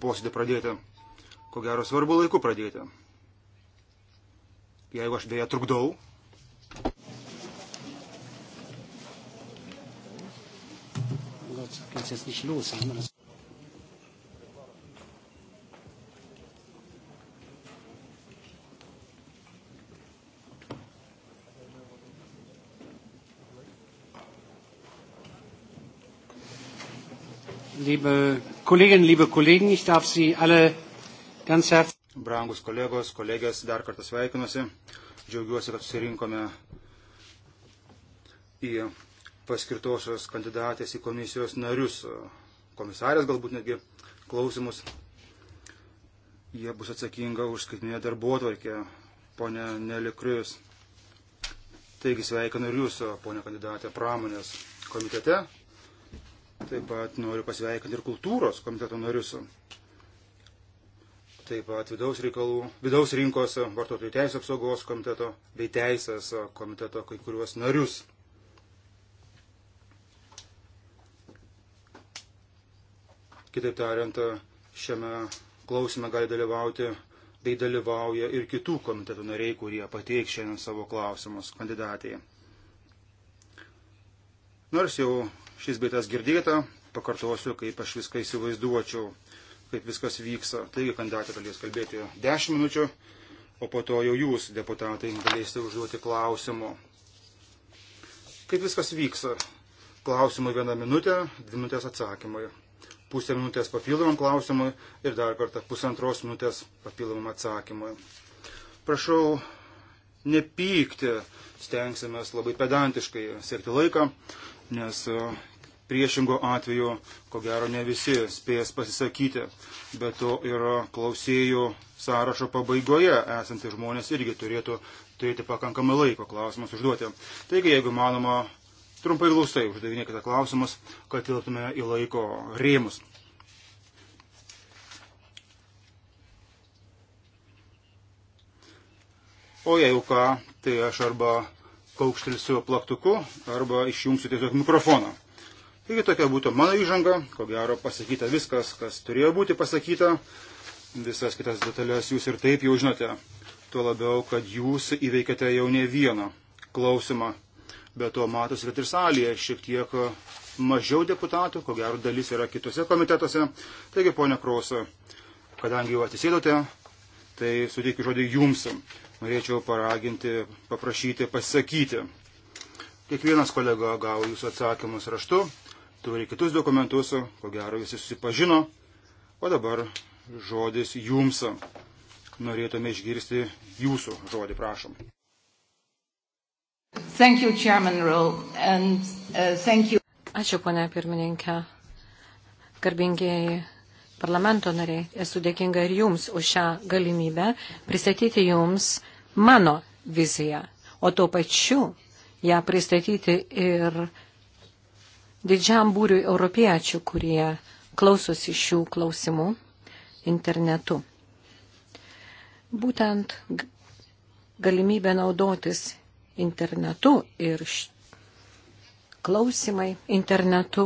posėdį pradėti. Ko gero svarbu laiku pradėti. Jeigu aš beje trukdau. Gott, geht's jetzt nicht los? Haben wir das liebe Kolleginnen, liebe Kollegen, ich darf Sie alle ganz herzlich. Brangus kolegos, kolegės, dar kartą sveikinuosi. Džiaugiuosi, kad susirinkome į paskirtosios kandidatės į komisijos narius, komisarės galbūt netgi klausimus. Jie bus atsakinga už skaitinę darbuotvarkę, ponė Nelikrius. Taigi sveikinu ir jūs, ponė kandidatė, pramonės komitete. Taip pat noriu pasveikinti ir kultūros komiteto narius. Taip pat vidaus, reikalų, vidaus rinkos vartotojų teisų apsaugos komiteto bei teisės komiteto kai kuriuos narius. Kitaip tariant, šiame klausime gali dalyvauti bei dalyvauja ir kitų komitetų nariai, kurie pateiks šiandien savo klausimus kandidatėje. Nors jau šis beitas girdėta, pakartosiu, kaip aš viską įsivaizduočiau, kaip viskas vyksta. Taigi kandidatė galės kalbėti 10 minučių, o po to jau jūs, deputatai, galėsite užduoti klausimų. Kaip viskas vyksta? Klausimai vieną minutę, dvi minutės atsakymai. Pusę minutės papildomam klausimui ir dar kartą pusantros minutės papildomam atsakymui. Prašau nepykti, stengsimės labai pedantiškai siekti laiką, nes Priešingo atveju, ko gero, ne visi spės pasisakyti, bet to yra klausėjų sąrašo pabaigoje esantys žmonės irgi turėtų turėti pakankamai laiko klausimus užduoti. Taigi, jeigu manoma, trumpai glaustai uždavinėkite klausimus, kad tiltume į laiko rėmus. O jeigu ką, tai aš arba kaukštelsiu plaktuku, arba išjungsiu tiesiog mikrofoną. Taigi tokia būtų mano įžanga, ko gero pasakyta viskas, kas turėjo būti pasakyta, visas kitas detalės jūs ir taip jau žinote, tuo labiau, kad jūs įveikėte jau ne vieną klausimą, bet to matos ir salėje šiek tiek mažiau deputatų, ko gero dalis yra kitose komitetuose. Taigi, ponia Krausa, kadangi jau atsisėdote, tai suteikiu žodį jums. Norėčiau paraginti, paprašyti, pasakyti. Kiekvienas kolega gavo jūsų atsakymus raštu, turi kitus dokumentus, ko gero visi susipažino. O dabar žodis jums. Norėtume išgirsti jūsų žodį, prašom. Thank you, Chairman Rowe, and uh, thank you. Ačiū, ponia pirmininkė. Garbingieji parlamento nariai, esu dėkinga ir jums už šią galimybę pristatyti jums mano viziją, o tuo pačiu ją pristatyti ir didžiam būriui europiečių, kurie klausosi šių klausimų internetu. Būtent galimybė naudotis internetu ir klausimai internetu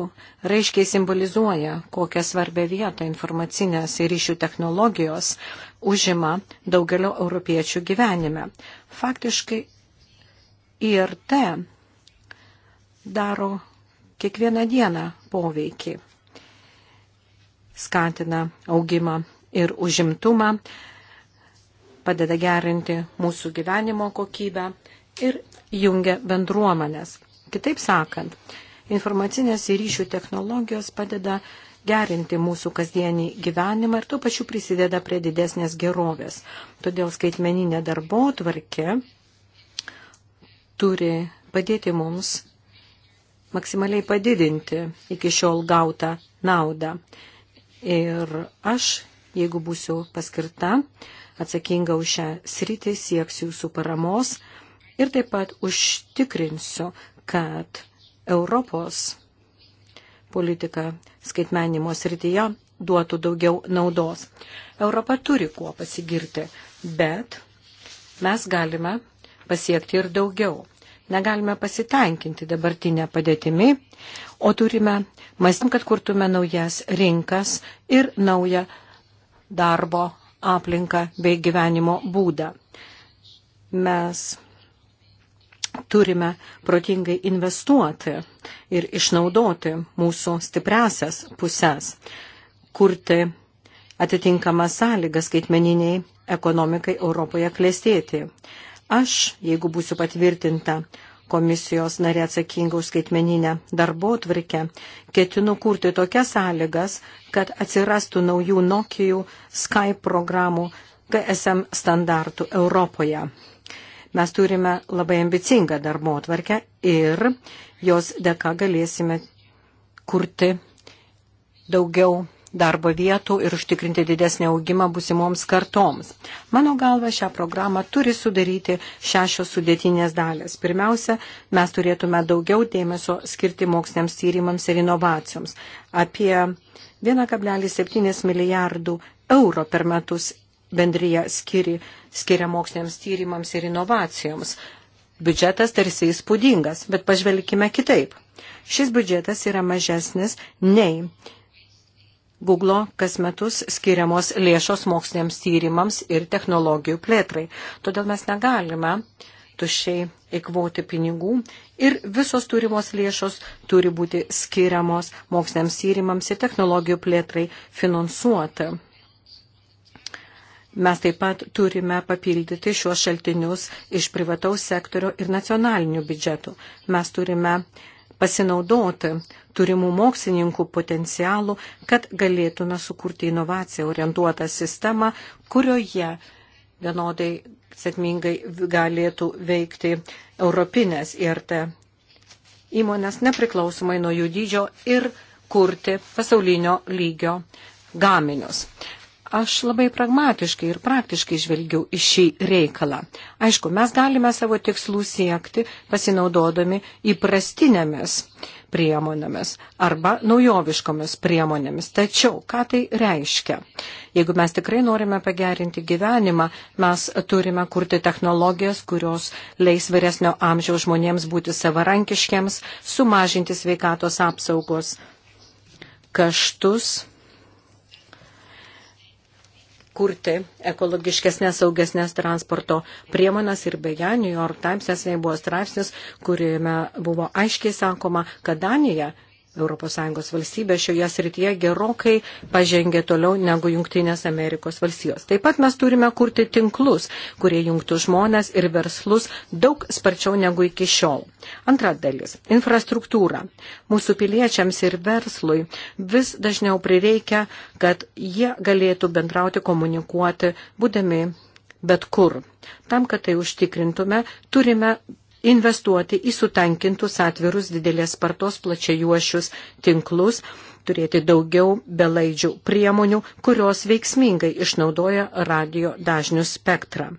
raiškiai simbolizuoja, kokią svarbę vietą informacinės ir ryšių technologijos užima daugelio europiečių gyvenime. Faktiškai IRT daro kiekvieną dieną poveikį. Skatina augimą ir užimtumą, padeda gerinti mūsų gyvenimo kokybę ir jungia bendruomenės. Kitaip sakant, informacinės ir ryšių technologijos padeda gerinti mūsų kasdienį gyvenimą ir tuo pačiu prisideda prie didesnės gerovės. Todėl skaitmeninė darbo tvarkė turi padėti mums maksimaliai padidinti iki šiol gautą naudą. Ir aš, jeigu būsiu paskirta, atsakinga už šią sritį, sieksiu jūsų paramos ir taip pat užtikrinsiu, kad Europos politika skaitmenimo srityje duotų daugiau naudos. Europa turi kuo pasigirti, bet mes galime pasiekti ir daugiau. Negalime pasitenkinti dabartinę padėtimį, o turime mąstyti, kad kurtume naujas rinkas ir naują darbo aplinką bei gyvenimo būdą. Mes turime protingai investuoti ir išnaudoti mūsų stipresias pusės, kurti atitinkamas sąlygas skaitmeniniai ekonomikai Europoje klėstėti. Aš, jeigu būsiu patvirtinta komisijos narė atsakinga už skaitmeninę darbo tvarkę, ketinu kurti tokias sąlygas, kad atsirastų naujų Nokijų, Skype programų, GSM standartų Europoje. Mes turime labai ambicingą darbo tvarkę ir jos dėka galėsime kurti daugiau darbo vietų ir užtikrinti didesnį augimą busimoms kartoms. Mano galva, šią programą turi sudaryti šešios sudėtinės dalės. Pirmiausia, mes turėtume daugiau dėmesio skirti moksliniams tyrimams ir inovacijoms. Apie 1,7 milijardų eurų per metus bendryje skiri, skiria moksliniams tyrimams ir inovacijoms. Biudžetas tarsi įspūdingas, bet pažvelkime kitaip. Šis biudžetas yra mažesnis nei Google kas metus skiriamos lėšos moksliniams tyrimams ir technologijų plėtrai. Todėl mes negalime tušiai eikvoti pinigų ir visos turimos lėšos turi būti skiriamos moksliniams tyrimams ir technologijų plėtrai finansuoti. Mes taip pat turime papildyti šiuos šaltinius iš privataus sektorio ir nacionalinių biudžetų. Mes turime uh, pasinaudoti turimų mokslininkų potencialų, kad galėtume sukurti inovaciją orientuotą sistemą, kurioje vienodai sėkmingai galėtų veikti europinės IRT įmonės nepriklausomai nuo jų dydžio ir kurti pasaulinio lygio gaminius. Aš labai pragmatiškai ir praktiškai žvelgiau į šį reikalą. Aišku, mes galime savo tikslų siekti pasinaudodami įprastinėmis priemonėmis arba naujoviškomis priemonėmis. Tačiau, ką tai reiškia? Jeigu mes tikrai norime pagerinti gyvenimą, mes turime kurti technologijas, kurios leis vyresnio amžiaus žmonėms būti savarankiškiams, sumažinti sveikatos apsaugos kaštus kurti ekologiškesnės, saugesnės transporto priemonės ir beje, New York Times esmė buvo straipsnis, kuriame buvo aiškiai sakoma, kad Danija ES valstybės šioje srityje gerokai pažengė toliau negu Junktinės Amerikos valstijos. Taip pat mes turime kurti tinklus, kurie jungtų žmonės ir verslus daug sparčiau negu iki šiol. Antra dalis - infrastruktūra. Mūsų piliečiams ir verslui vis dažniau prireikia, kad jie galėtų bendrauti, komunikuoti, būdami bet kur. Tam, kad tai užtikrintume, turime investuoti į sutankintus atvirus didelės spartos plačiajuošius tinklus, turėti daugiau belaidžių priemonių, kurios veiksmingai išnaudoja radio dažnių spektrą.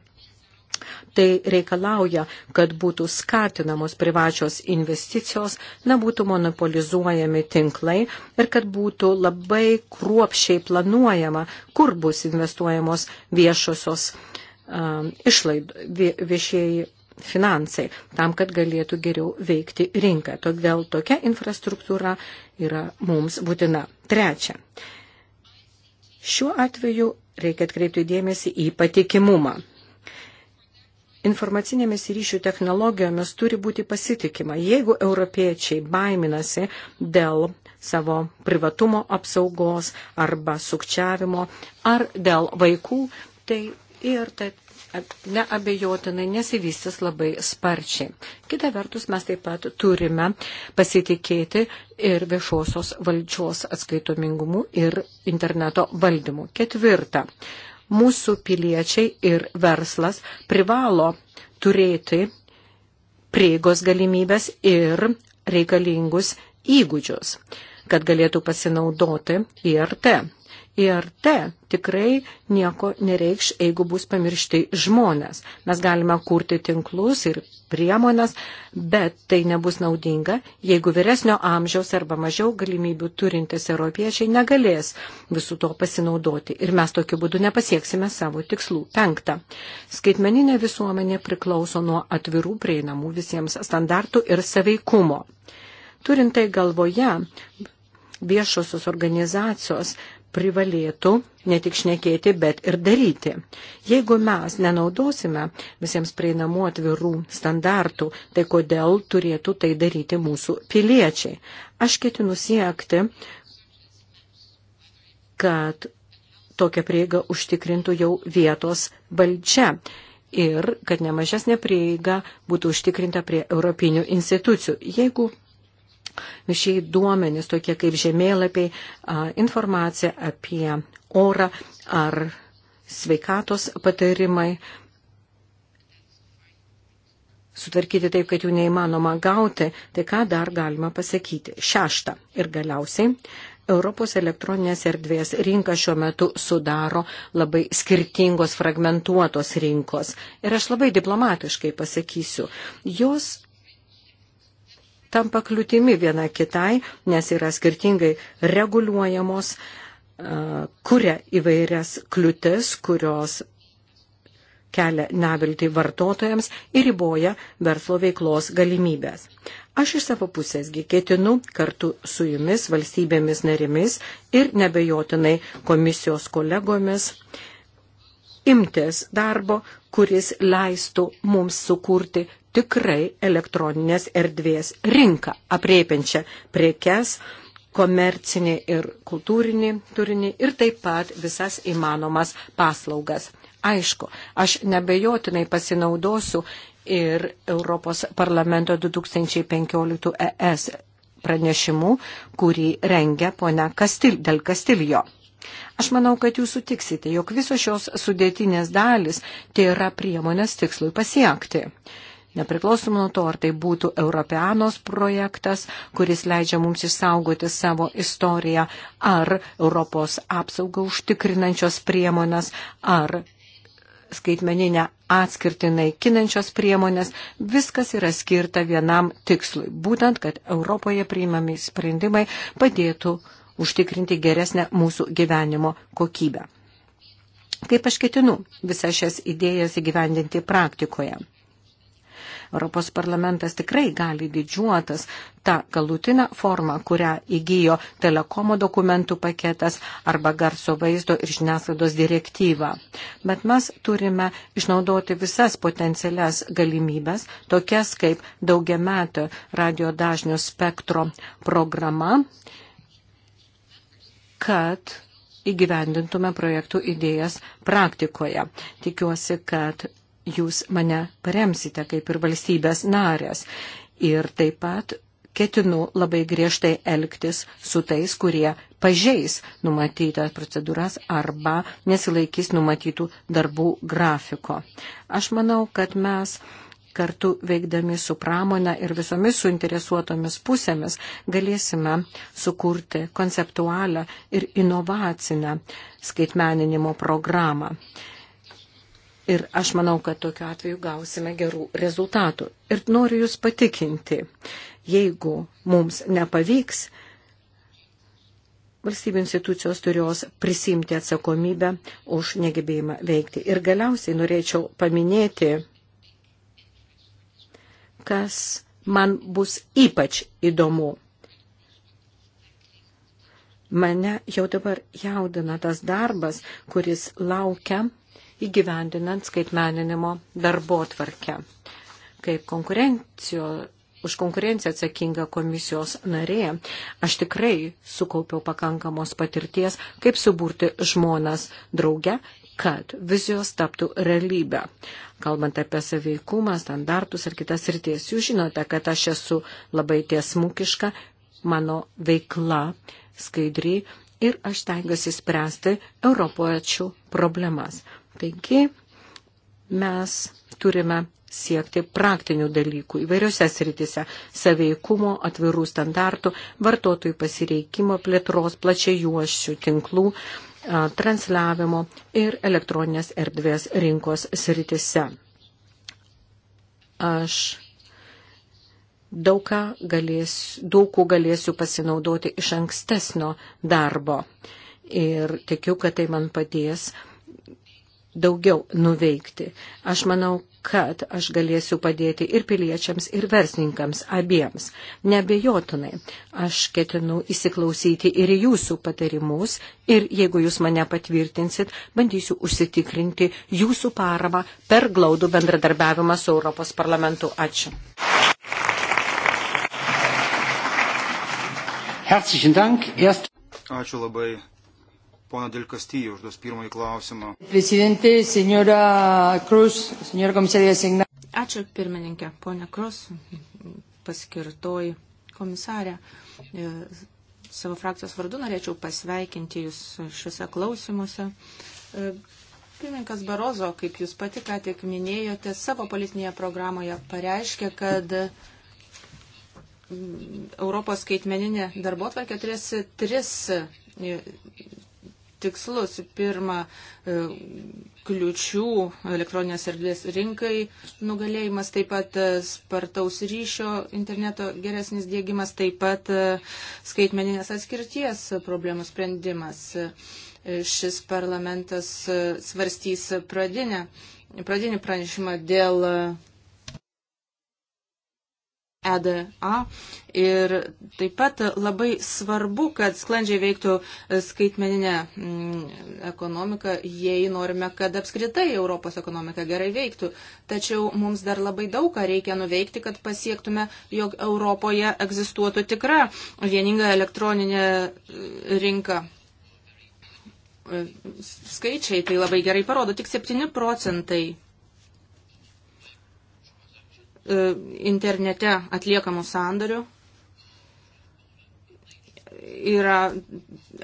Tai reikalauja, kad būtų skatinamos privačios investicijos, nebūtų monopolizuojami tinklai ir kad būtų labai kruopšiai planuojama, kur bus investuojamos viešosios um, išlaid, vie, viešieji finansai, tam, kad galėtų geriau veikti rinką. Todėl tokia infrastruktūra yra mums būtina. Trečia. Šiuo atveju reikia atkreipti dėmesį į patikimumą. Informacinėmis ryšių technologijomis turi būti pasitikima. Jeigu europiečiai baiminasi dėl savo privatumo apsaugos arba sukčiavimo ar dėl vaikų, tai ir tad neabejotinai nesivystys labai sparčiai. Kita vertus, mes taip pat turime pasitikėti ir viešosios valdžios atskaitomingumu ir interneto valdymu. Ketvirta, mūsų piliečiai ir verslas privalo turėti prieigos galimybės ir reikalingus įgūdžius, kad galėtų pasinaudoti IRT. IRT tikrai nieko nereikš, jeigu bus pamiršti žmonės. Mes galime kurti tinklus ir priemonės, bet tai nebus naudinga, jeigu vyresnio amžiaus arba mažiau galimybių turintys europiečiai negalės visų to pasinaudoti ir mes tokiu būdu nepasieksime savo tikslų. Penkta. Skaitmeninė visuomenė priklauso nuo atvirų prieinamų visiems standartų ir saveikumo. Turintai galvoje, viešosios organizacijos privalėtų ne tik šnekėti, bet ir daryti. Jeigu mes nenaudosime visiems prieinamų atvirų standartų, tai kodėl turėtų tai daryti mūsų piliečiai? Aš ketinu siekti, kad tokią prieigą užtikrintų jau vietos valdžia ir kad nemažesnė prieiga būtų užtikrinta prie europinių institucijų. Jeigu Viešiai duomenys, tokie kaip žemėlapiai, informacija apie orą ar sveikatos patarimai, sutvarkyti taip, kad jų neįmanoma gauti, tai ką dar galima pasakyti. Šešta ir galiausiai. Europos elektroninės erdvės rinka šiuo metu sudaro labai skirtingos fragmentuotos rinkos. Ir aš labai diplomatiškai pasakysiu, jos tampa kliūtimi viena kitai, nes yra skirtingai reguliuojamos, kuria įvairias kliūtis, kurios kelia nevilti vartotojams ir riboja verslo veiklos galimybės. Aš iš savo pusėsgi ketinu kartu su jumis, valstybėmis narimis ir nebejotinai komisijos kolegomis imtis darbo, kuris leistų mums sukurti tikrai elektroninės erdvės rinką, apriepiančią priekes, komercinį ir kultūrinį turinį ir taip pat visas įmanomas paslaugas. Aišku, aš nebejotinai pasinaudosiu ir Europos parlamento 2015 ES pranešimu, kurį rengia ponia Kastil, dėl Kastilijo. Aš manau, kad jūs sutiksite, jog visos šios sudėtinės dalis tai yra priemonės tikslui pasiekti nepriklausom nuo to, ar tai būtų Europeanos projektas, kuris leidžia mums išsaugoti savo istoriją, ar Europos apsaugą užtikrinančios priemonės, ar skaitmeninę atskirti naikinančios priemonės, viskas yra skirta vienam tikslui, būtent, kad Europoje priimami sprendimai padėtų užtikrinti geresnę mūsų gyvenimo kokybę. Kaip aš ketinu visas šias idėjas įgyvendinti praktikoje? Europos parlamentas tikrai gali didžiuotas tą galutinę formą, kurią įgyjo telekomo dokumentų paketas arba garso vaizdo ir žiniasklaidos direktyva. Bet mes turime išnaudoti visas potencialias galimybės, tokias kaip daugiametio radio dažnio spektro programa, kad įgyvendintume projektų idėjas praktikoje. Tikiuosi, kad jūs mane paremsite kaip ir valstybės narės. Ir taip pat ketinu labai griežtai elgtis su tais, kurie pažeis numatytas procedūras arba nesilaikys numatytų darbų grafiko. Aš manau, kad mes kartu veikdami su pramonė ir visomis suinteresuotomis pusėmis galėsime sukurti konceptualią ir inovacinę skaitmeninimo programą. Ir aš manau, kad tokiu atveju gausime gerų rezultatų. Ir noriu Jūs patikinti, jeigu mums nepavyks, valstybių institucijos turės prisimti atsakomybę už negebėjimą veikti. Ir galiausiai norėčiau paminėti, kas man bus ypač įdomu. Mane jau dabar jaudina tas darbas, kuris laukia įgyvendinant skaitmeninimo darbo tvarkę. Kaip konkurencijo, už konkurenciją atsakinga komisijos narė, aš tikrai sukaupiau pakankamos patirties, kaip suburti žmonas drauge, kad vizijos taptų realybę. Kalbant apie saveikumą, standartus ar kitas ryties, jūs žinote, kad aš esu labai tiesmukiška, mano veikla skaidri ir aš tengiuosi spręsti europiečių problemas. Taigi mes turime siekti praktinių dalykų įvairiose sritise - saveikumo, atvirų standartų, vartotojų pasireikimo, plėtros, plačiajuošių tinklų, transliavimo ir elektroninės erdvės rinkos sritise. Aš daug, galės, daug ko galėsiu pasinaudoti iš ankstesnio darbo ir tikiu, kad tai man padės uh, daugiau nuveikti. Aš manau, kad aš galėsiu padėti ir piliečiams, ir verslininkams abiems. Nebejotinai, aš ketinu įsiklausyti ir jūsų patarimus ir jeigu jūs mane patvirtinsit, bandysiu užsitikrinti jūsų paramą per glaudų bendradarbiavimą su Europos parlamentu. Ačiū. Ačiū labai Pona Del Castillo užduos pirmąjį klausimą. Cruz, Ačiū pirmininkė, ponia Krus, paskirtoji komisarė. E, savo frakcijos vardu norėčiau pasveikinti Jūs šiuose klausimuose. E, pirmininkas Barozo, kaip Jūs pati ką tik minėjote, savo politinėje programoje pareiškė, kad mm, Europos skaitmeninė darbotvarkė turės tris e, tikslus. Pirma, e, kliučių elektroninės erdvės rinkai nugalėjimas, taip pat e, spartaus ryšio interneto geresnis dėgymas, taip pat e, skaitmeninės atskirties problemų sprendimas. Šis parlamentas svarstys pradinę, pradinį pranešimą dėl EDA. Ir taip pat labai svarbu, kad sklandžiai veiktų skaitmeninė mm, ekonomika, jei norime, kad apskritai Europos ekonomika gerai veiktų. Tačiau mums dar labai daug ką reikia nuveikti, kad pasiektume, jog Europoje egzistuotų tikra vieninga elektroninė e, rinka e, skaičiai tai labai gerai parodo, tik 7 procentai E, internete atliekamų sandorių yra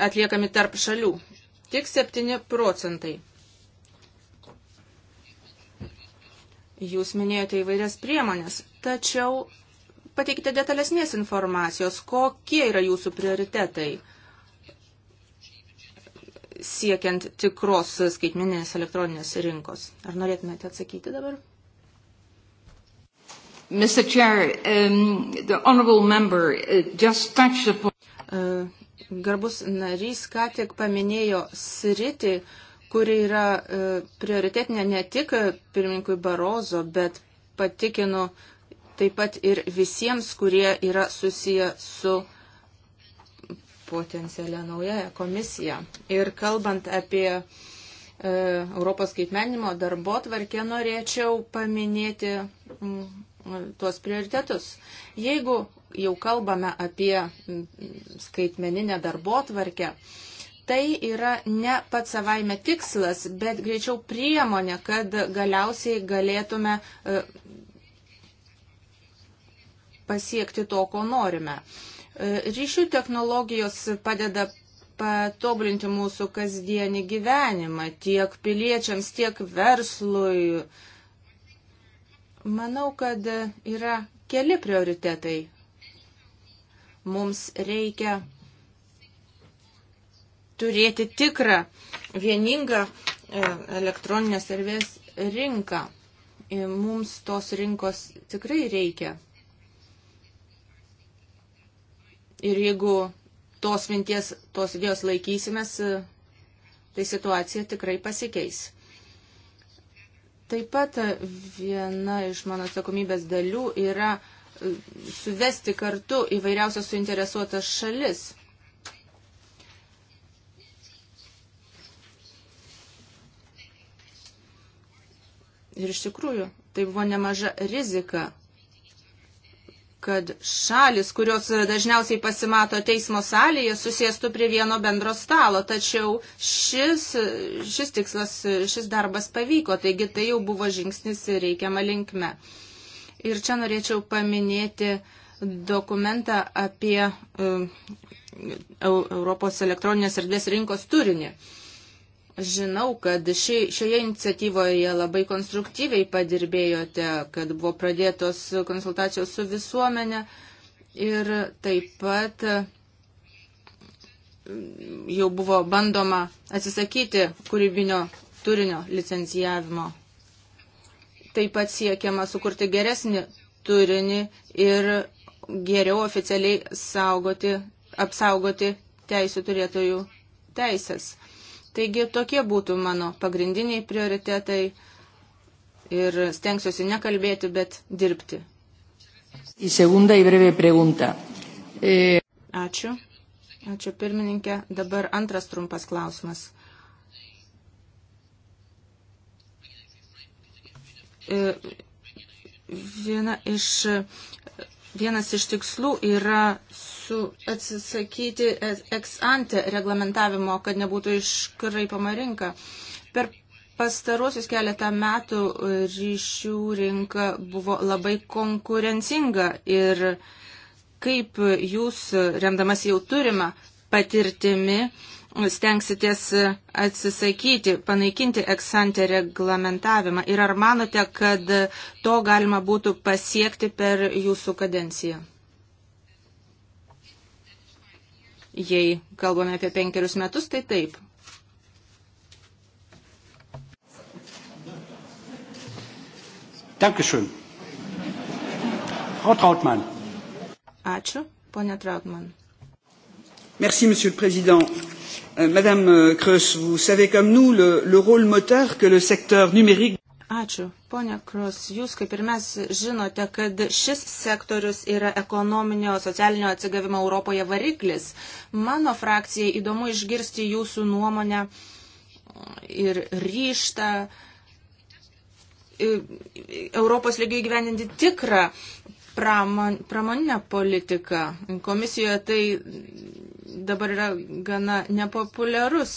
atliekami tarp šalių. Tik 7 procentai. Jūs minėjote įvairias priemonės, tačiau pateikite detalesnės informacijos, kokie yra jūsų prioritetai siekiant tikros skaitmeninės elektroninės rinkos. Ar norėtumėte atsakyti dabar? Mr. Chair, um, the honourable member uh, just touched upon. Uh, garbus narys ką tik paminėjo sritį, kuri yra uh, prioritetinė ne tik uh, pirmininkui Barozo, bet patikinu taip pat ir visiems, kurie yra susiję su potencialia naujaja komisija. Ir kalbant apie uh, Europos skaitmenimo darbo tvarkė norėčiau paminėti mm, tuos prioritetus. Jeigu jau kalbame apie skaitmeninę darbo tvarkę, tai yra ne pats savaime tikslas, bet greičiau priemonė, kad galiausiai galėtume e, pasiekti to, ko norime. E, ryšių technologijos padeda patobulinti mūsų kasdienį gyvenimą tiek piliečiams, tiek verslui Manau, kad yra keli prioritetai. Mums reikia turėti tikrą vieningą e, elektroninės erdvės rinką. E, mums tos rinkos tikrai reikia. Ir jeigu tos minties, tos idėjos laikysimės, e, tai situacija tikrai pasikeis. Taip pat viena iš mano atsakomybės dalių yra e, suvesti kartu įvairiausias suinteresuotas šalis. Ir iš tikrųjų, tai buvo nemaža rizika kad šalis, kurios dažniausiai pasimato teismo salėje, susėstų prie vieno bendro stalo. Tačiau šis, šis tikslas, šis darbas pavyko, taigi tai jau buvo žingsnis reikiama linkme. Ir čia norėčiau paminėti dokumentą apie e, Europos elektroninės erdvės rinkos turinį. Uh, Žinau, kad ši, šioje iniciatyvoje labai konstruktyviai padirbėjote, kad buvo pradėtos konsultacijos su visuomenė ir taip pat mm, jau buvo bandoma atsisakyti kūrybinio turinio licencijavimo. Taip pat siekiama sukurti geresnį turinį ir geriau oficialiai saugoti, apsaugoti teisų turėtojų teisės. Taigi tokie būtų mano pagrindiniai prioritetai ir stengsiuosi nekalbėti, bet dirbti. Eh, Ačiū. Ačiū pirmininkė. Dabar antras trumpas klausimas. Eh, viena iš Vienas iš tikslų yra su atsisakyti ex ante reglamentavimo, kad nebūtų iškraipama rinka. Per pastaruosius keletą metų ryšių rinka buvo labai konkurencinga ir kaip jūs, remdamas jau turimą patirtimi, stengsitės e, atsisakyti, panaikinti eksantę reglamentavimą ir ar manote, kad to galima būtų pasiekti per jūsų kadenciją? Jei kalbame apie penkerius metus, tai taip. Dankeschön. Frau Trautmann. Ačiū, ponia Trautmann. Merci, Monsieur le Président. Euh, Madame euh, Kreus, vous savez comme nous le, le rôle moteur que le secteur numérique. Ačiū. Pone Kros, jūs kaip ir mes žinote, kad šis sektorius yra ekonominio, socialinio atsigavimo Europoje variklis. Mano frakcijai įdomu išgirsti jūsų nuomonę ir ryštą e, Europos lygių įgyveninti tikrą pramon, pramoninę politiką. Komisijoje tai dabar yra gana nepopuliarus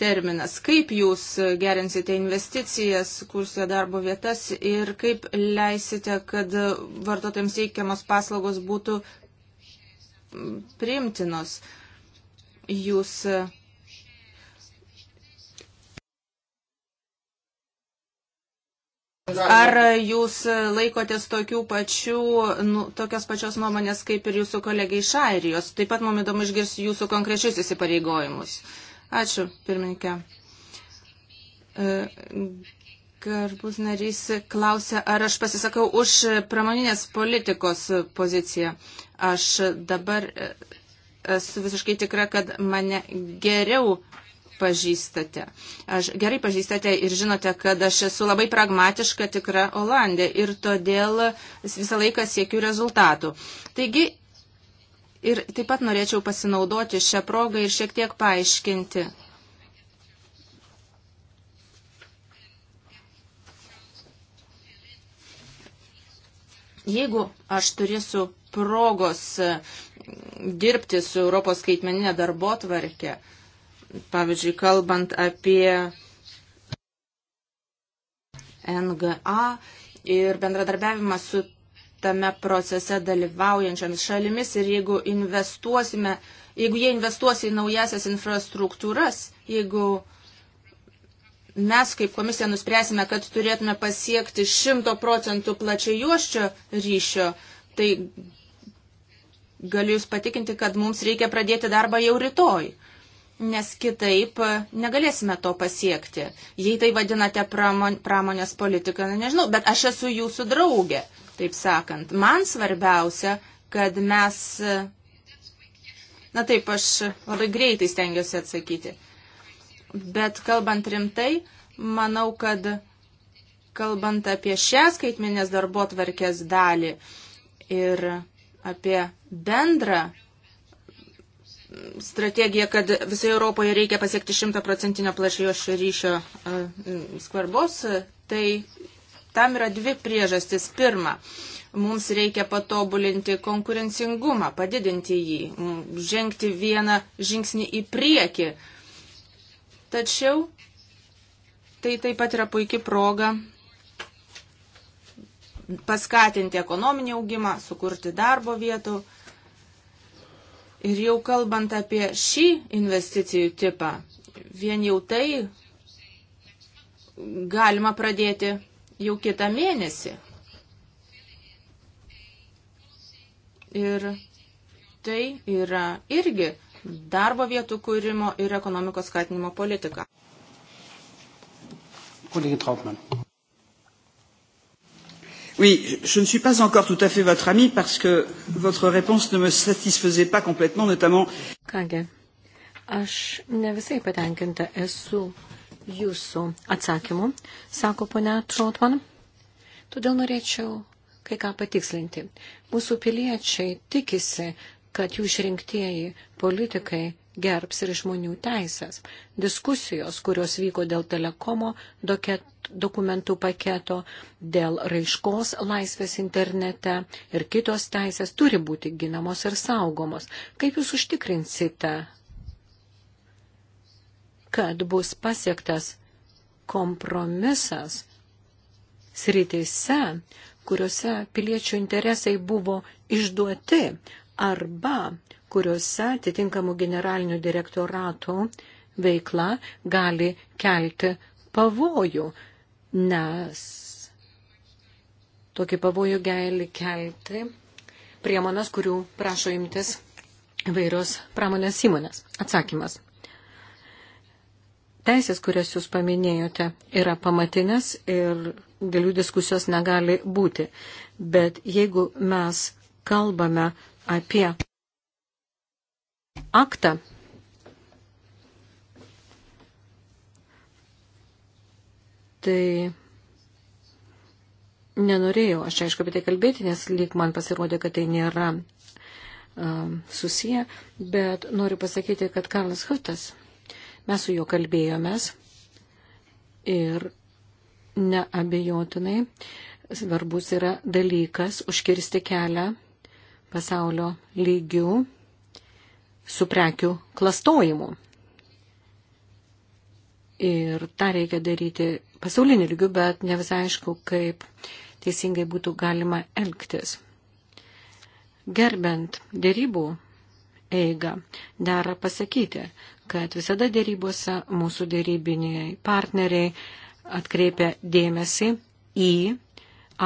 terminas. Kaip jūs gerinsite investicijas, kursite darbo vietas ir kaip leisite, kad vartotojams teikiamos paslaugos būtų priimtinos? Jūs Ar jūs laikotės tokių pačių, nu, tokios pačios nuomonės kaip ir jūsų kolegė iš Airijos? Taip pat mums įdomu išgirsti jūsų konkrečius įsipareigojimus. Ačiū, pirmininkė. E, garbus narys klausė, ar aš pasisakau už pramoninės politikos poziciją. Aš dabar e, esu visiškai tikra, kad mane geriau pažįstate. Aš gerai pažįstate ir žinote, kad aš esu labai pragmatiška tikra Olandė ir todėl visą laiką siekiu rezultatų. Taigi, ir taip pat norėčiau pasinaudoti šią progą ir šiek tiek paaiškinti. Jeigu aš turėsiu progos dirbti su Europos skaitmeninė darbo tvarkė, Pavyzdžiui, kalbant apie NGA ir bendradarbiavimą su tame procese dalyvaujančiomis šalimis ir jeigu investuosime, jeigu jie investuos į naujasias infrastruktūras, jeigu mes kaip komisija nuspręsime, kad turėtume pasiekti 100 procentų plačiai juoščio ryšio, tai galiu Jūs patikinti, kad mums reikia pradėti darbą jau rytoj nes kitaip e, negalėsime to pasiekti. Jei tai vadinate pramon, pramonės politiką, na, nu, nežinau, bet aš esu jūsų draugė, taip sakant. Man svarbiausia, kad mes. E, na taip, aš labai greitai stengiuosi atsakyti. Bet kalbant rimtai, manau, kad kalbant apie šią skaitminės darbo tvarkės dalį ir apie bendrą strategija, kad visoje Europoje reikia pasiekti 100% plašėjo ryšio skvarbos, tai tam yra dvi priežastis. Pirma, mums reikia patobulinti konkurencingumą, padidinti jį, žengti vieną žingsnį į priekį. Tačiau tai taip pat yra puikia proga paskatinti ekonominį augimą, sukurti darbo vietų Ir jau kalbant apie šį investicijų tipą, vien jau tai galima pradėti jau kitą mėnesį. Ir tai yra irgi darbo vietų kūrimo ir ekonomikos skatinimo politika. Kolegė Trautmann. Oui, je ne suis pas encore tout à fait votre ami parce que votre réponse ne me satisfaisait pas complètement, notamment. Kągi, aš ne visai patenkinta esu jūsų atsakymu, sako ponia Trotman. Todėl norėčiau kai ką patikslinti. Mūsų piliečiai tikisi, kad jų išrinktieji politikai gerbs ir žmonių teisės. Diskusijos, kurios vyko dėl telekomo doket, dokumentų paketo, dėl raiškos laisvės internete ir kitos teisės turi būti ginamos ir saugomos. Kaip jūs užtikrinsite, kad bus pasiektas kompromisas sritise, kuriuose piliečių interesai buvo išduoti arba kuriuose atitinkamų generalinių direktoratų veikla gali kelti pavojų, nes tokį pavojų gali kelti priemonas, kurių prašo imtis vairios pramonės įmonės. Atsakymas. Teisės, kurias jūs paminėjote, yra pamatinės ir dėl jų diskusijos negali būti. Bet jeigu mes kalbame apie aktą. Tai nenorėjau aš aišku apie tai kalbėti, nes lyg man pasirodė, kad tai nėra um, susiję, bet noriu pasakyti, kad Karlas Hutas, mes su juo kalbėjomės ir neabejotinai svarbus yra dalykas užkirsti kelią pasaulio lygių su prekių klastojimu. Ir tą reikia daryti pasaulinį lygių, bet ne visai aišku, kaip teisingai būtų galima elgtis. Gerbent dėrybų eigą, dera pasakyti, kad visada dėrybose mūsų dėrybiniai partneriai atkreipia dėmesį į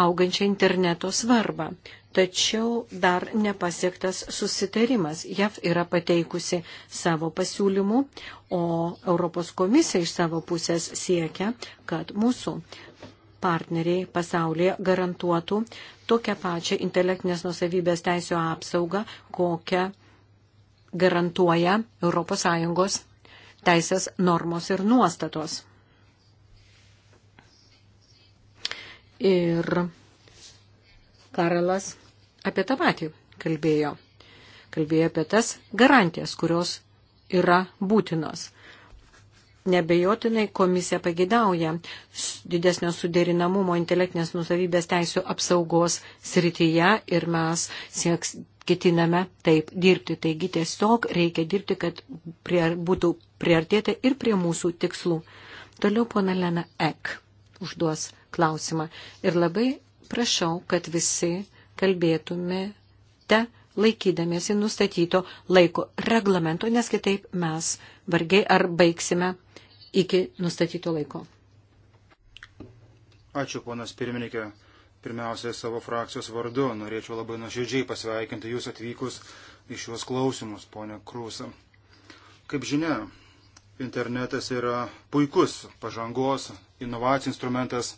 augančią interneto svarbą tačiau dar nepasiektas susitarimas. JAV yra pateikusi savo pasiūlymų, o Europos komisija iš savo pusės siekia, kad mūsų partneriai pasaulyje garantuotų tokią pačią intelektinės nusavybės teisio apsaugą, kokią garantuoja ES teisės normos ir nuostatos. Ir Karelas apie tą patį kalbėjo. Kalbėjo apie tas garantijas, kurios yra būtinos. Nebejotinai komisija pagidauja didesnio suderinamumo intelektinės nusavybės teisų apsaugos srityje ir mes sieks, ketiname taip dirbti. Taigi tiesiog reikia dirbti, kad prie, būtų priartėta ir prie mūsų tikslų. Toliau pona Lena Ek užduos klausimą. Ir labai prašau, kad visi kalbėtumėte laikydamėsi nustatyto laiko reglamento, nes kitaip mes vargiai ar baigsime iki nustatyto laiko. Ačiū, ponas pirmininkė. Pirmiausiai savo frakcijos vardu norėčiau labai nuoširdžiai pasveikinti jūs atvykus į šiuos klausimus, ponia Krūsa. Kaip žinia, internetas yra puikus pažangos, inovacijų instrumentas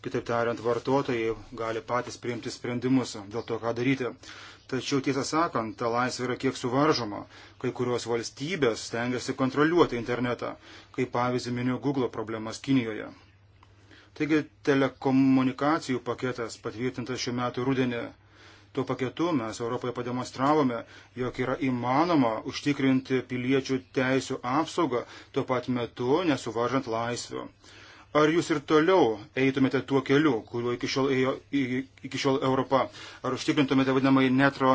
Kitaip tariant, vartotojai gali patys priimti sprendimus dėl to, ką daryti. Tačiau tiesą sakant, ta laisvė yra kiek suvaržoma. Kai kurios valstybės stengiasi kontroliuoti internetą, kaip pavyzdį miniu Google problemas Kinijoje. Taigi telekomunikacijų paketas patvirtintas šiuo metu rudenį. Tuo paketu mes Europoje pademonstravome, jog yra įmanoma užtikrinti piliečių teisų apsaugą, tuo pat metu nesuvažant laisvių. Ar jūs ir toliau eitumėte tuo keliu, kuriuo iki šiol ėjo iki šiol Europa? Ar užtikrintumėte vadinamai netro,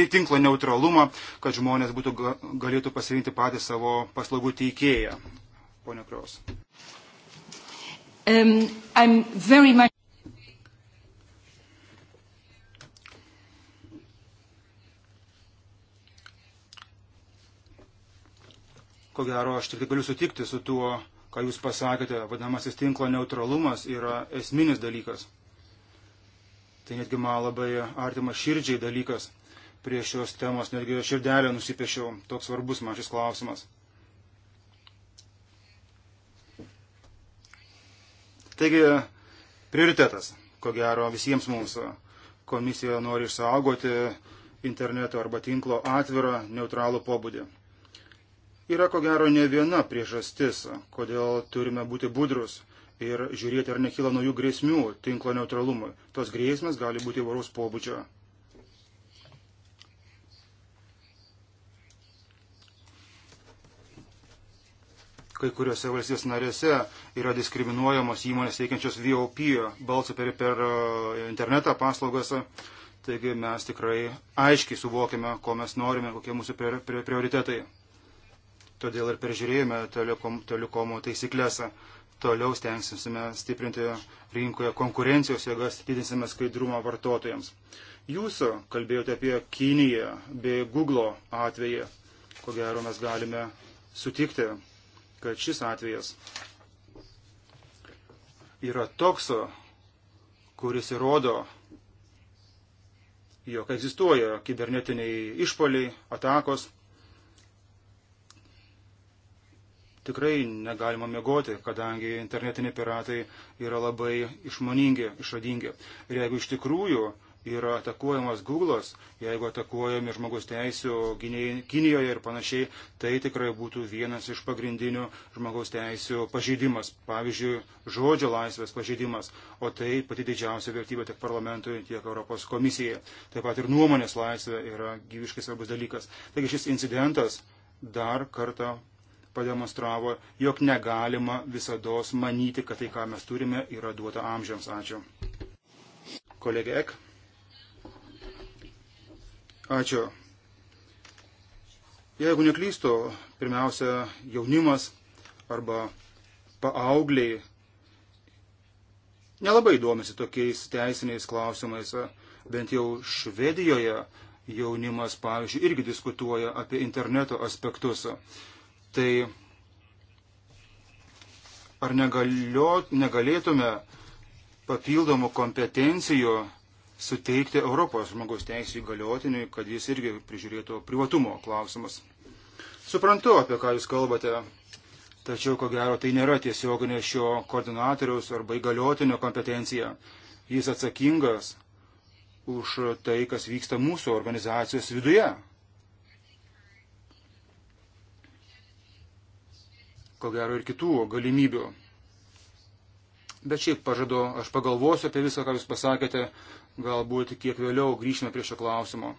tinklo neutralumą, kad žmonės būtų, galėtų pasirinkti patį savo paslaugų teikėją? Pone Kraus. Um, much... Ko gero, aš tik tai galiu sutikti su tuo ką Jūs pasakėte, vadinamasis tinklo neutralumas yra esminis dalykas. Tai netgi man labai artimas širdžiai dalykas prie šios temos, netgi širdelę nusipiešiau, toks svarbus man šis klausimas. Taigi, prioritetas, ko gero, visiems mums komisija nori išsaugoti interneto arba tinklo atvirą neutralų pobūdį. Yra ko gero ne viena priežastis, kodėl turime būti budrus ir žiūrėti, ar nekyla naujų grėsmių tinklo neutralumui. Tos grėsmės gali būti įvairaus pobūdžio. Kai kuriuose valstybės narėse yra diskriminuojamos įmonės veikiančios VOP, balsų per, per e, internetą paslaugas. Taigi mes tikrai aiškiai suvokiame, ko mes norime, kokie mūsų prioritetai. Todėl ir peržiūrėjome telekom, telekomų taisyklės. Toliau stengsime stiprinti rinkoje konkurencijos jėgas, didinsime skaidrumą vartotojams. Jūs kalbėjote apie Kiniją bei Google atvejį. Ko gero mes galime sutikti, kad šis atvejas yra toks, kuris įrodo, jog egzistuoja kibernetiniai išpoliai, atakos tikrai negalima miegoti, kadangi internetiniai piratai yra labai išmoningi, išradingi. Ir jeigu iš tikrųjų yra atakuojamas Google'as, jeigu atakuojami žmogus teisų Kinijoje ir panašiai, tai tikrai būtų vienas iš pagrindinių žmogaus teisų pažeidimas. Pavyzdžiui, žodžio laisvės pažeidimas, o tai pati didžiausia vertybė tiek parlamentui, tiek Europos komisijai. Taip pat ir nuomonės laisvė yra gyviškai svarbus dalykas. Taigi šis incidentas dar kartą pademonstravo, jog negalima visada manyti, kad tai, ką mes turime, yra duota amžiams. Ačiū. Kolegė Ek. Ačiū. Jeigu neklystu, pirmiausia, jaunimas arba paaugliai nelabai domisi tokiais teisiniais klausimais. Bent jau Švedijoje jaunimas, pavyzdžiui, irgi diskutuoja apie interneto aspektus tai ar negalio, negalėtume papildomų kompetencijų suteikti Europos žmogaus teisų įgaliotiniui, kad jis irgi prižiūrėtų privatumo klausimus. Suprantu, apie ką jūs kalbate, tačiau ko gero tai nėra tiesioginė šio koordinatoriaus arba įgaliotinio kompetencija. Jis atsakingas už tai, kas vyksta mūsų organizacijos viduje. ko gero, ir kitų galimybių. Bet šiaip pažadu, aš pagalvosiu apie visą, ką Jūs pasakėte, galbūt kiek vėliau grįšime prie šio klausimo.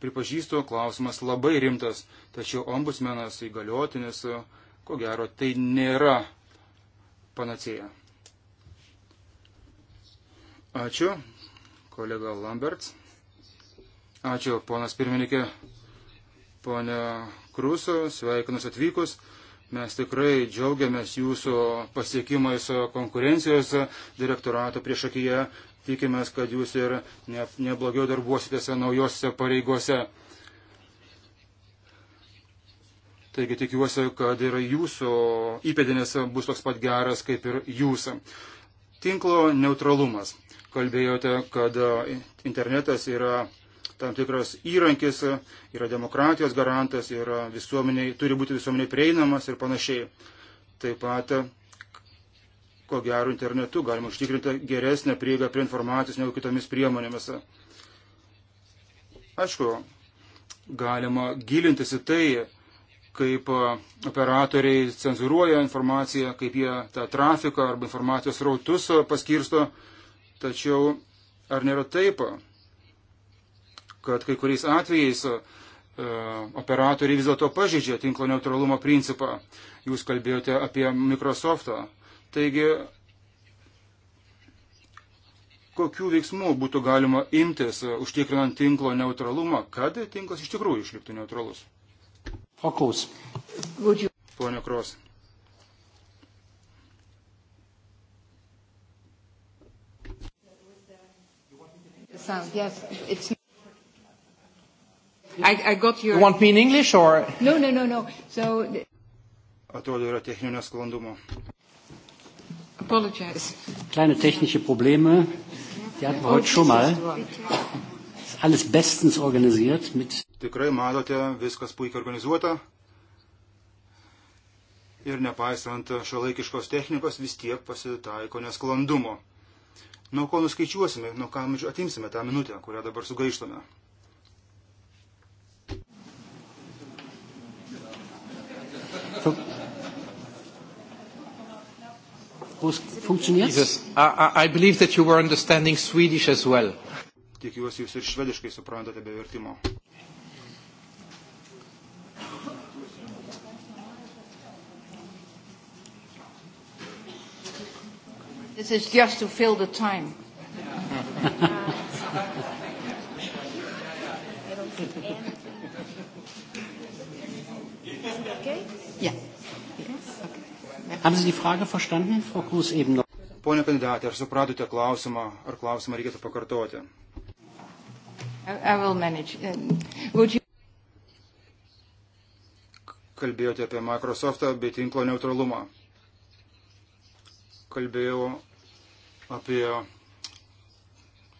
Pripažįstu, klausimas labai rimtas, tačiau ombudsmenas įgaliotinis, ko gero, tai nėra panacėja. Ačiū, kolega Lamberts. Ačiū, ponas pirmininkė, ponia Kruso, sveikinus atvykus. Mes tikrai džiaugiamės jūsų pasiekimais konkurencijos direktorato priešakyje. Tikimės, kad jūs ir ne, neblogiau darbuositėse naujose pareigose. Taigi tikiuosi, kad ir jūsų įpėdinės bus toks pat geras kaip ir jūs. Tinklo neutralumas. Kalbėjote, kad internetas yra tam tikras įrankis, yra demokratijos garantas, yra visuomeniai, turi būti visuomeniai prieinamas ir panašiai. Taip pat, ko gero, internetu galima užtikrinti geresnę prieigą prie informacijos negu kitomis priemonėmis. Aišku, galima gilintis į tai, kaip operatoriai cenzuruoja informaciją, kaip jie tą trafiką arba informacijos rautus paskirsto, tačiau ar nėra taip, kad kai kuriais atvejais e, operatoriai vis dėlto pažydžia tinklo neutralumo principą. Jūs kalbėjote apie Microsoftą. Taigi, kokių veiksmų būtų galima imtis e, užtikrinant tinklo neutralumą, kad tinklas iš tikrųjų išliktų neutralus? Fokus. Pone Kros. Sound, yes, it's I, I got your... You want me in English or? No, no, no, no. So... Atrodo, yra techninio sklandumo. Apologize. Kleine technische Probleme, die hatten wir heute schon mal. Ist alles bestens organisiert mit... Tikrai matote, viskas puikiai organizuota. Ir nepaisant šio laikiškos technikos, vis tiek pasitaiko nesklandumo. Nuo ko nuskaičiuosime, nuo ką atimsime tą minutę, kurią dabar sugaištame. Funktioniert? Dieses, I, I believe that you were understanding Swedish as well. Tikiuosi, jūs ir švediškai suprantate be vertimo. This is just to fill the time. okay? Pone kandidatė, ar supratote klausimą, ar klausimą reikėtų pakartoti? Um, Kalbėjote apie Microsoftą bei tinklo neutralumą. Kalbėjau apie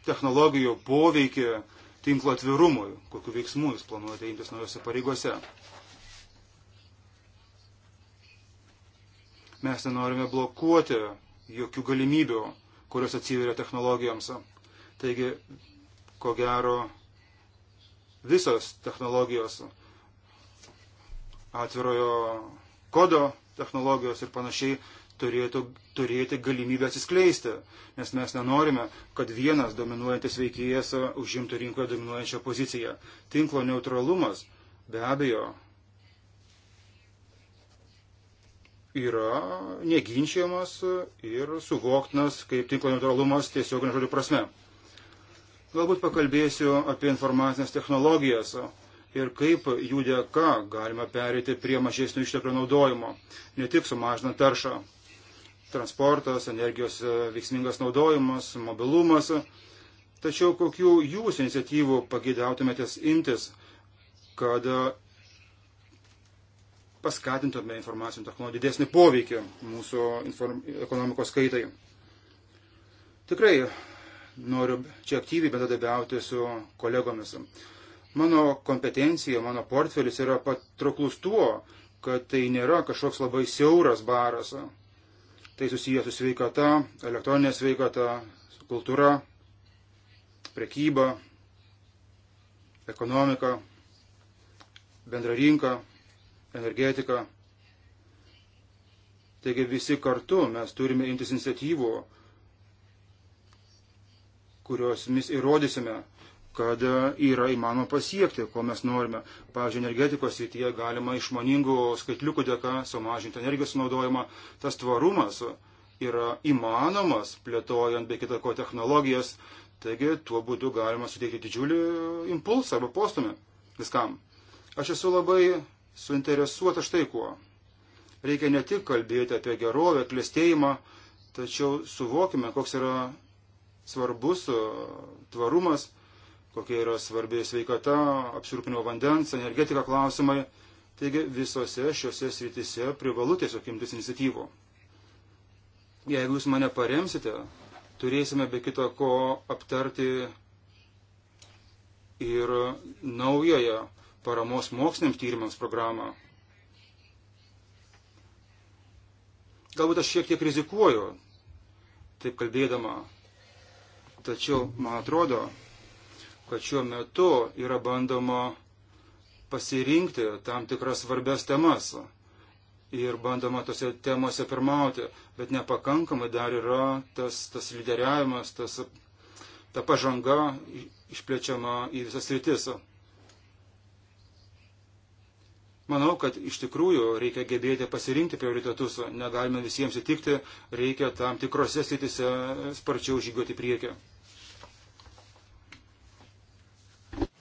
technologijų poveikį tinklo atvirumui, kokiu veiksmu jūs planuojate imtis naujose pareigose. Mes nenorime blokuoti jokių galimybių, kurios atsiveria technologijoms. Taigi, ko gero, visos technologijos, atvirojo kodo technologijos ir panašiai turėtų turėti galimybę atsiskleisti, nes mes nenorime, kad vienas dominuojantis veikėjas užimtų rinkoje dominuojančią poziciją. Tinklo neutralumas be abejo yra neginčiamas ir suvoktinas kaip tinklo neutralumas tiesioginio žodžio prasme. Galbūt pakalbėsiu apie informacinės technologijas ir kaip jų dėka galima perėti prie mažesnių išteklių naudojimo, ne tik sumažinant taršą. Transportas, energijos e, veiksmingas naudojimas, mobilumas. Tačiau kokių jūs iniciatyvų pageidautumėtės imtis, kad paskatintume informacinių technologijų didesnį poveikį mūsų inform... ekonomikos skaitai. Tikrai noriu čia aktyviai bendradabiauti su kolegomis. Mano kompetencija, mano portfelis yra patrauklus tuo, kad tai nėra kažkoks labai siauras baras. Tai susijęs su sveikata, elektroninė sveikata, su kultūra, prekyba, ekonomika, bendra rinka, energetika. Taigi visi kartu mes turime imtis iniciatyvų, kurios mes įrodysime, kad yra įmanoma pasiekti, ko mes norime. Pavyzdžiui, energetikos srityje galima išmaningų skaitliukų dėka sumažinti energijos sunaudojimą. Tas tvarumas yra įmanomas, plėtojant be kitako technologijas. Taigi, tuo būdu galima suteikti didžiulį impulsą arba postumį viskam. Aš esu labai suinteresuota štai kuo. Reikia ne tik kalbėti apie gerovę, klėstėjimą, tačiau suvokime, koks yra svarbus tvarumas, kokia yra svarbi sveikata, apsirūpinimo vandens, energetika klausimai. Taigi visose šiose srityse privalu tiesiog imtis iniciatyvų. Jeigu jūs mane paremsite, turėsime be kito ko aptarti ir naujoje paramos moksliniams tyrimams programą. Galbūt aš šiek tiek rizikuoju, taip kalbėdama, tačiau man atrodo, kad šiuo metu yra bandoma pasirinkti tam tikras svarbias temas ir bandoma tose temose pirmauti, bet nepakankamai dar yra tas, tas lyderiavimas, tas, ta pažanga išplečiama į visas rytis. Manau, kad iš tikrųjų reikia gebėti pasirinkti prioritetus, negalime visiems įtikti, reikia tam tikrose sritise sparčiau žygiuoti priekį.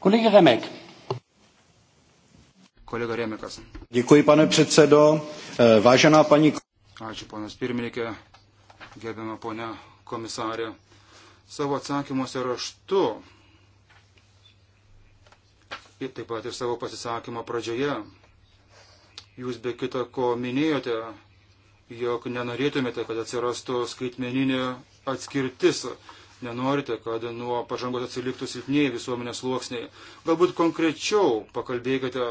Kolega Remek. Kolega Remekas. Dėkui, pane předsedo. E, vážená paní. Ačiū, ponas pirmininkė, gerbiama ponia komisarė. Savo atsakymuose raštu ir taip pat ir savo pasisakymo pradžioje Jūs be kita ko minėjote, jog nenorėtumėte, kad atsirastų skaitmeninė atskirtis. Nenorite, kad nuo pažangos atsiliktų silpniai visuomenės sluoksniai. Galbūt konkrečiau pakalbėkite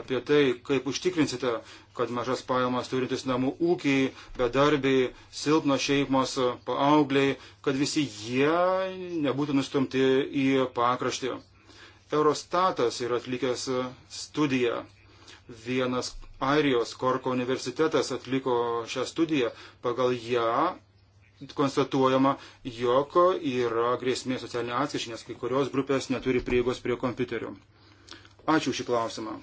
apie tai, kaip užtikrinsite, kad mažas pajamas turintis namų ūkiai, bedarbiai, silpno šeimos, paaugliai, kad visi jie nebūtų nustumti į pakraštį. Eurostatas yra atlikęs studiją. Vienas Airijos Korko universitetas atliko šią studiją. Pagal ją konstatuojama, jog yra grėsmė socialinė atskišė, nes kai kurios grupės neturi prieigos prie kompiuterių. Ačiū šį klausimą.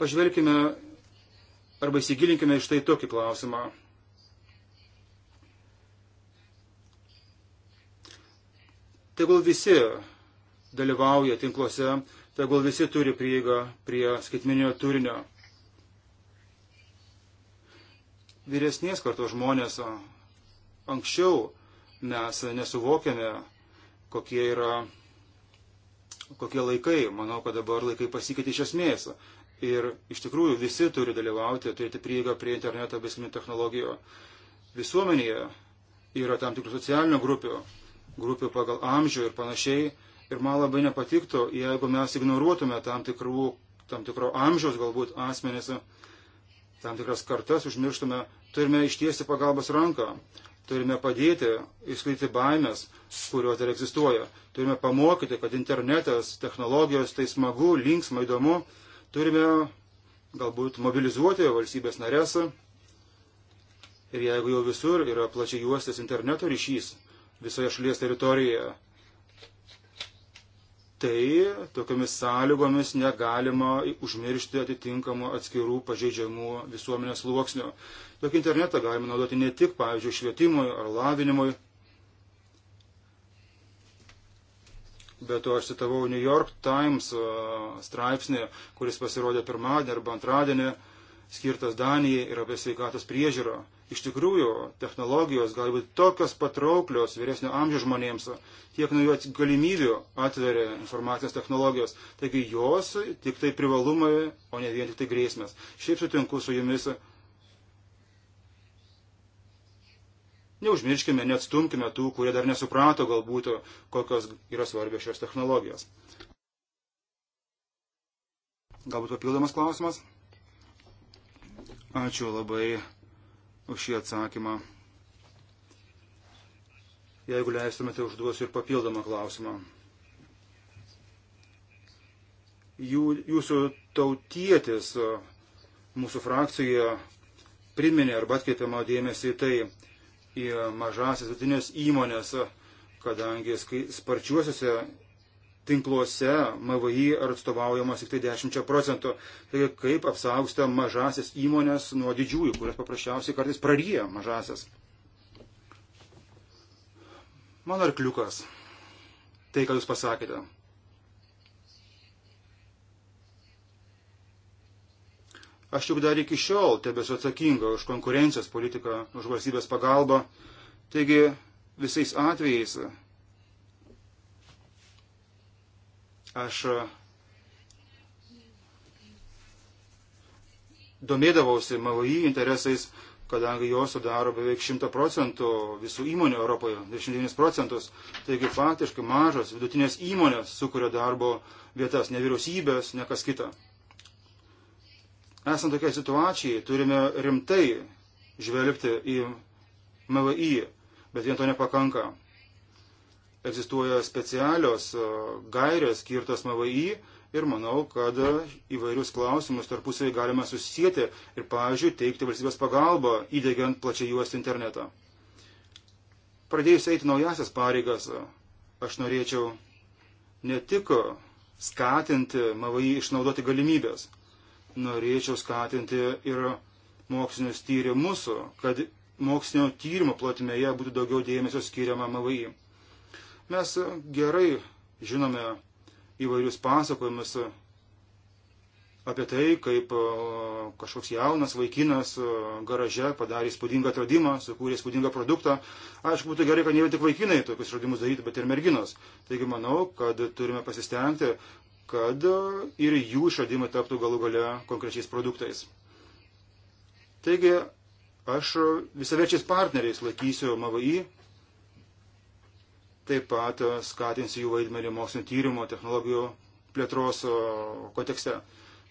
Pažvelkime arba įsigilinkime iš tai tokį klausimą. Tegul visi dalyvauja tinkluose tegul visi turi prieigą prie skaitminio turinio. Vyresnės kartos žmonės anksčiau mes nesuvokėme, kokie yra, kokie laikai. Manau, kad dabar laikai pasikeitė iš esmės. Ir iš tikrųjų visi turi dalyvauti, turėti prieigą prie interneto bei technologijų. Visuomenėje yra tam tikrų socialinių grupių, grupių pagal amžių ir panašiai. Ir man labai nepatiktų, jeigu mes ignoruotume tam, tikrų, tam tikro amžiaus galbūt asmenys, tam tikras kartas užmirštume, turime ištiesti pagalbos ranką, turime padėti išsklaidyti baimės, kurios dar egzistuoja, turime pamokyti, kad internetas, technologijos tai smagu, linksma, įdomu, turime galbūt mobilizuoti valstybės narės. Ir jeigu jau visur yra plačiai juostas interneto ryšys visoje šalies teritorijoje, tai tokiamis sąlygomis negalima užmiršti atitinkamų atskirų pažeidžiamų visuomenės sluoksnių. Tokį internetą galima naudoti ne tik, pavyzdžiui, švietimui ar lavinimui. Bet to aš citavau New York Times straipsnį, kuris pasirodė pirmadienį arba antradienį, skirtas Danijai ir apie sveikatos priežiūrą. Iš tikrųjų, technologijos gali būti tokios patrauklios vyresnio amžiaus žmonėms, tiek nuo jų galimybių atveria informacijos technologijos. Taigi jos tik tai privalumai, o ne vien tik tai grėsmės. Šiaip sutinku su jumis. Neužmirškime, neatstumkime tų, kurie dar nesuprato galbūt, kokios yra svarbios šios technologijos. Galbūt papildomas klausimas? Ačiū labai už šį atsakymą. Jeigu leistumėte, užduosiu ir papildomą klausimą. Jų, jūsų tautietis mūsų frakcijoje priminė arba atkreipė mano dėmesį į tai, į mažasias vidinės įmonės, kadangi sparčiuosiuose tinkluose MVI ar atstovaujamos tik tai 10 procentų. Taigi kaip apsaugsta mažasias įmonės nuo didžiųjų, kurias paprasčiausiai kartais praryja mažasias. Mano arkliukas. Tai, ką jūs pasakėte. Aš juk dar iki šiol tebesu atsakinga už konkurencijos politiką, už valstybės pagalbą. Taigi visais atvejais Aš e, domėdavausi MVI interesais, kadangi jos sudaro beveik 100 procentų visų įmonių Europoje, 29 procentus. Taigi faktiškai mažos vidutinės įmonės sukuria darbo vietas, ne vyriausybės, ne kas kita. Esant tokiai situacijai, turime rimtai žvelgti į MVI, bet vien to nepakanka egzistuoja specialios gairės skirtos MVI ir manau, kad įvairius klausimus tarpusavį galima susijęti ir, pavyzdžiui, teikti valstybės pagalbą įdėgiant plačiai juos internetą. Pradėjus eiti naujasias pareigas, aš norėčiau ne tik skatinti MVI išnaudoti galimybės, norėčiau skatinti ir mokslinius tyrimus, kad mokslinio tyrimo plotmėje būtų daugiau dėmesio skiriama MVI. Mes gerai žinome įvairius pasakojimus apie tai, kaip kažkoks jaunas vaikinas garaže padarė įspūdingą atradimą, sukūrė įspūdingą produktą. Aišku, būtų gerai, kad ne tik vaikinai tokius atradimus darytų, bet ir merginos. Taigi manau, kad turime pasistengti, kad ir jų išradimai taptų galų gale konkrečiais produktais. Taigi aš visaverčiais partneriais laikysiu MVI, Taip pat e, skatins jų vaidmenį mokslinio tyrimo technologijų plėtros e, kontekste.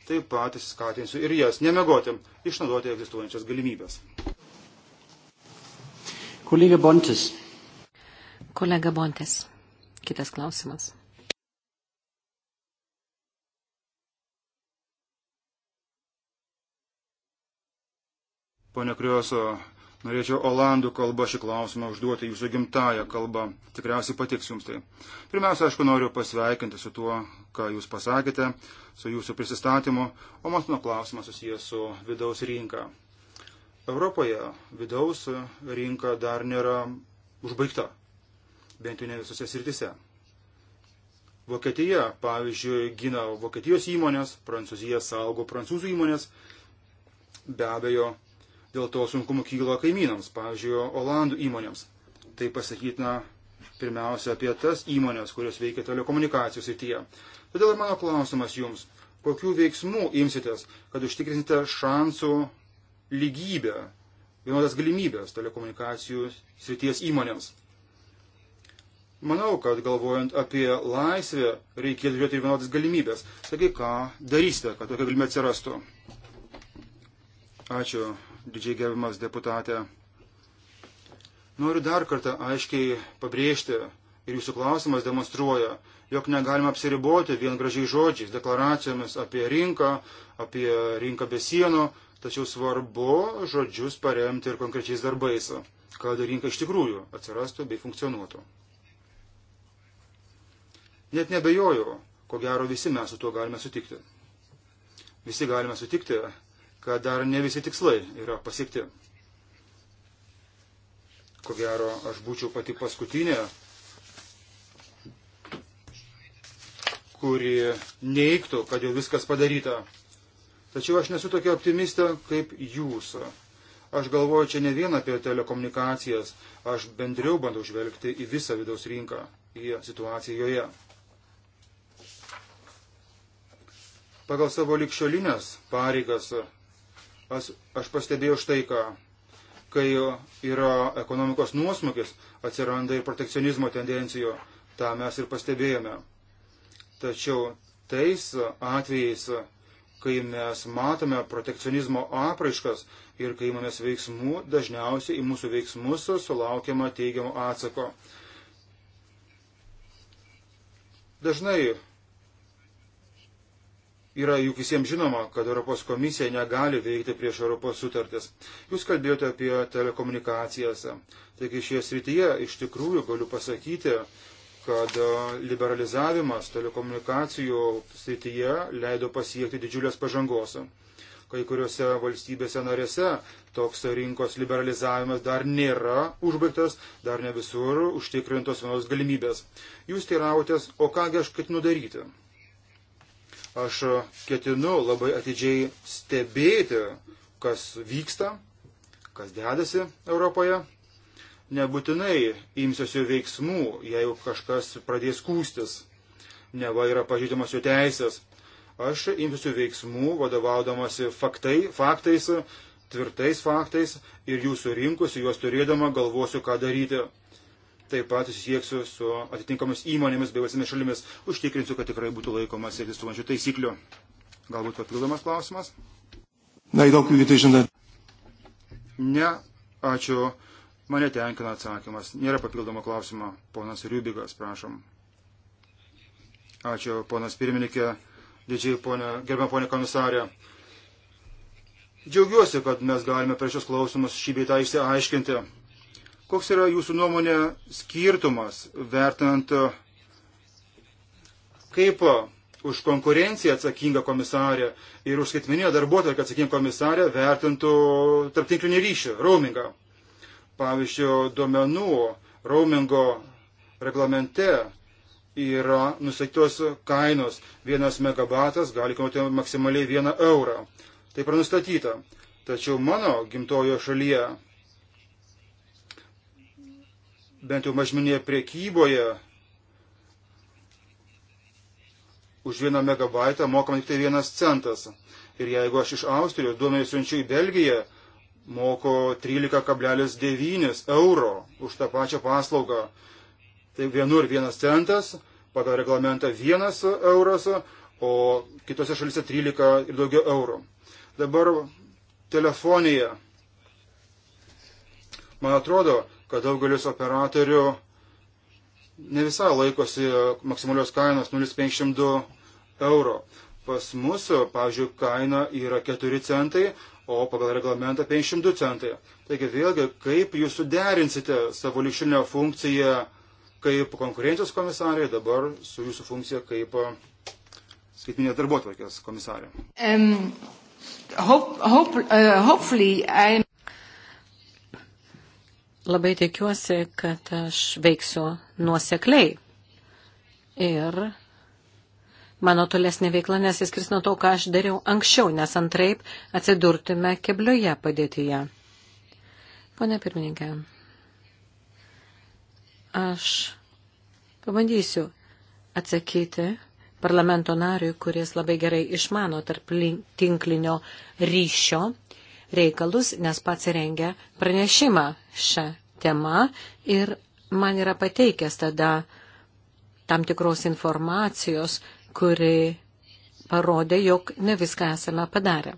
Taip pat skatinsiu ir jas nemegoti, išnaudoti egzistuojančias galimybės. Kolega Bontis. Kolega Bontis. Kitas klausimas. Pone Krioso, Norėčiau olandų kalbą šį klausimą užduoti jūsų gimtają kalbą. Tikriausiai patiks jums tai. Pirmiausia, aišku, noriu pasveikinti su tuo, ką jūs pasakėte, su jūsų prisistatymu, o mano klausimas susijęs su vidaus rinka. Europoje vidaus rinka dar nėra užbaigta, bent jau ne visose sritise. Vokietija, pavyzdžiui, gina Vokietijos įmonės, Prancūzija saugo prancūzų įmonės, be abejo, Dėl to sunkumų kyla kaimynams, pavyzdžiui, Olandų įmonėms. Tai pasakytina pirmiausia apie tas įmonės, kurios veikia telekomunikacijos srityje. Todėl mano klausimas jums, kokių veiksmų imsitės, kad užtikrinsite šansų lygybę, vienodas galimybės telekomunikacijų srities įmonėms. Manau, kad galvojant apie laisvę, reikėtų žiūrėti ir vienodas galimybės. Taigi, ką darysite, kad tokia galimybė atsirastų? Ačiū, didžiai gerbiamas deputate. Noriu dar kartą aiškiai pabrėžti ir jūsų klausimas demonstruoja, jog negalima apsiriboti vien gražiai žodžiais, deklaracijomis apie rinką, apie rinką be sienų, tačiau svarbu žodžius paremti ir konkrečiais darbais, kad rinka iš tikrųjų atsirastų bei funkcionuotų. Net nebejoju, ko gero visi mes su tuo galime sutikti. Visi galime sutikti, kad dar ne visi tikslai yra pasiekti. Ko gero, aš būčiau pati paskutinė, kuri neiktų, kad jau viskas padaryta. Tačiau aš nesu tokia optimistė kaip jūs. Aš galvoju čia ne vien apie telekomunikacijas, aš bendriau bandau žvelgti į visą vidaus rinką, į situaciją joje. Pagal savo likščiolinės pareigas As, aš pastebėjau štai ką. Kai yra ekonomikos nuosmukis, atsiranda ir protekcionizmo tendencijų. Ta mes ir pastebėjome. Tačiau tais atvejais, kai mes matome protekcionizmo apraiškas ir kai imamės veiksmų, dažniausiai į mūsų veiksmus sulaukiama teigiamo atsako. Dažnai Yra juk visiems žinoma, kad Europos komisija negali veikti prieš Europos sutartis. Jūs kalbėjote apie telekomunikacijas. Taigi šioje srityje iš tikrųjų galiu pasakyti, kad e, liberalizavimas telekomunikacijų srityje leido pasiekti didžiulės pažangos. Kai kuriuose valstybėse narėse toks rinkos liberalizavimas dar nėra užbaigtas, dar ne visur užtikrintos vienos galimybės. Jūs teirautės, o kągi aš ketinu daryti? Aš ketinu labai atidžiai stebėti, kas vyksta, kas dedasi Europoje. Nebūtinai imsiuosi veiksmų, jeigu kažkas pradės kūstis, neva yra pažydimas jų teisės. Aš imsiuosi veiksmų, vadovaudamasi faktai, faktais, tvirtais faktais ir jų surinkusi, juos turėdama galvosiu, ką daryti. Taip pat susisieksiu su atitinkamus įmonėmis bei valstybės šalimis, užtikrinsiu, kad tikrai būtų laikomas egzistuojančių taisyklių. Galbūt papildomas klausimas? Na, įdaug lygiai tai žinai. Ne, ačiū. Mane tenkina atsakymas. Nėra papildomo klausimo. Ponas Riubigas, prašom. Ačiū, ponas pirmininkė, didžiai ponė, gerbė ponė komisarė. Džiaugiuosi, kad mes galime per šios klausimus šį beitą išsiaiškinti Koks yra jūsų nuomonė skirtumas, vertinant, kaip už konkurenciją atsakinga komisarė ir už skaitmeninio darbuotoją atsakinga komisarė vertintų tarptinklinį ryšį, roamingą? Pavyzdžiui, duomenų roamingo reglamente yra nusakytos kainos. Vienas megabatas gali kainuoti maksimaliai vieną eurą. Taip yra nustatyta. Tačiau mano gimtojo šalyje bent jau mažminėje priekyboje už vieną megabaitą mokama tik tai vienas centas. Ir jeigu aš iš Austrijos duomenys siunčiu į Belgiją, moko 13,9 euro už tą pačią paslaugą. Tai vienur vienas centas, pagal reglamentą vienas euras, o kitose šalise 13 ir daugiau eurų. Dabar telefonija. Man atrodo, kad daugelis operatorių ne visai laikosi maksimalios kainos 0,52 euro. Pas mus, pavyzdžiui, kaina yra 4 centai, o pagal reglamentą 52 centai. Taigi vėlgi, kaip jūs suderinsite savo likšinę funkciją kaip konkurencijos komisarė dabar su jūsų funkcija kaip skaitminės darbuotvarkės komisarė? Um, hope, hope, uh, Labai tikiuosi, kad aš veiksiu nuosekliai. Ir mano tolesnė veikla nesiskris nuo to, ką aš dariau anksčiau, nes antraip atsidurtume keblioje padėtyje. Pone pirmininkė, aš pabandysiu atsakyti parlamento nariui, kuris labai gerai išmano tarp tinklinio ryšio reikalus, nes pats rengia pranešimą šią temą ir man yra pateikęs tada tam tikros informacijos, kuri parodė, jog ne viską esame padarę.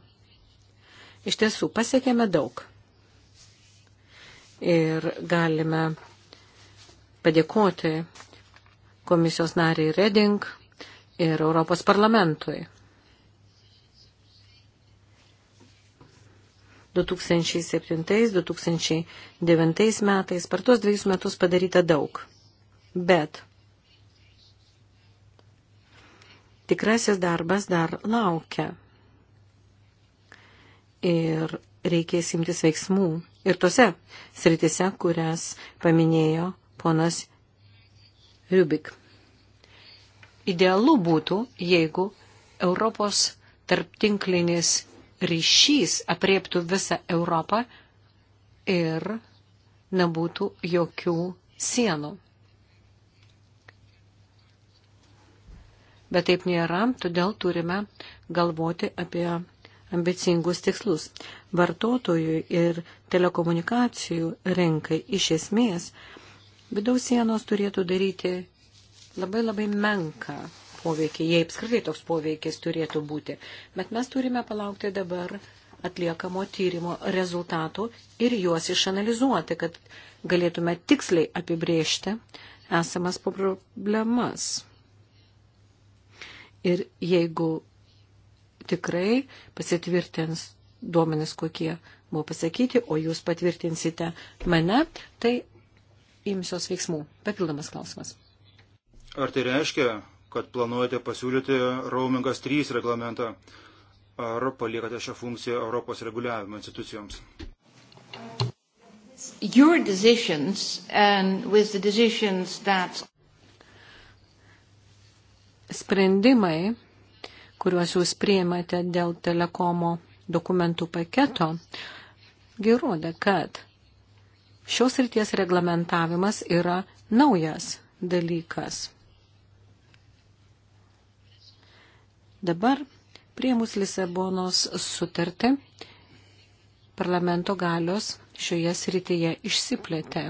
Iš tiesų, pasiekėme daug. Ir galime padėkoti komisijos nariai Reding ir Europos parlamentui 2007-2009 metais. Per tuos dviejus metus padaryta daug. Bet tikrasis darbas dar laukia. Ir reikės imtis veiksmų. Ir tose sritise, kurias paminėjo ponas Rubik. Idealu būtų, jeigu Europos tarptinklinis ryšys apriektų visą Europą ir nebūtų jokių sienų. Bet taip nėra, todėl turime galvoti apie ambicingus tikslus. Vartotojui ir telekomunikacijų rinkai iš esmės vidaus sienos turėtų daryti labai labai menką poveikį, jei apskritai toks poveikis turėtų būti. Bet mes turime palaukti dabar atliekamo tyrimo rezultatų ir juos išanalizuoti, kad galėtume tiksliai apibrėžti esamas problemas. Ir jeigu tikrai pasitvirtins duomenis, kokie buvo pasakyti, o jūs patvirtinsite mane, tai imsios veiksmų. Papildomas klausimas. Ar tai reiškia, kad planuojate pasiūlyti Roamingas 3 reglamentą? Ar paliekate šią funkciją Europos reguliavimo institucijoms? That... Sprendimai, kuriuos jūs priimate dėl telekomo dokumentų paketo, įrodė, kad šios ryties reglamentavimas yra naujas dalykas. Dabar prie mūsų Lisabonos sutartė parlamento galios šioje srityje išsiplėtė.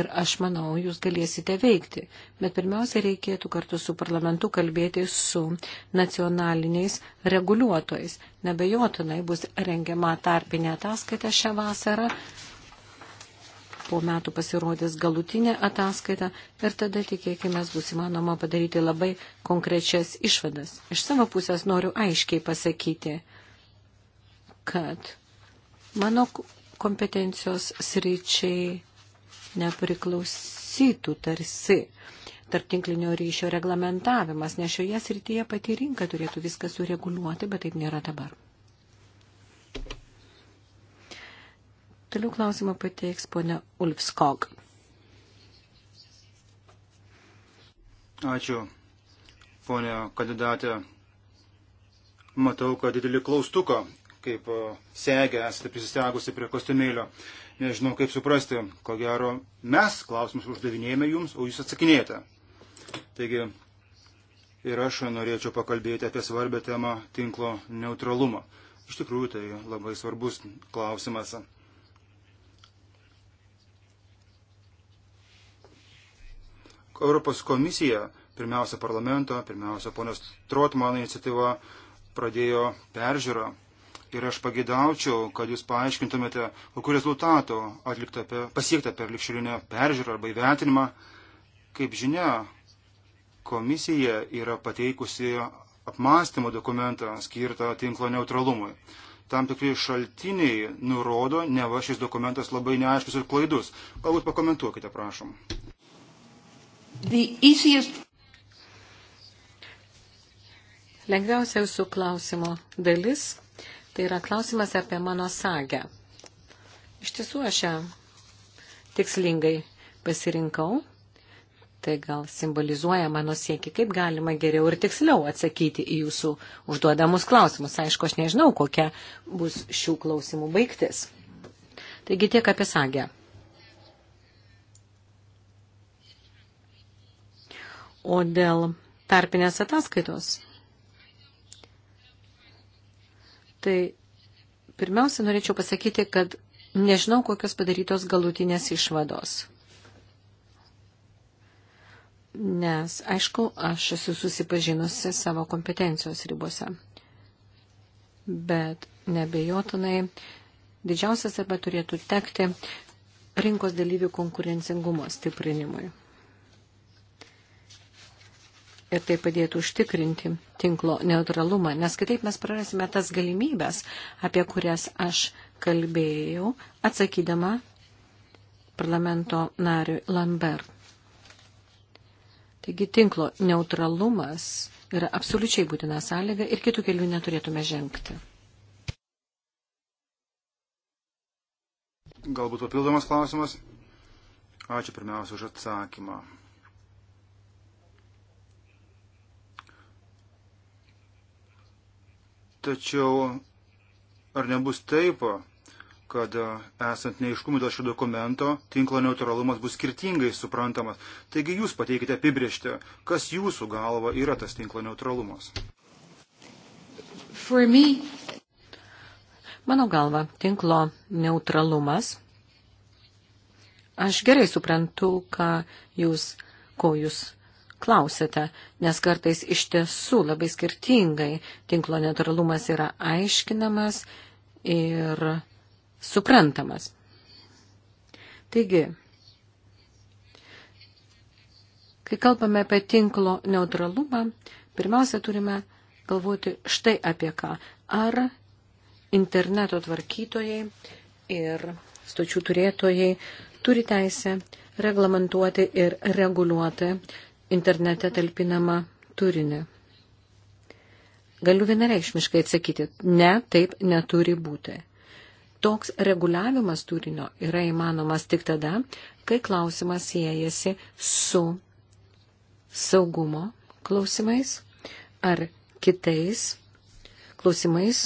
Ir aš manau, jūs galėsite veikti. Bet pirmiausia, reikėtų kartu su parlamentu kalbėti su nacionaliniais reguliuotojais. Nebejotinai bus rengiama tarpinė ataskaita šią vasarą po metų pasirodys galutinė ataskaita ir tada tikėkime bus įmanoma padaryti labai konkrečias išvadas. Iš savo pusės noriu aiškiai pasakyti, kad mano kompetencijos sričiai nepriklausytų tarsi tarptinklinio ryšio reglamentavimas, nes šioje srityje pati rinka turėtų viską sureguliuoti, bet taip nėra dabar. Toliau klausimą pateiks ponia Ulfskog. Ačiū, ponia kandidatė. Matau, kad didelį klaustuką, kaip e, segę esate prisistegusi prie kostiumėlio. Nežinau, kaip suprasti, ko gero mes klausimus uždavinėjame jums, o jūs atsakinėjate. Taigi ir aš norėčiau pakalbėti apie svarbę temą tinklo neutralumą. Iš tikrųjų, tai labai svarbus klausimas. Europos komisija, pirmiausia parlamento, pirmiausia ponios Trotmano iniciatyva, pradėjo peržiūrą. Ir aš pagidaučiau, kad jūs paaiškintumėte, kokiu rezultatu per, pasiekta per likščiulinę peržiūrą arba įvertinimą. Kaip žinia, komisija yra pateikusi apmąstymo dokumentą skirtą tinklo neutralumui. Tam tikri šaltiniai nurodo, ne va šis dokumentas labai neaiškus ir klaidus. Galbūt pakomentuokite, prašom easiest... Lengviausia jūsų klausimo dalis tai yra klausimas apie mano sagę. Iš tiesų aš ją tikslingai pasirinkau. Tai gal simbolizuoja mano siekį, kaip galima geriau ir tiksliau atsakyti į jūsų užduodamus klausimus. Aišku, aš nežinau, kokia bus šių klausimų baigtis. Taigi tiek apie sagę. O dėl tarpinės ataskaitos, tai pirmiausia norėčiau pasakyti, kad nežinau, kokios padarytos galutinės išvados. Nes, aišku, aš esu susipažinusi savo kompetencijos ribose. Bet nebejotinai didžiausias arba turėtų tekti rinkos dalyvių konkurencingumo stiprinimui ir tai padėtų užtikrinti tinklo neutralumą, nes kitaip mes prarasime tas galimybės, apie kurias aš kalbėjau, atsakydama parlamento nariui Lambert. Taigi tinklo neutralumas yra absoliučiai būtina sąlyga ir kitų kelių neturėtume žengti. Galbūt papildomas klausimas. Ačiū pirmiausia už atsakymą. Tačiau ar nebus taip, kad e, esant neiškumui dėl šio dokumento, tinklo neutralumas bus skirtingai suprantamas. Taigi jūs pateikite apibriežtę, kas jūsų galva yra tas tinklo neutralumas. For me. Mano galva, tinklo neutralumas. Aš gerai suprantu, ką jūs, ko jūs klausėte, nes kartais iš tiesų labai skirtingai tinklo neutralumas yra aiškinamas ir suprantamas. Taigi, kai kalbame apie tinklo neutralumą, pirmiausia turime galvoti štai apie ką. Ar interneto tvarkytojai ir stočių turėtojai turi teisę reglamentuoti ir reguliuoti internete talpinama turinį. Galiu vienareikšmiškai atsakyti, ne, taip neturi būti. Toks reguliavimas turinio yra įmanomas tik tada, kai klausimas siejasi su saugumo klausimais ar kitais klausimais,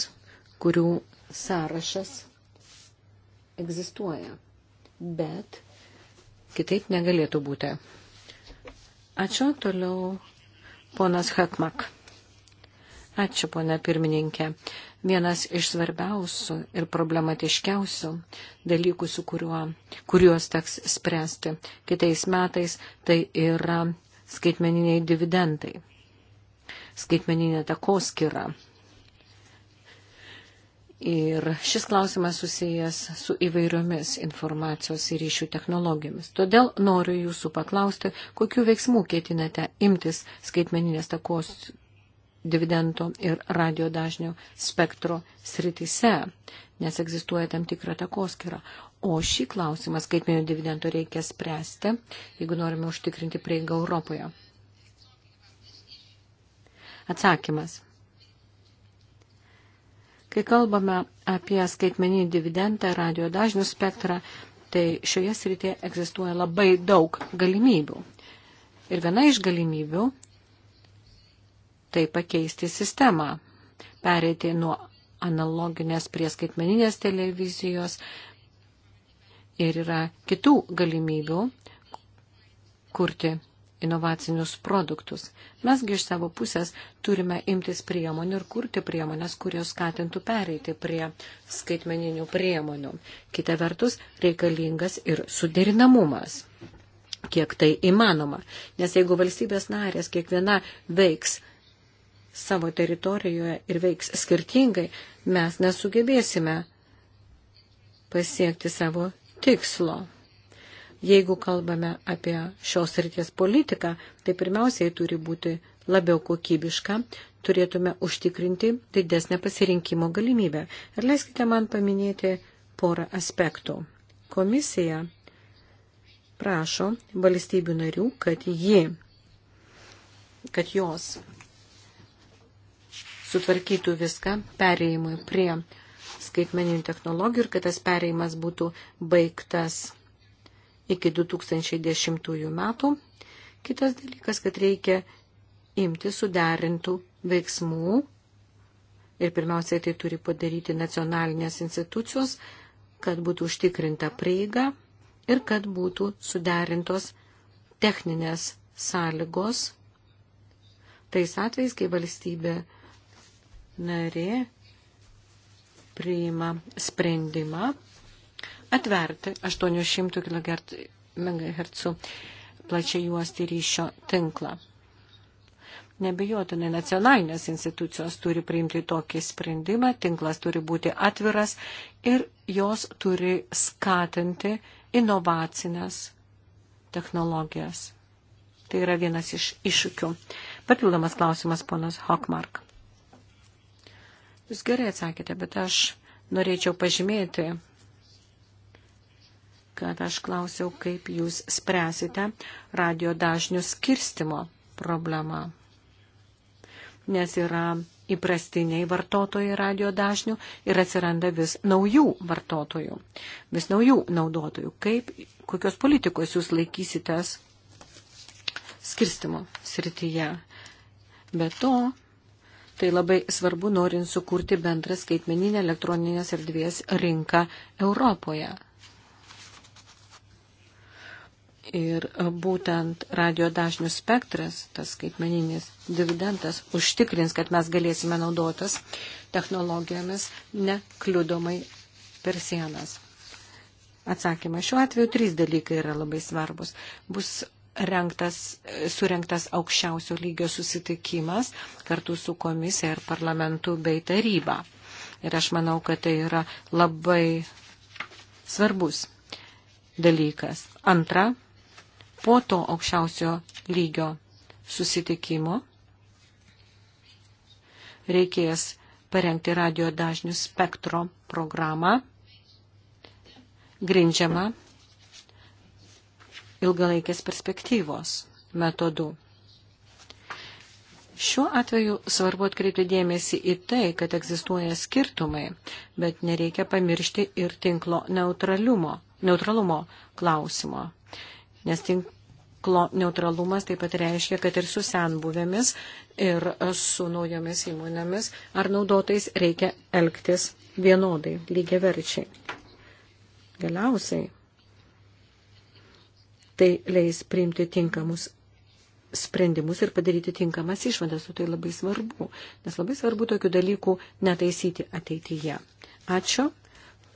kurių sąrašas egzistuoja. Bet kitaip negalėtų būti. Ačiū toliau ponas Hetmak. Ačiū, ponia pirmininkė. Vienas iš svarbiausių ir problematiškiausių dalykų, su kuriuo, kuriuos teks spręsti kitais metais, tai yra skaitmeniniai dividendai, skaitmeninė takoskira. skira Ir šis klausimas susijęs su įvairiomis informacijos ir ryšių technologijomis. Todėl noriu jūsų paklausti, kokiu veiksmu ketinate imtis skaitmeninės takos dividendo ir radio dažnio spektro sritise, nes egzistuoja tam tikra takoskira. O šį klausimą skaitmeninio dividendo reikia spręsti, jeigu norime užtikrinti prieigą Europoje. Atsakymas. Kai kalbame apie skaitmeninį dividendą, radio dažnių spektrą, tai šioje srityje egzistuoja labai daug galimybių. Ir viena iš galimybių - tai pakeisti sistemą, pereiti nuo analoginės prie skaitmeninės televizijos. Ir yra kitų galimybių kurti inovacinius produktus. Mesgi iš savo pusės turime imtis priemonių ir kurti priemonės, kurios skatintų pereiti prie skaitmeninių priemonių. Kita vertus, reikalingas ir suderinamumas kiek tai įmanoma. Nes jeigu valstybės narės kiekviena veiks savo teritorijoje ir veiks skirtingai, mes nesugebėsime pasiekti savo tikslo. Jeigu kalbame apie šios ryties politiką, tai pirmiausiai turi būti labiau kokybiška, turėtume užtikrinti didesnę pasirinkimo galimybę. Ir leiskite man paminėti porą aspektų. Komisija prašo valstybių narių, kad ji, kad jos sutvarkytų viską pereimui prie skaitmeninių technologijų ir kad tas pereimas būtų baigtas iki 2010 metų. Kitas dalykas, kad reikia imti suderintų veiksmų ir pirmiausiai tai turi padaryti nacionalinės institucijos, kad būtų užtikrinta prieiga ir kad būtų suderintos techninės sąlygos tais atvejais, kai valstybė narė priima sprendimą atverti 800 MHz plačiai juosti ryšio tinklą. Nebijotinai nacionalinės institucijos turi priimti tokį sprendimą, tinklas turi būti atviras ir jos turi skatinti inovacinės technologijas. Tai yra vienas iš iššūkių. Papildomas klausimas, ponas Hockmark. Jūs gerai atsakėte, bet aš norėčiau pažymėti, kad aš klausiau, kaip jūs spręsite radio dažnių skirstimo problemą. Nes yra įprastiniai vartotojai radio dažnių ir atsiranda vis naujų vartotojų, vis naujų naudotojų. Kaip, kokios politikos jūs laikysitės skirstimo srityje? Be to, Tai labai svarbu norint sukurti bendrą skaitmeninę elektroninės erdvės rinką Europoje. Ir būtent radio dažnių spektras, tas skaitmeninis dividendas, užtikrins, kad mes galėsime naudotas technologijomis nekliudomai per sienas. Atsakymas. Šiuo atveju trys dalykai yra labai svarbus. Bus rengtas, surinktas aukščiausio lygio susitikimas kartu su komisija ir parlamentu bei taryba. Ir aš manau, kad tai yra labai svarbus dalykas. Antra, po to aukščiausio lygio susitikimo reikės parengti radio dažnių spektro programą, grindžiamą ilgalaikės perspektyvos metodų. Šiuo atveju svarbu atkreipti dėmesį į tai, kad egzistuoja skirtumai, bet nereikia pamiršti ir tinklo neutralumo, neutralumo klausimo, nes tink, tinklo neutralumas taip pat reiškia, kad ir su senbuvėmis, ir su naujomis įmonėmis ar naudotais reikia elgtis vienodai, lygiai verčiai. Galiausiai tai leis priimti tinkamus sprendimus ir padaryti tinkamas išvadas, o tai labai svarbu, nes labai svarbu tokių dalykų netaisyti ateityje. Ačiū.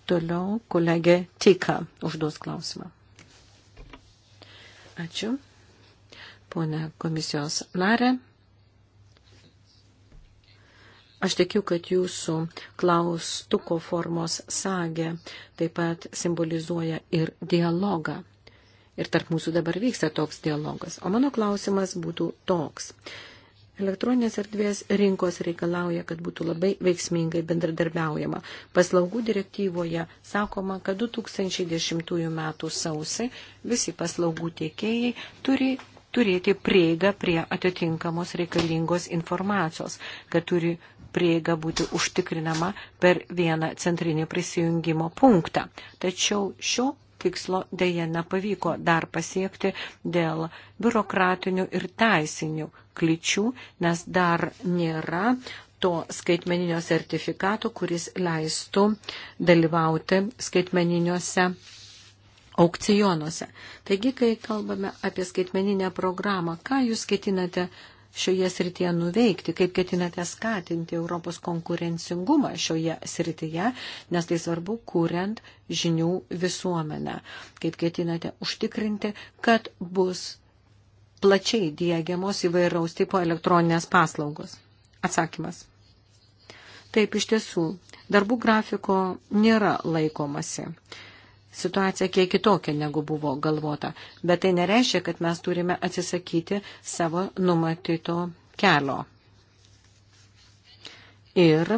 Toliau kolegė Tika užduos klausimą. Ačiū. Pone komisijos narė. Aš tikiu, kad jūsų klaustuko formos sagė taip pat simbolizuoja ir dialogą. Ir tarp mūsų dabar vyksta toks dialogas. O mano klausimas būtų toks. Elektroninės erdvės rinkos reikalauja, kad būtų labai veiksmingai bendradarbiaujama. Paslaugų direktyvoje sakoma, kad 2010 m. sausai visi paslaugų tiekėjai turi turėti prieigą prie atitinkamos reikalingos informacijos, kad turi prieiga būti užtikrinama per vieną centrinį prisijungimo punktą. Tačiau šio tikslo dėje nepavyko dar pasiekti dėl biurokratinių ir teisinių kličių, nes dar nėra to skaitmeninio sertifikato, kuris leistų dalyvauti skaitmeniniuose aukcionuose. Taigi, kai kalbame apie skaitmeninę programą, ką jūs ketinate šioje srityje nuveikti, kaip ketinate skatinti Europos konkurencingumą šioje srityje, nes tai svarbu, kuriant žinių visuomenę, kaip ketinate užtikrinti, kad bus plačiai diegiamos įvairaus tipo elektroninės paslaugos? Atsakymas. Taip, iš tiesų, darbų grafiko nėra laikomasi. Situacija kiek kitokia negu buvo galvota, bet tai nereiškia, kad mes turime atsisakyti savo numatyto kelio. Ir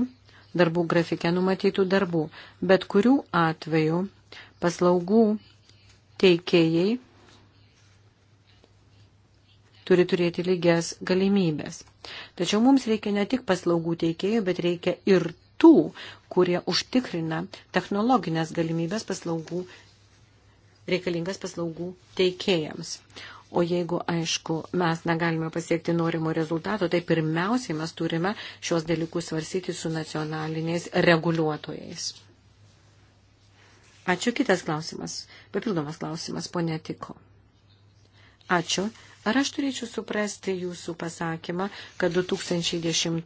darbų grafike numatytų darbų, bet kurių atveju paslaugų teikėjai turi turėti lygias galimybės. Tačiau mums reikia ne tik paslaugų teikėjų, bet reikia ir tų, kurie užtikrina technologinės galimybės paslaugų, reikalingas paslaugų teikėjams. O jeigu, aišku, mes negalime pasiekti norimo rezultato, tai pirmiausiai mes turime šios dalykus svarsyti su nacionaliniais reguliuotojais. Ačiū. Kitas klausimas. Papildomas klausimas, ponė Tiko. Ačiū. Ar aš turėčiau suprasti jūsų pasakymą, kad 2010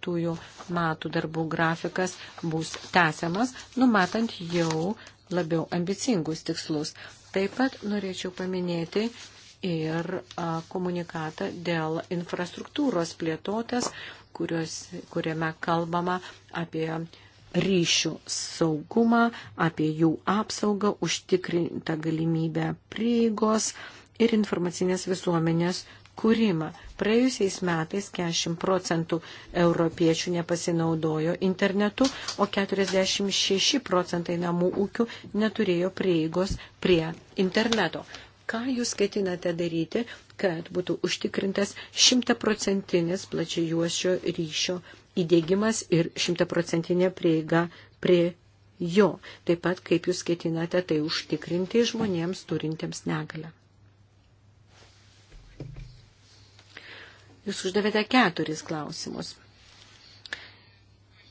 metų darbų grafikas bus tęsiamas, numatant jau labiau ambicingus tikslus? Taip pat norėčiau paminėti ir komunikatą dėl infrastruktūros plėtotės, kurios, kuriame kalbama apie ryšių saugumą, apie jų apsaugą, užtikrintą galimybę prieigos, uh, ir informacinės visuomenės kūrimą. Praėjusiais metais 40 procentų europiečių nepasinaudojo internetu, o 46 procentai namų ūkių neturėjo prieigos prie interneto. Ką jūs ketinate daryti, kad būtų užtikrintas šimtaprocentinis plačiajuosio ryšio įdėgymas ir šimtaprocentinė prieiga prie jo, taip pat kaip jūs ketinate tai užtikrinti žmonėms turintiems negalę? Jūs uždavėte keturis klausimus.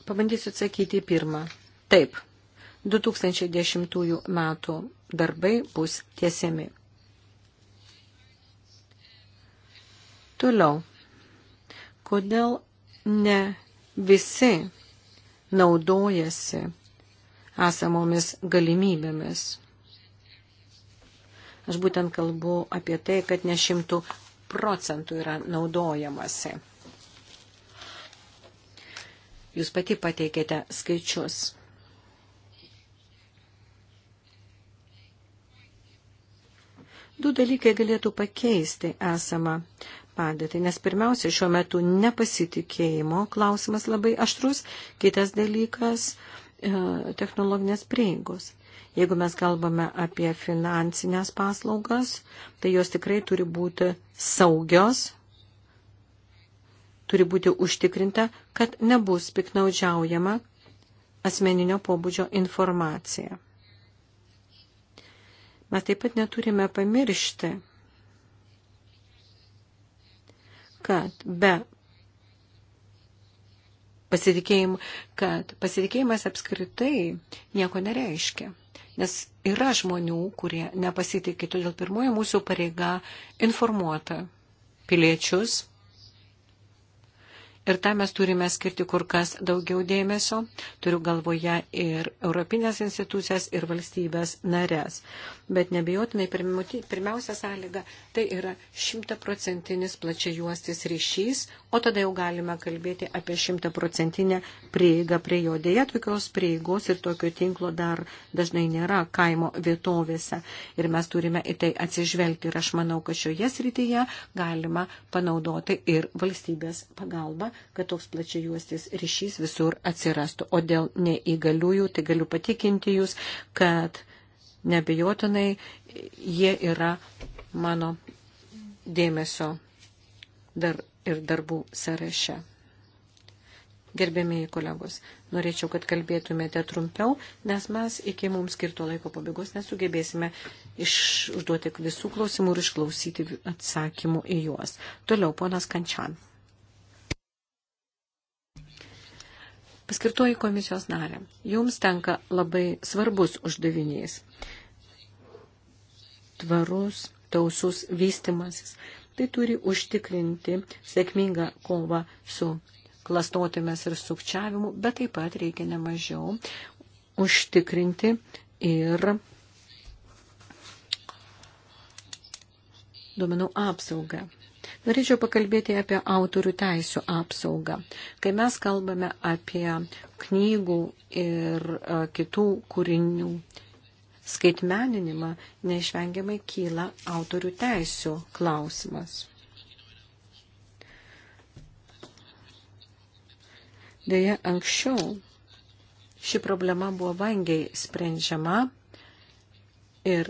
Pabandysiu atsakyti į pirmą. Taip, 2010 metų darbai bus tiesiami. Toliau, kodėl ne visi naudojasi esamomis galimybėmis? Aš būtent kalbu apie tai, kad ne šimtų procentų yra naudojamasi. Jūs pati pateikėte skaičius. Du dalykai galėtų pakeisti esamą padėtį, nes pirmiausia, šiuo metu nepasitikėjimo klausimas labai aštrus, kitas dalykas e, – technologinės prieigos. Jeigu mes kalbame apie finansinės paslaugas, tai jos tikrai turi būti saugios, turi būti užtikrinta, kad nebus piknaudžiaujama asmeninio pobūdžio informacija. Mes taip pat neturime pamiršti, kad be pasitikėjimų, kad pasitikėjimas apskritai nieko nereiškia nes yra žmonių, kurie nepasitikė. Todėl pirmoji mūsų pareiga informuota piliečius. Ir tam mes turime skirti kur kas daugiau dėmesio, turiu galvoje ir Europinės institucijas, ir valstybės narės bet nebejotinai pirmiausia sąlyga tai yra šimtaprocentinis plačiajuostis ryšys, o tada jau galime kalbėti apie šimtaprocentinę prieigą prie jo. Deja, tokios prieigos ir tokio tinklo dar dažnai nėra kaimo vietovėse ir mes turime į tai atsižvelgti ir aš manau, kad šioje srityje galima panaudoti ir valstybės pagalbą, kad toks plačiajuostis ryšys visur atsirastų. O dėl neįgaliųjų, tai galiu patikinti jūs, kad nebejotinai jie yra mano dėmesio dar ir darbų sąraše. Gerbėmiai kolegos, norėčiau, kad kalbėtumėte trumpiau, nes mes iki mums skirto laiko pabaigos nesugebėsime iš, užduoti visų klausimų ir išklausyti atsakymų į juos. Toliau, ponas Kančian. Paskirtoji komisijos narė, jums tenka labai svarbus uždavinys. Tvarus, tausus vystimasis. Tai turi užtikrinti sėkmingą kovą su klastotėmis ir sukčiavimu, bet taip pat reikia nemažiau užtikrinti ir duomenų apsaugą. Norėčiau pakalbėti apie autorių teisų apsaugą. Kai mes kalbame apie knygų ir e, kitų kūrinių skaitmeninimą, neišvengiamai kyla autorių teisų klausimas. Deja, anksčiau ši problema buvo vangiai sprendžiama ir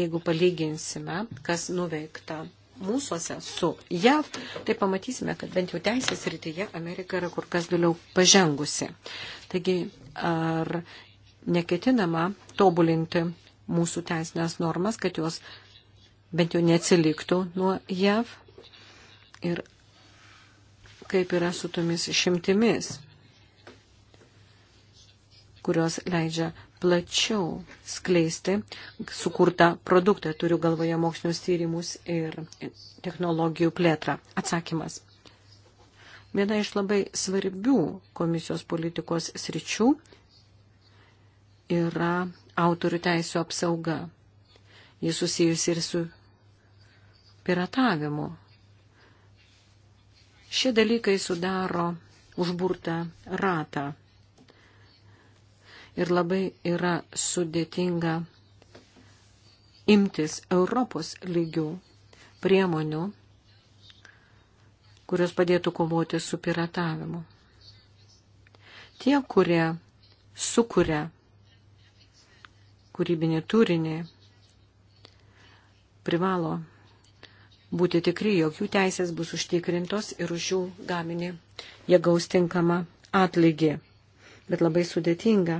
jeigu palyginsime, kas nuveikta mūsųse su JAV, tai pamatysime, kad bent jau teisės rytyje Amerika yra kur kas dėliau pažengusi. Taigi, ar neketinama tobulinti mūsų teisinės normas, kad jos bent jau neatsiliktų nuo JAV ir kaip yra su tomis šimtimis, kurios leidžia plačiau skleisti sukurtą produktą, turiu galvoje mokslinius tyrimus ir technologijų plėtrą. Atsakymas. Viena iš labai svarbių komisijos politikos sričių yra autorių teisų apsauga. Jis susijusi ir su piratavimu. Šie dalykai sudaro užburtą ratą ir labai yra sudėtinga imtis Europos lygių priemonių, kurios padėtų kovoti su piratavimu. Tie, kurie sukuria kūrybinį turinį, privalo būti tikri, jog jų teisės bus užtikrintos ir už jų gaminį jie gaus tinkamą atlygį. Bet labai sudėtinga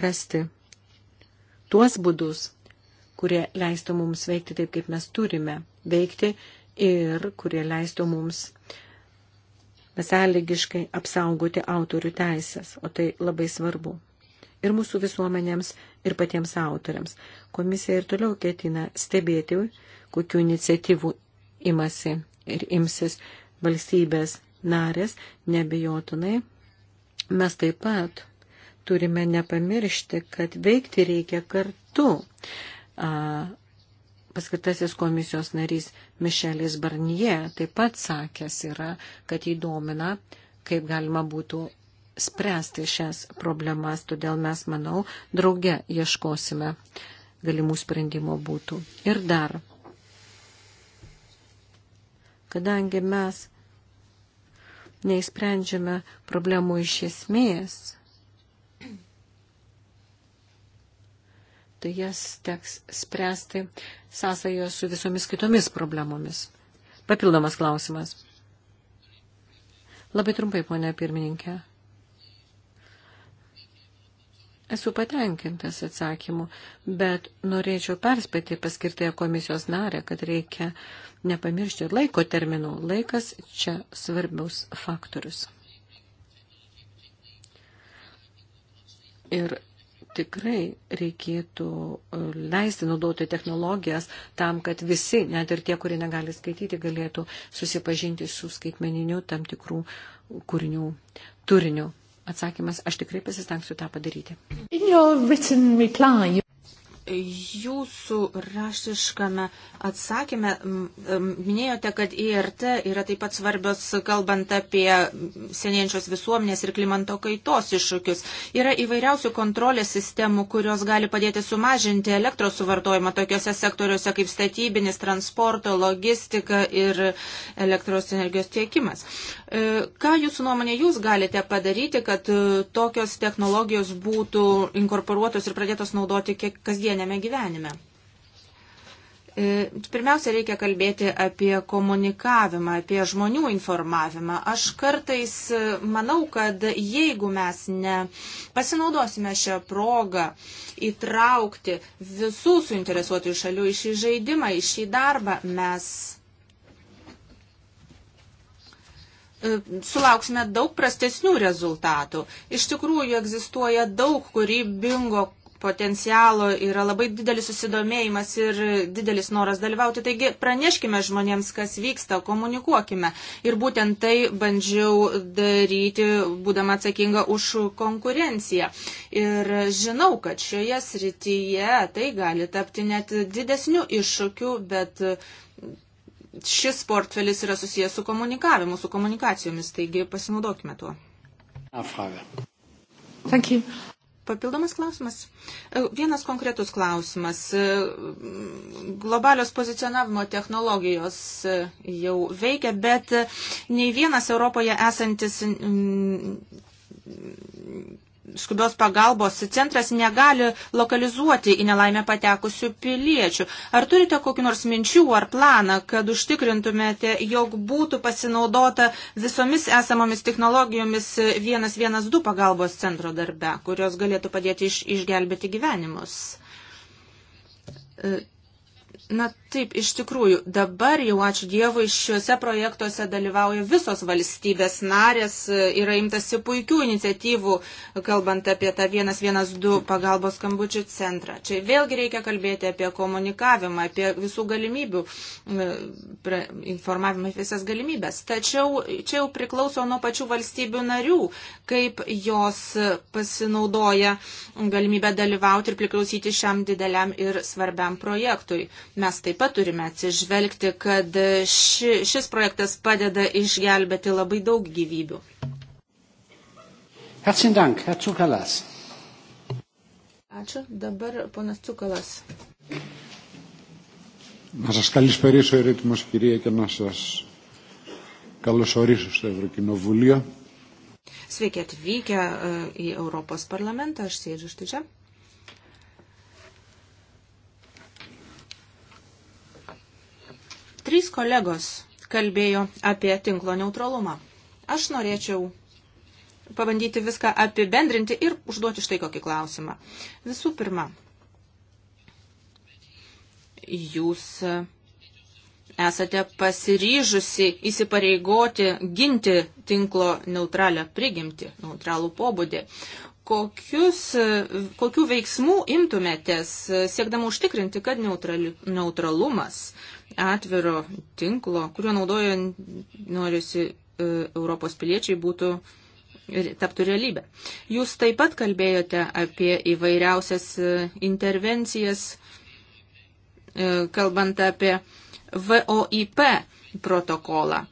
rasti tuos būdus, kurie leistų mums veikti taip, kaip mes turime veikti ir kurie leistų mums besąlygiškai apsaugoti autorių teisės, o tai labai svarbu. Ir mūsų visuomenėms, ir patiems autoriams. Komisija ir toliau ketina stebėti, kokiu iniciatyvu imasi ir imsis valstybės narės, nebejotinai. Mes taip pat turime nepamiršti, kad veikti reikia kartu. Paskirtasis komisijos narys Mišelis Barnie taip pat sakęs yra, kad įdomina, kaip galima būtų spręsti šias problemas, todėl mes, manau, drauge ieškosime galimų sprendimo būtų. Ir dar, kadangi mes neįsprendžiame problemų iš esmės, tai jas teks spręsti sąsąjo su visomis kitomis problemomis. Papildomas klausimas. Labai trumpai, ponia pirmininkė. Esu patenkintas atsakymu, bet norėčiau perspėti paskirtąją komisijos narę, kad reikia nepamiršti laiko terminų. Laikas čia svarbiaus faktorius. Ir tikrai reikėtų e, leisti naudoti technologijas tam, kad visi, net ir tie, kurie negali skaityti, galėtų susipažinti su skaitmeniniu tam tikrų kūrinių turiniu. Atsakymas, aš tikrai pasistengsiu tą padaryti. Reply, Jūsų raštiškame atsakymė minėjote, kad IRT yra taip pat svarbios, kalbant apie senėjančios visuomenės ir klimato kaitos iššūkius. Yra įvairiausių kontrolės sistemų, kurios gali padėti sumažinti elektros suvartojimą tokiuose sektoriuose kaip statybinis, transporto, logistika ir elektros energijos tiekimas. E, ką jūsų nuomonė jūs galite padaryti, kad tokios technologijos būtų inkorporuotos ir pradėtos naudoti kasdien? kasdienėme gyvenime. E, pirmiausia, reikia kalbėti apie komunikavimą, apie žmonių informavimą. Aš kartais e, manau, kad jeigu mes nepasinaudosime šią progą įtraukti visų suinteresuotųjų šalių į šį žaidimą, į šį darbą, mes e, sulauksime daug prastesnių rezultatų. Iš tikrųjų egzistuoja daug kūrybingo potencialo, yra labai didelis susidomėjimas ir didelis noras dalyvauti. Taigi praneškime žmonėms, kas vyksta, komunikuokime. Ir būtent tai bandžiau daryti, būdama atsakinga už konkurenciją. Ir žinau, kad šioje srityje tai gali tapti net didesnių iššūkių, bet šis portfelis yra susijęs su komunikavimu, su komunikacijomis, taigi pasinaudokime tuo. Thank you. Papildomas klausimas? E, vienas konkretus klausimas. E, globalios pozicionavimo technologijos e, jau veikia, bet nei vienas Europoje esantis skubios pagalbos centras negali lokalizuoti į nelaimę patekusių piliečių. Ar turite kokį nors minčių ar planą, kad užtikrintumėte, jog būtų pasinaudota visomis esamomis technologijomis 112 pagalbos centro darbe, kurios galėtų padėti iš, išgelbėti gyvenimus? Na taip, iš tikrųjų, dabar jau ačiū Dievui, šiuose projektuose dalyvauja visos valstybės narės, e, yra imtasi puikių iniciatyvų, kalbant apie tą 112 pagalbos skambučių centrą. Čia vėlgi reikia kalbėti apie komunikavimą, apie visų galimybių, e, informavimą apie visas galimybės. Tačiau čia jau priklauso nuo pačių valstybių narių, kaip jos pasinaudoja galimybę dalyvauti ir priklausyti šiam dideliam ir svarbiam projektui. Mes taip pat turime atsižvelgti, kad ši, šis projektas padeda išgelbėti labai daug gyvybių. Herzlichen Dank, Herr Cukalas. Ačiū. Dabar ponas Cukalas. Να σας καλησπερίσω ερήτημος κυρία και να σας καλωσορίσω στο Ευρωκοινοβούλιο. Sveiki atvykę į Europos parlamentą, aš sėdžiu štai čia. Trys kolegos kalbėjo apie tinklo neutralumą. Aš norėčiau pabandyti viską apibendrinti ir užduoti štai kokį klausimą. Visų pirma, jūs esate pasiryžusi įsipareigoti ginti tinklo neutralią prigimti, neutralų pobūdį. Kokius, kokių veiksmų imtumėtės, siekdama užtikrinti, kad neutrali, neutralumas atviro tinklo, kurio naudoja norisi e, Europos piliečiai būtų taptų realybę. Jūs taip pat kalbėjote apie įvairiausias e, intervencijas, e, kalbant apie VOIP protokolą,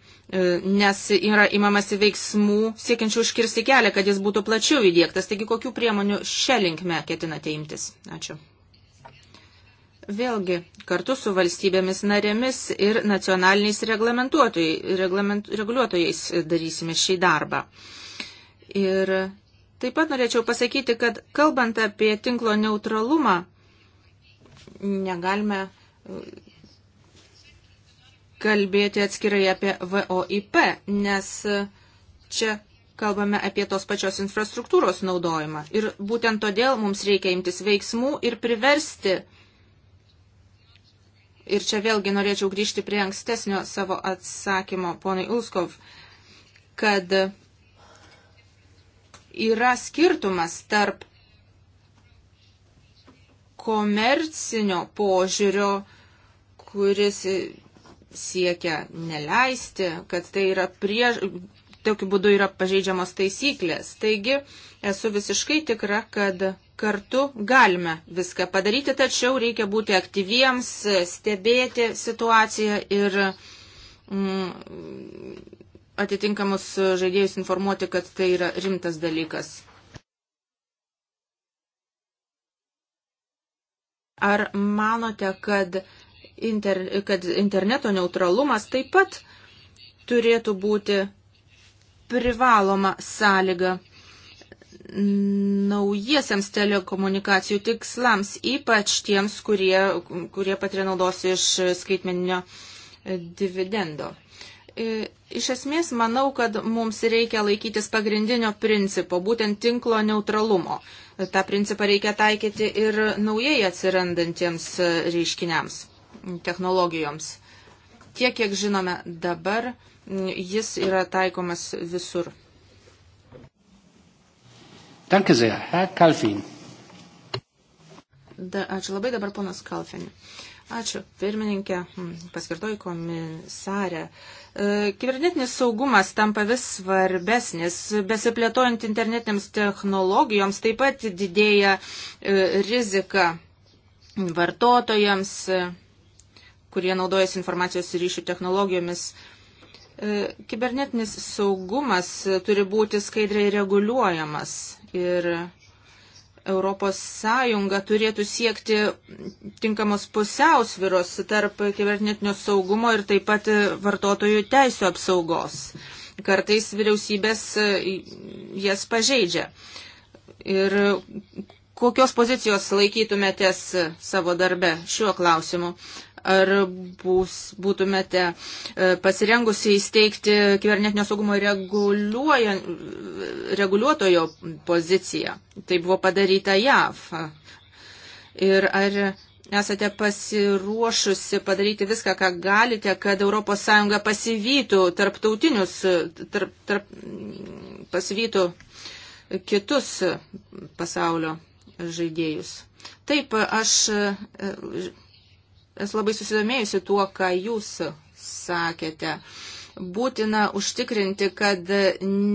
nes yra imamasi veiksmų siekiančių užkirsti kelią, kad jis būtų plačiau įdėktas. Taigi, kokių priemonių šią linkme ketinate imtis? Ačiū. Vėlgi, kartu su valstybėmis narėmis ir nacionaliniais reglament, reguliuotojais darysime šį darbą. Ir taip pat norėčiau pasakyti, kad kalbant apie tinklo neutralumą, negalime uh, kalbėti atskirai apie VOIP, nes uh, čia kalbame apie tos pačios infrastruktūros naudojimą. Ir būtent todėl mums reikia imtis veiksmų ir priversti Ir čia vėlgi norėčiau grįžti prie ankstesnio savo atsakymo, ponai Ulskov, kad yra skirtumas tarp komercinio požiūrio, kuris siekia neleisti, kad tai yra prieš, tokiu būdu yra pažeidžiamos taisyklės. Taigi esu visiškai tikra, kad kartu galime viską padaryti, tačiau reikia būti aktyviems, stebėti situaciją ir mm, atitinkamus žaidėjus informuoti, kad tai yra rimtas dalykas. Ar manote, kad, inter, kad interneto neutralumas taip pat turėtų būti privaloma sąlyga naujiesiams telekomunikacijų tikslams, ypač tiems, kurie, kurie patiria naudos iš skaitmeninio dividendo. E, iš esmės, manau, kad mums reikia laikytis pagrindinio principo, būtent tinklo neutralumo. Ta principą reikia taikyti ir naujai atsirandantiems e, reiškiniams, technologijoms. Tiek, kiek žinome dabar, jis yra taikomas visur. Danke sehr, Herr Kalfin. Da, ačiū labai dabar ponas Kalfin. Ačiū, pirmininkė, hmm, paskirtoji komisarė. E, kibernetinis saugumas tampa vis svarbesnis. Besiplėtojant internetiniams technologijoms taip pat didėja e, rizika vartotojams, e, kurie naudojasi informacijos ryšių technologijomis. E, kibernetinis saugumas turi būti skaidriai reguliuojamas ir Europos Sąjunga turėtų siekti tinkamos pusiausviros tarp kibernetinio saugumo ir taip pat vartotojų teisų apsaugos. Kartais vyriausybės e, jas pažeidžia. Ir kokios pozicijos laikytumėtės savo darbe šiuo klausimu? Ar bus, būtumėte e, pasirengusi įsteigti kibernetinio saugumo reguliuotojo poziciją? Tai buvo padaryta JAV. Ir ar esate pasiruošusi padaryti viską, ką galite, kad ES pasivytų tarptautinius, tarp, tarp, pasivytų kitus pasaulio žaidėjus? Taip, aš e, esu labai susidomėjusi tuo, ką jūs sakėte. Būtina užtikrinti, kad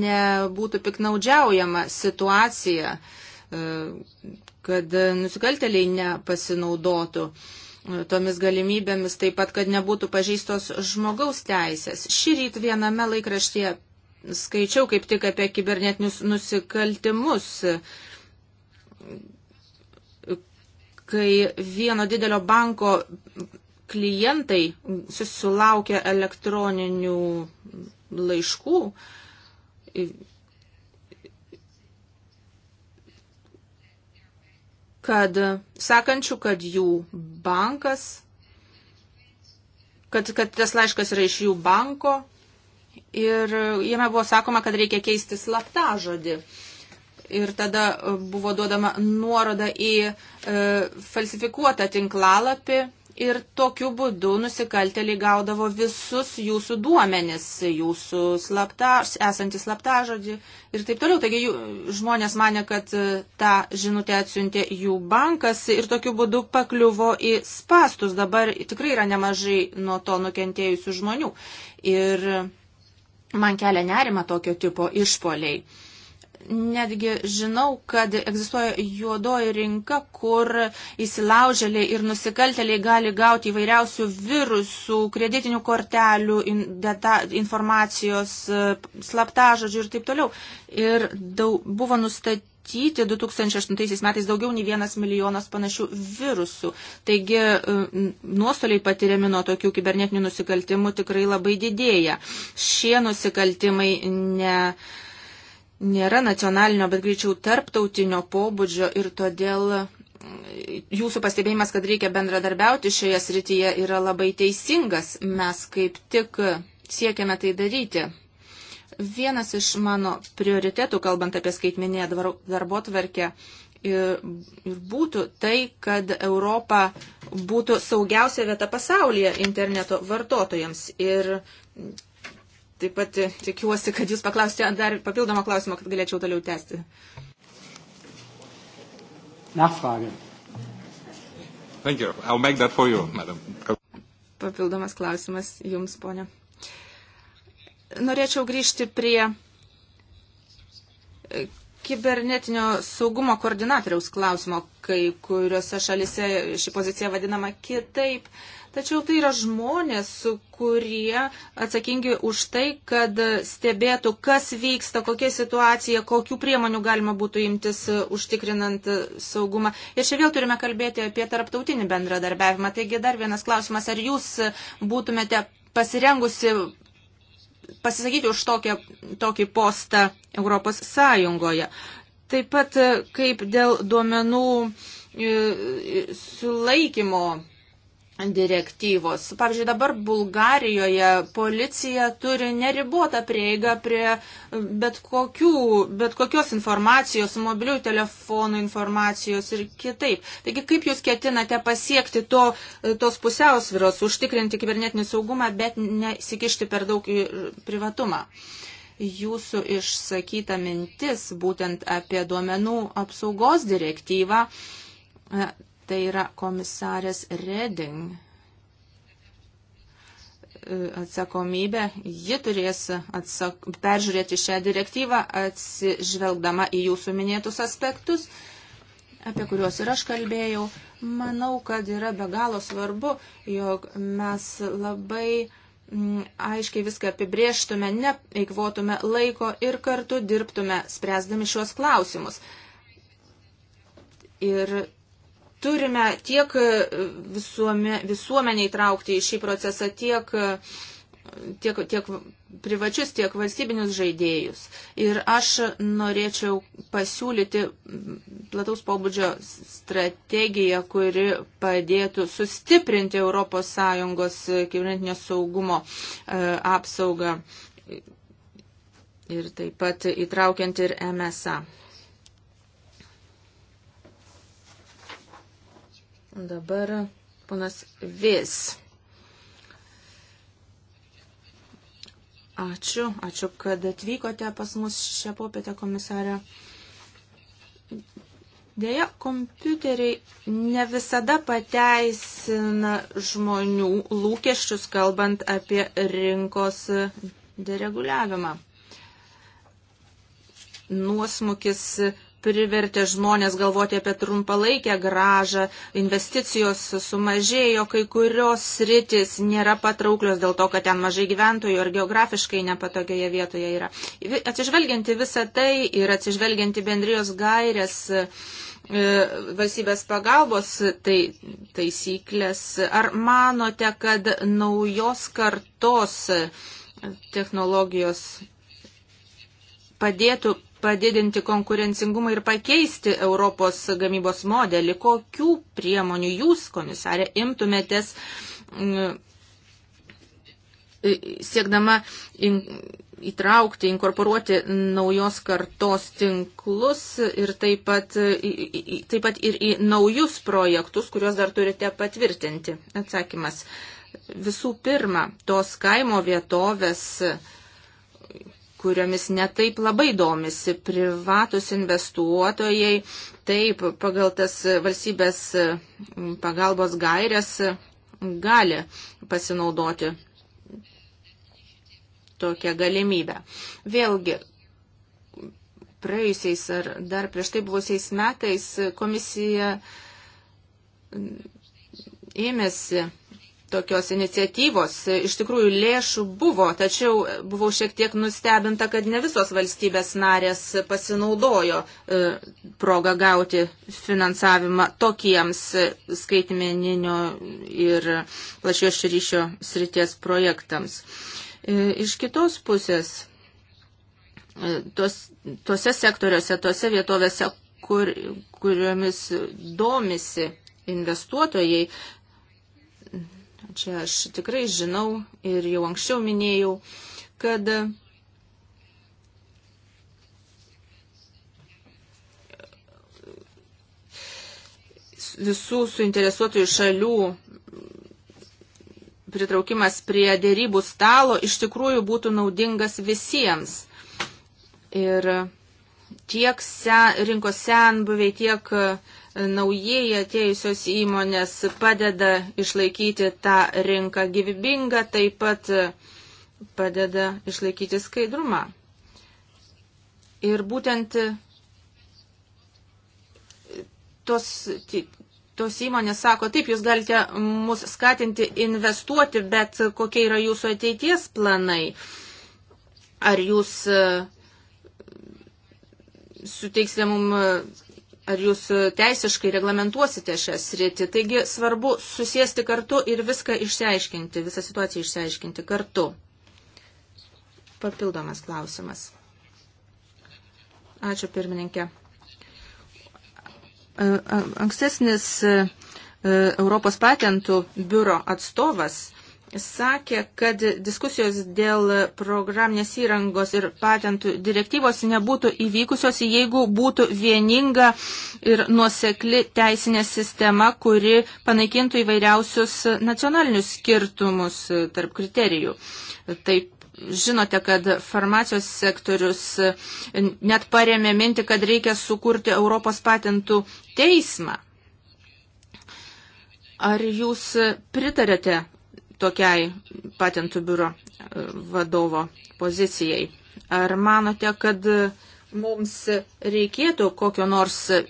nebūtų piknaudžiaujama situacija, e, kad nusikalteliai nepasinaudotų e, tomis galimybėmis, taip pat, kad nebūtų pažeistos žmogaus teisės. Šį rytą viename laikraštyje skaičiau kaip tik apie kibernetinius nusikaltimus kai vieno didelio banko klientai susilaukia elektroninių laiškų, kad sakančių, kad jų bankas, kad, kad tas laiškas yra iš jų banko ir jame buvo sakoma, kad reikia keisti slaptą žodį ir tada e, buvo duodama nuoroda į e, falsifikuotą tinklalapį ir tokiu būdu nusikalteliai gaudavo visus jūsų duomenis, jūsų slapta, esantį slaptažodį ir taip toliau. Taigi jų, žmonės mane, kad e, tą žinutę atsiuntė jų bankas ir tokiu būdu pakliuvo į spastus. Dabar tikrai yra nemažai nuo to nukentėjusių žmonių. Ir man kelia nerima tokio tipo išpoliai netgi žinau, kad egzistuoja juodoji rinka, kur įsilaužėliai ir nusikaltėliai gali gauti įvairiausių virusų, kreditinių kortelių, in, data, informacijos, slaptažodžių ir taip toliau. Ir daug, buvo nustatyti. 2008 metais daugiau nei vienas milijonas panašių virusų. Taigi e, nuostoliai patiriami nuo tokių kibernetinių nusikaltimų tikrai labai didėja. Šie nusikaltimai ne nėra nacionalinio, bet greičiau tarptautinio pobūdžio ir todėl mm, jūsų pastebėjimas, kad reikia bendradarbiauti šioje srityje yra labai teisingas. Mes kaip tik siekiame tai daryti. Vienas iš mano prioritetų, kalbant apie skaitmeninę darbo tvarkę, ir būtų tai, kad Europa būtų saugiausia vieta pasaulyje interneto vartotojams. Ir taip pat e, tikiuosi, kad jūs paklausite dar papildomą klausimą, kad galėčiau toliau tęsti. Nachfrage. Thank you. I'll make that for you, madam. Papildomas klausimas jums, ponė. Norėčiau grįžti prie e, kibernetinio saugumo koordinatoriaus klausimo, kai kuriuose šalise ši pozicija vadinama kitaip. Uh, Tačiau tai yra žmonės, kurie atsakingi už tai, kad stebėtų, kas vyksta, kokia situacija, kokių priemonių galima būtų imtis e, užtikrinant e, saugumą. Ir čia vėl turime kalbėti apie tarptautinį bendradarbiavimą. Taigi dar vienas klausimas, ar jūs būtumėte pasirengusi pasisakyti už tokią, tokį postą Europos Sąjungoje. Taip pat e, kaip dėl duomenų sulaikymo direktyvos. Pavyzdžiui, dabar Bulgarijoje policija turi neribotą prieigą prie bet, kokių, bet kokios informacijos, mobilių telefonų informacijos ir kitaip. Taigi, kaip jūs ketinate pasiekti to, tos pusiausviros, užtikrinti kibernetinį saugumą, bet nesikišti per daug į privatumą? Jūsų išsakyta mintis būtent apie duomenų apsaugos direktyvą Tai yra komisarės Reding e, atsakomybė. Ji turės atsak... peržiūrėti šią direktyvą, atsižvelgdama į jūsų minėtus aspektus, apie kuriuos ir aš kalbėjau. Manau, kad yra be galo svarbu, jog mes labai mm, aiškiai viską apibrieštume, neeikvotume laiko ir kartu dirbtume, spręsdami šios klausimus. Ir Turime tiek e, visuome, visuomenę įtraukti į šį procesą, tiek, e, tiek, tiek privačius, tiek valstybinius žaidėjus. Ir aš norėčiau pasiūlyti plataus pobūdžio strategiją, kuri padėtų sustiprinti ES e, kibernetinio saugumo apsaugą ir taip pat įtraukiant ir MSA. Dabar ponas Vis. Ačiū, ačiū, kad atvykote pas mus šią popietę, komisarė. Deja, kompiuteriai ne visada pateisina žmonių lūkesčius, kalbant apie rinkos dereguliavimą. Nuosmukis privertė žmonės galvoti apie trumpalaikę gražą, investicijos sumažėjo, kai kurios sritis nėra patrauklios dėl to, kad ten mažai gyventojų ar geografiškai nepatogioje vietoje yra. Atsižvelgianti visą tai ir atsižvelgianti bendrijos gairės e, valstybės pagalbos tai, taisyklės. Ar manote, kad naujos kartos technologijos padėtų padidinti konkurencingumą ir pakeisti Europos gamybos modelį. Kokių priemonių jūs, komisarė, imtumėtės mm, siekdama in, įtraukti, inkorporuoti naujos kartos tinklus ir taip pat, taip pat ir į naujus projektus, kuriuos dar turite patvirtinti. Atsakymas. Visų pirma, tos kaimo vietovės kuriomis netaip labai domisi privatus investuotojai, taip pagal tas valstybės pagalbos gairias gali pasinaudoti tokią galimybę. Vėlgi, praėjusiais ar dar prieš tai buvusiais metais komisija ėmėsi tokios iniciatyvos. Iš tikrųjų, lėšų buvo, tačiau buvau šiek tiek nustebinta, kad ne visos valstybės narės pasinaudojo e, progą gauti finansavimą tokiems skaitmeninio ir plačios ryšio srities projektams. E, iš kitos pusės, e, tos, tose sektoriuose, tose vietovėse, kur, kuriomis domisi investuotojai, Čia aš tikrai žinau ir jau anksčiau minėjau, kad visų suinteresuotųjų šalių pritraukimas prie dėrybų stalo iš tikrųjų būtų naudingas visiems. Ir tiek sen, rinkos senbuviai, tiek uh, naujieji atėjusios įmonės padeda išlaikyti tą rinką gyvybingą, taip pat e, padeda išlaikyti skaidrumą. Ir būtent e, tos, tos įmonės sako, taip, jūs galite mus skatinti investuoti, bet kokie yra jūsų ateities planai? Ar jūs e, suteiksite mums ar jūs e, teisiškai reglamentuosite šią sritį. Taigi svarbu susėsti kartu ir viską išsiaiškinti, visą situaciją išsiaiškinti kartu. Papildomas klausimas. Ačiū pirmininkė. E, ankstesnis e, Europos patentų biuro atstovas sakė, kad diskusijos dėl programinės įrangos ir patentų direktyvos nebūtų įvykusios, jeigu būtų vieninga ir nuosekli teisinė sistema, kuri panaikintų įvairiausius nacionalinius skirtumus tarp kriterijų. Taip žinote, kad farmacijos sektorius net paremė minti, kad reikia sukurti Europos patentų teismą. Ar jūs pritarėte tokiai patentų biuro e, vadovo pozicijai. Ar manote, kad e, mums reikėtų kokio nors e,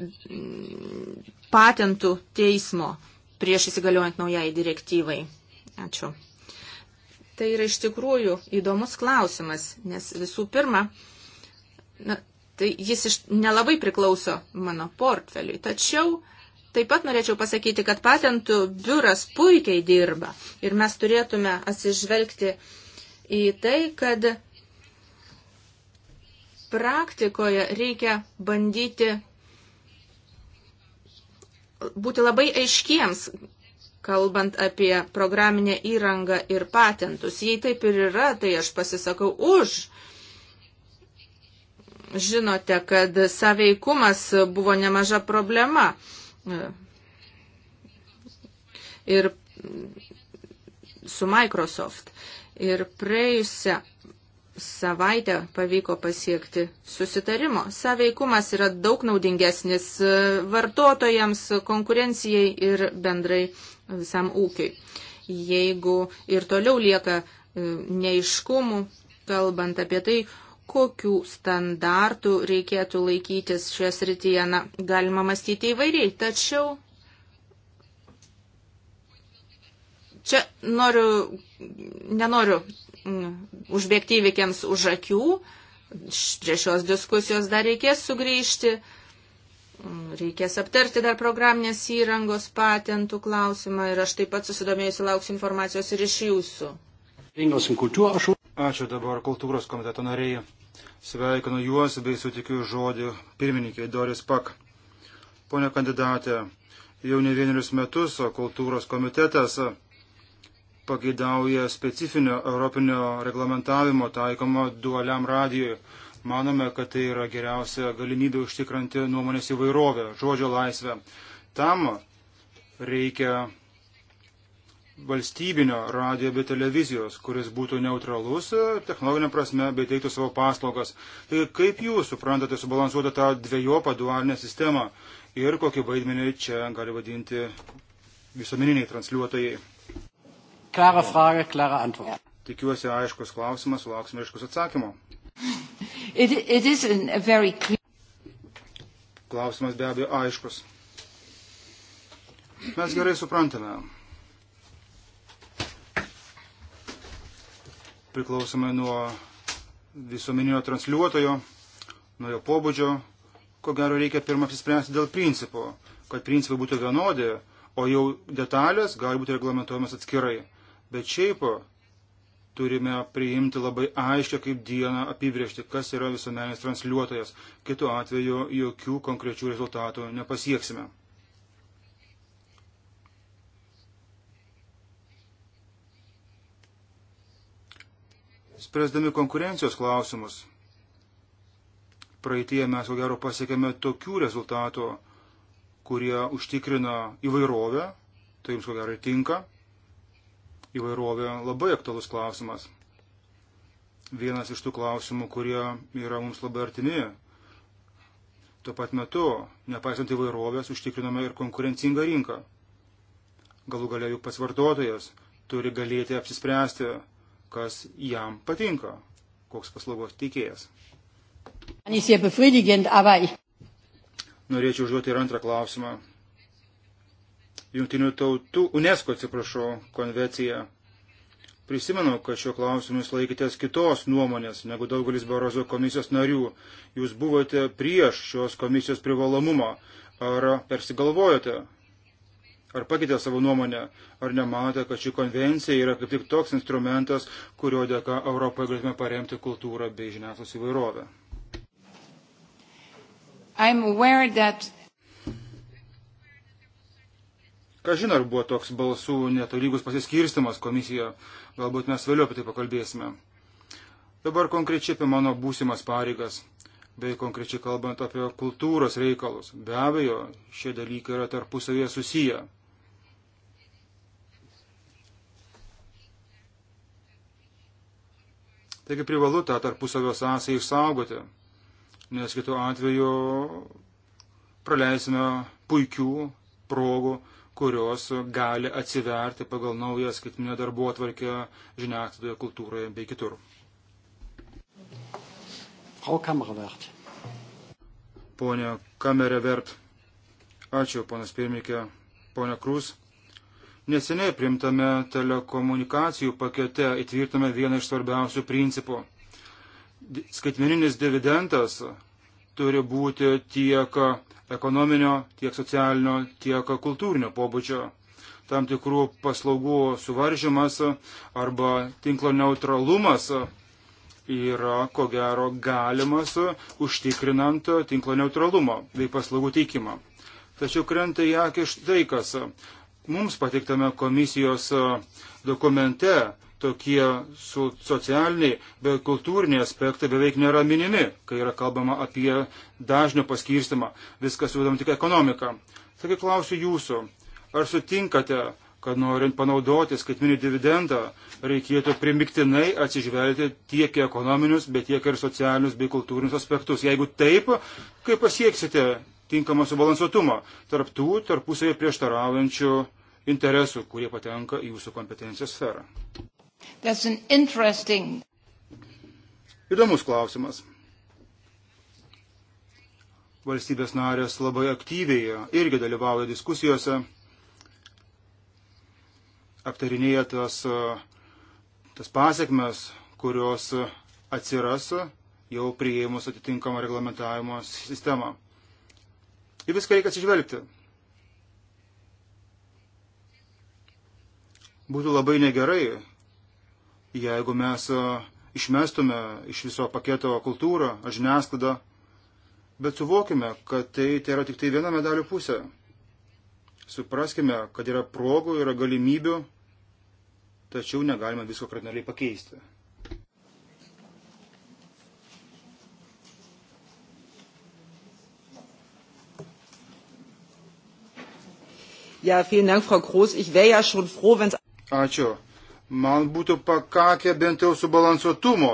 patentų teismo prieš įsigaliojant naujai direktyvai? Ačiū. Tai yra iš tikrųjų įdomus klausimas, nes visų pirma, na, tai jis iš, nelabai priklauso mano portfeliui, tačiau uh, Taip pat norėčiau pasakyti, kad patentų biuras puikiai dirba ir mes turėtume atsižvelgti į tai, kad praktikoje reikia bandyti būti labai aiškiems, kalbant apie programinę įrangą ir patentus. Jei taip ir yra, tai aš pasisakau už. Žinote, kad saveikumas buvo nemaža problema ir su Microsoft. Ir praėjusią savaitę pavyko pasiekti susitarimo. Saveikumas yra daug naudingesnis vartotojams, konkurencijai ir bendrai visam ūkiui. Jeigu ir toliau lieka e, neiškumų, kalbant apie tai, kokių standartų reikėtų laikytis šioje srityje, na, galima mąstyti įvairiai, tačiau čia noriu, nenoriu mm, užbėgti įvykiams už akių, prie šios diskusijos dar reikės sugrįžti, mm, reikės aptarti dar programinės įrangos patentų klausimą ir aš taip pat susidomėjusi lauksiu informacijos ir iš jūsų. Ačiū dabar kultūros komiteto norėjai. Sveikinu juos bei sutikiu žodį pirmininkiai Doris Pak. Pone kandidatė, jau ne vienerius metus kultūros komitetas pageidauja specifinio europinio reglamentavimo taikomo dualiam radijui. Manome, kad tai yra geriausia galimybė užtikrinti nuomonės įvairovę, žodžio laisvę. Tam reikia valstybinio radio bei televizijos, kuris būtų neutralus e, technologinė prasme bei teiktų savo paslaugas. Tai kaip jūs suprantate subalansuotą tą dviejopą dualinę sistemą ir kokį vaidmenį čia gali vadinti visuomeniniai transliuotojai? Klara frage, klara antwort. Tikiuosi aiškus klausimas, sulauksime aiškus atsakymo. It, it very... Klausimas be abejo aiškus. Mes gerai suprantame, priklausome nuo visuomeninio transliuotojo, nuo jo pobūdžio. Ko gero reikia pirmą apsispręsti dėl principo, kad principai būtų vienodi, o jau detalės gali būti reglamentuojamas atskirai. Bet šiaip turime priimti labai aiškę kaip dieną apibriežti, kas yra visuomeninis transliuotojas. Kitu atveju jokių konkrečių rezultatų nepasieksime. Spręsdami konkurencijos klausimus, praeitie mes, ko gero, pasiekėme tokių rezultatų, kurie užtikrina įvairovę, tai jums, ko gero, tinka. Įvairovė labai aktualus klausimas. Vienas iš tų klausimų, kurie yra mums labai artimi. Tuo pat metu, nepaisant įvairovės, užtikriname ir konkurencingą rinką. Galų galia juk pats vartotojas turi galėti apsispręsti, kas jam patinka, koks paslaugos teikėjas. Norėčiau užduoti ir antrą klausimą. Junktinių tautų, UNESCO atsiprašau, konvencija. Prisimenu, kad šiuo klausimu jūs laikytės kitos nuomonės negu daugelis Barozo komisijos narių. Jūs buvote prieš šios komisijos privalomumą. Ar persigalvojote ar pakeitė savo nuomonę, ar nematė, kad ši konvencija yra kaip tik toks instrumentas, kurio dėka Europoje galėtume paremti kultūrą bei žiniasklaidos įvairovę. That... Kažin ar buvo toks balsų netolygus pasiskirstimas komisijoje, galbūt mes vėliau apie tai pakalbėsime. Dabar konkrečiai apie mano būsimas pareigas bei konkrečiai kalbant apie kultūros reikalus. Be abejo, šie dalykai yra tarpusavėje susiję. Taigi privalu tą tarpusavio sąsąją išsaugoti, nes kitu atveju praleisime puikių progų, kurios gali atsiverti pagal naują skaitinę darbo atvarkę žiniasklaidoje, kultūroje bei kitur. Frau Kamervert. Pone Kamervert. Ačiū, ponas pirmininkė. Pone Krūs. Neseniai primtame telekomunikacijų pakete įtvirtame vieną iš svarbiausių principų. Skaitmeninis dividendas turi būti tiek ekonominio, tiek socialinio, tiek kultūrinio pobūdžio. Tam tikrų paslaugų suvaržymas arba tinklo neutralumas yra, ko gero, galimas užtikrinant tinklo neutralumą bei paslaugų teikimą. Tačiau krenta į akį štai kas mums pateiktame komisijos e, dokumente tokie su socialiniai, bet kultūriniai aspektai beveik nėra minimi, kai yra kalbama apie dažnio paskirstimą. Viskas judam tik ekonomiką. Taigi klausiu jūsų, ar sutinkate, kad norint panaudoti skaitminį dividendą, reikėtų primiktinai atsižvelgti tiek į ekonominius, bet tiek ir socialinius bei kultūrinius aspektus. Jeigu taip, kaip pasieksite tinkamo subalansuotumo tarp tų tarpusavį prieštaraujančių interesų, kurie patenka į jūsų kompetencijos sferą. Interesting... Įdomus klausimas. Valstybės narės labai aktyviai irgi dalyvauja diskusijose, aptarinėja tas, tas pasiekmes, kurios atsiras jau prieimus atitinkamą reglamentavimo sistemą. Į viską reikia atsižvelgti. Būtų labai negerai, jeigu mes išmestume iš viso paketo kultūrą ar žiniasklaidą, bet suvokime, kad tai, tai yra tik tai viena medalio pusė. Supraskime, kad yra progų, yra galimybių, tačiau negalime visko kardinaliai pakeisti. Ja, vielen Dank, Frau Groß. Ich wäre ja schon froh, wenn es. Ačiū. Man būtų pakakę bent jau subalansuotumo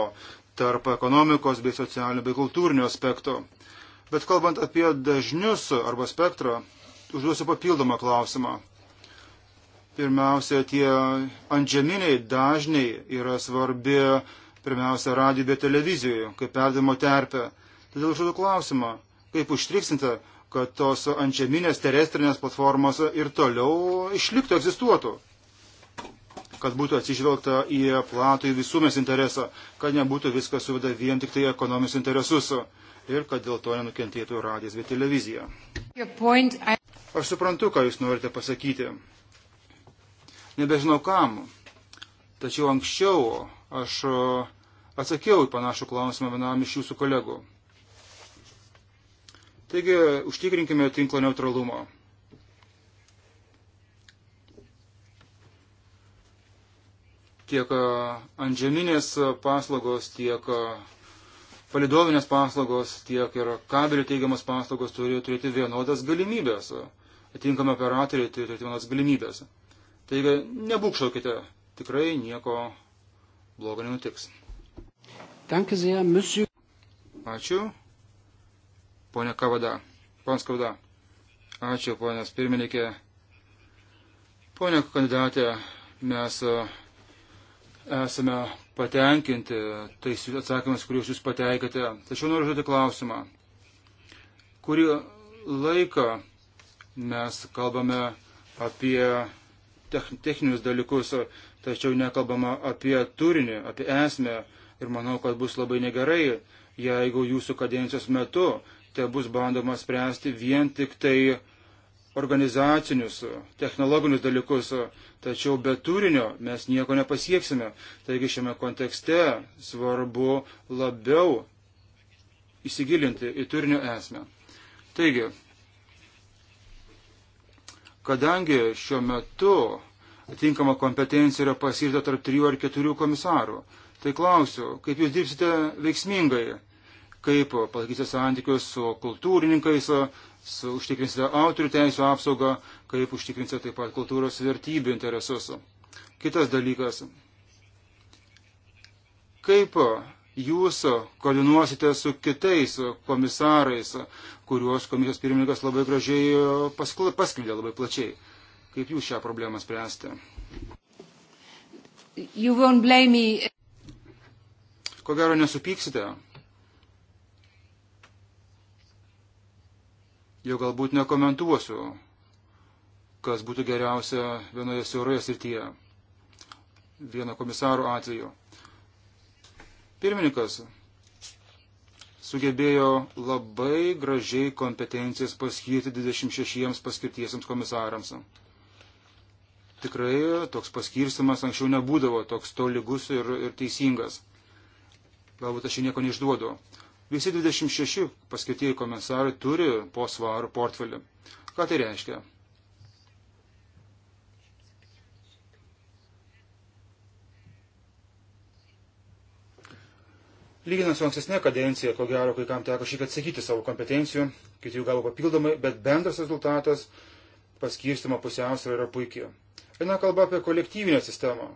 tarp ekonomikos bei socialinių bei kultūrinių aspektų. Bet kalbant apie dažnius arba spektrą, užduosiu papildomą klausimą. Pirmiausia, tie antžeminiai dažniai yra svarbi pirmiausia radijo bei televizijoje, kaip perdimo terpė. Todėl užduodu klausimą, kaip užtriksinte, kad tos antžeminės terestrinės platformos ir toliau išliktų, egzistuotų, kad būtų atsižvelgta į platų į visumės interesą, kad nebūtų viskas suveda vien tik tai ekonominius interesus ir kad dėl to nenukentėtų radijas bei televizija. Aš suprantu, ką jūs norite pasakyti. Nebežinau kam, tačiau anksčiau aš uh, atsakiau į panašų klausimą vienam iš jūsų kolegų. Taigi užtikrinkime tinklo neutralumo. Tiek e, antžeminės paslaugos, tiek e, palidovinės paslaugos, tiek ir kabelių teigiamas paslaugos turi turėti vienodas galimybės. Atinkami operatoriai turi turėti vienodas galimybės. Taigi nebūkšaukite, tikrai nieko blogo nenutiks. Danke sehr, monsieur. Ačiū. Pone Kavada. Pons Kavada. Ačiū, ponės pirmininkė. Pone kandidatė, mes e, esame patenkinti tais atsakymais, kuriuos jūs pateikėte. Tačiau noriu žodį klausimą. Kurį laiką mes kalbame apie techninius dalykus, tačiau nekalbama apie turinį, apie esmę. Ir manau, kad bus labai negerai, jeigu jūsų kadencijos metu te bus bandoma spręsti vien tik tai organizacinius, technologinius dalykus, tačiau be turinio mes nieko nepasieksime. Taigi šiame kontekste svarbu labiau įsigilinti į turinio esmę. Taigi, kadangi šiuo metu tinkama kompetencija yra pasirta tarp trijų ar keturių komisarų, tai klausiu, kaip jūs dirbsite veiksmingai kaip palaikysite santykius su kultūrininkais, su užtikrinsite autorių teisų apsaugą, kaip užtikrinsite taip pat kultūros vertybių interesus. Kitas dalykas. Kaip jūs koordinuosite su kitais komisarais, kuriuos komisijos pirmininkas labai gražiai paskleidė labai plačiai? Kaip jūs šią problemą spręsite? Ko gero nesupyksite, jau galbūt nekomentuosiu, kas būtų geriausia vienoje siauroje srityje, vieno komisaro atveju. Pirmininkas sugebėjo labai gražiai kompetencijas paskirti 26 paskirtiesiams komisarams. Tikrai toks paskirstimas anksčiau nebūdavo toks tolygus ir, ir teisingas. Galbūt aš čia nieko neišduodu. Visi 26 paskirtieji komisarai turi po svarų portfelį. Ką tai reiškia? Lyginant su ankstesnė kadencija, ko gero, kai kam teko šiek tiek atsakyti savo kompetencijų, kiti jų gavo papildomai, bet bendras rezultatas paskirstimo pusiausvėra yra puikia. Eina kalba apie kolektyvinę sistemą,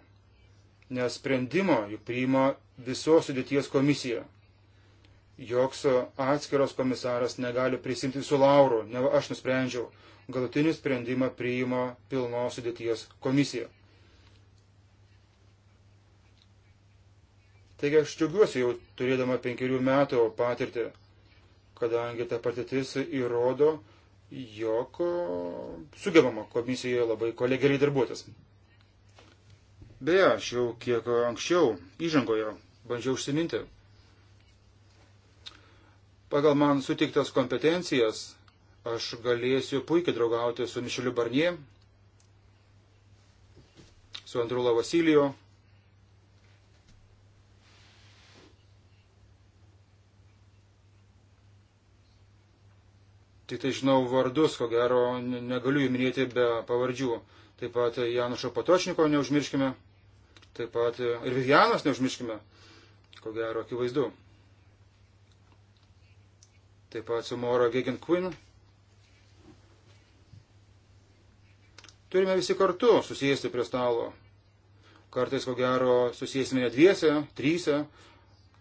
nes sprendimo juk priima visos sudėties komisija joks atskiros komisaras negali prisimti visų laurų, ne aš nusprendžiau. Galutinį sprendimą priima pilnos sudėties komisija. Taigi aš džiaugiuosi jau turėdama penkerių metų patirtį, kadangi ta patirtis įrodo, jog sugebama komisijoje labai kolegeriai darbuotis. Beje, aš jau kiek anksčiau įžangoje bandžiau užsiminti, Pagal man sutiktas kompetencijas aš galėsiu puikiai draugauti su Mišeliu Barnie, su Andrula Vasilijo. Tik tai žinau vardus, ko gero negaliu jų minėti be pavardžių. Taip pat Janušo Patočniko neužmirškime. Taip pat ir Vivianos neužmirškime. Ko gero akivaizdu taip pat su Mora Gegen Quinn. Turime visi kartu susėsti prie stalo. Kartais, ko gero, susėsime ne dviese, tryse,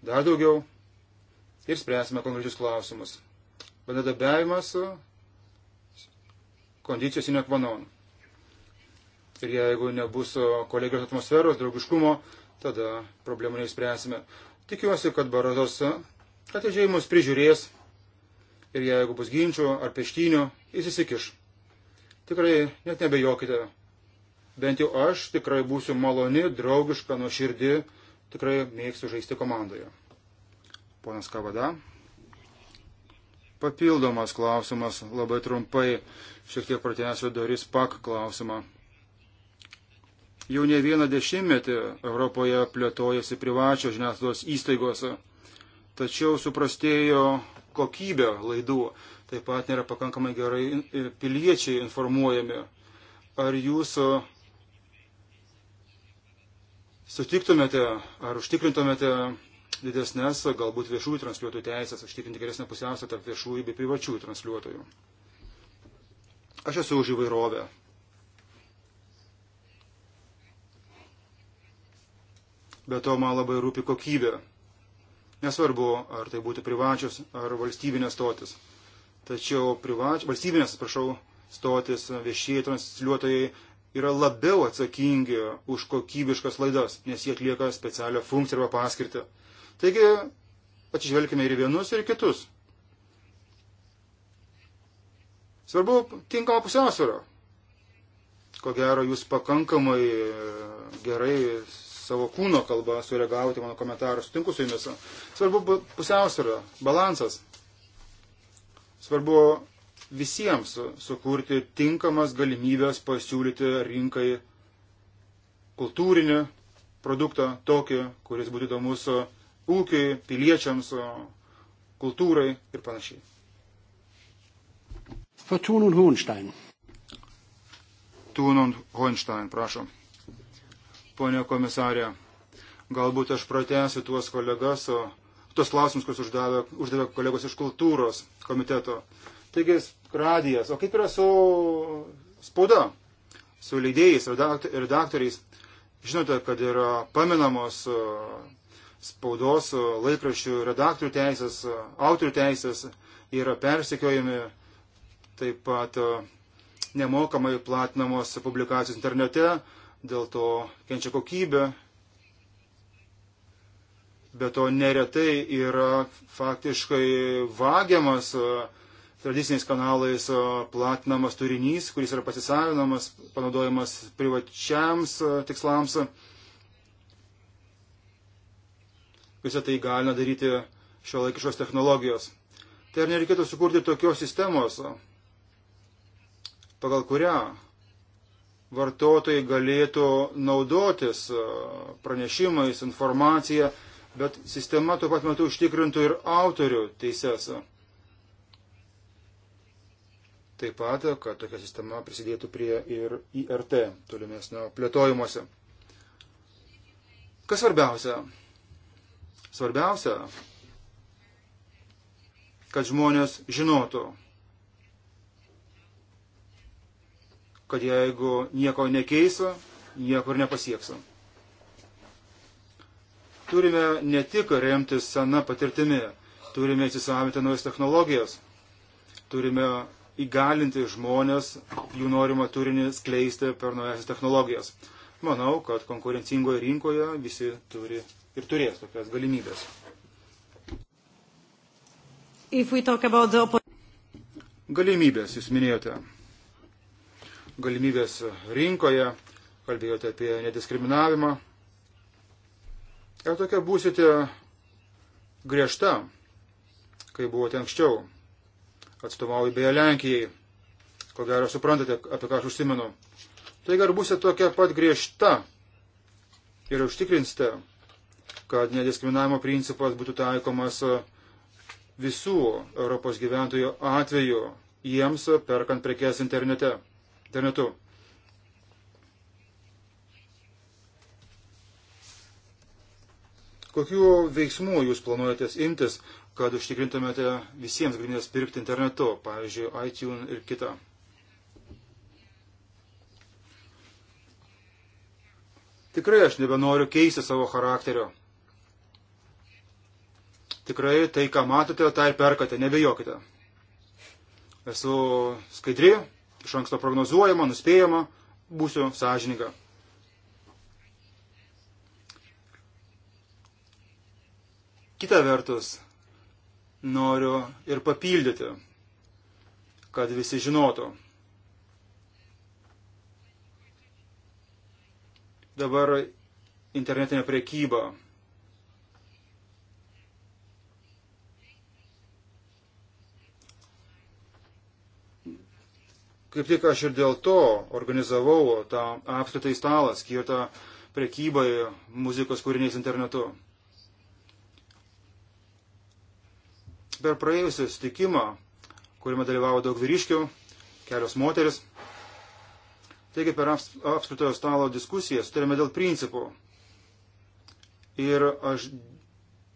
dar daugiau ir spręsime konkrečius klausimus. Bendradabiavimas kondicijos inekvanon. Ir jeigu nebus kolegijos atmosferos, draugiškumo, tada problemų neįspręsime. Tikiuosi, kad Barazas atidžiai mus prižiūrės ir jeigu bus ginčių ar peštynių, jis įsikiš. Tikrai net nebejokite. Bent jau aš tikrai būsiu maloni, draugiška, nuoširdi, tikrai mėgsiu žaisti komandoje. Ponas Kavada. Papildomas klausimas, labai trumpai, šiek tiek pratęsiu Doris Pak klausimą. Jau ne vieną dešimtmetį Europoje plėtojasi privačios žiniasklaidos įstaigos, tačiau suprastėjo kokybę laidų. Taip pat nėra pakankamai gerai piliečiai informuojami. Ar jūs sutiktumėte ar užtikrintumėte didesnės galbūt viešųjų transliuotojų teisės, užtikrinti geresnę pusiausvę tarp viešųjų bei privačiųjų transliuotojų? Aš esu už įvairovę. Be to man labai rūpi kokybė. Nesvarbu, ar tai būtų privačios ar valstybinės stotis. Tačiau privač... valstybinės, prašau, stotis, viešieji transliuotojai yra labiau atsakingi už kokybiškas laidas, nes jie atlieka specialią funkciją arba paskirtį. Taigi, atsižvelgime ir vienus, ir kitus. Svarbu tinkama pusiausvėra. Ko gero, jūs pakankamai gerai savo kūno kalbą sureagavote mano komentarus. Sutinku su jumis. Svarbu pusiausvėra, balansas. Svarbu visiems sukurti tinkamas galimybės pasiūlyti rinkai kultūrinį produktą tokį, kuris būtų įdomus ūkiui, piliečiams, kultūrai ir panašiai. Fortun und Hohenstein. Tun und Hohenstein, prašom ponė komisarė. Galbūt aš pratęsiu tuos kolegas, o tuos klausimus, kuriuos uždavė, uždavė kolegos iš kultūros komiteto. Taigi, radijas, o kaip yra su spauda, su leidėjais, redaktoriais? Žinote, kad yra paminamos spaudos laikraščių redaktorių teisės, autorių teisės, yra persekiojami, taip pat nemokamai platinamos publikacijos internete, dėl to kenčia kokybė, bet to neretai yra faktiškai vagiamas e, tradiciniais kanalais e, platinamas turinys, kuris yra pasisavinamas, panaudojamas privačiams e, tikslams. Visą tai galima daryti šio laikiškos technologijos. Tai ar nereikėtų sukurti tokios sistemos, pagal kurią vartotojai galėtų naudotis e, pranešimais, informacija, bet sistema tuo pat metu užtikrintų ir autorių teises. Taip pat, kad tokia sistema prisidėtų prie ir IRT tolimesnio plėtojimuose. Kas svarbiausia? Svarbiausia, kad žmonės žinotų, kad jeigu nieko nekeisiu, niekur nepasieksiu. Turime ne tik remtis sena patirtimi, turime įsisavinti naujas technologijas, turime įgalinti žmonės jų norimą turinį skleisti per naujas technologijas. Manau, kad konkurencingoje rinkoje visi turi ir turės tokias galimybės. The... Galimybės, jūs minėjote galimybės rinkoje, kalbėjote apie nediskriminavimą. Ar tokia būsite griežta, kai buvote anksčiau? Atstovauju beje Lenkijai. Ko gero suprantate, apie ką aš užsimenu. Taigi ar būsite tokia pat griežta ir užtikrinsite, kad nediskriminavimo principas būtų taikomas visų Europos gyventojų atveju jiems perkant prekes internete internetu. Kokių veiksmų jūs planuojate imtis, kad užtikrintumėte visiems galimybės pirkti internetu, pavyzdžiui, iTunes ir kitą? Tikrai aš nebenoriu keisti savo charakterio. Tikrai tai, ką matote, tą ir perkate, nebejokite. Esu skaidri, iš anksto prognozuojama, nuspėjama, būsiu sąžininga. Kita vertus, noriu ir papildyti, kad visi žinotų. Dabar internetinė priekyba kaip tik aš ir dėl to organizavau tą apskritai stalą skirtą prekybai muzikos kūriniais internetu. Per praėjusią sutikimą, kuriame dalyvavo daug vyriškių, kelios moteris, taigi per apskritojo stalo diskusiją sutarėme dėl principų. Ir aš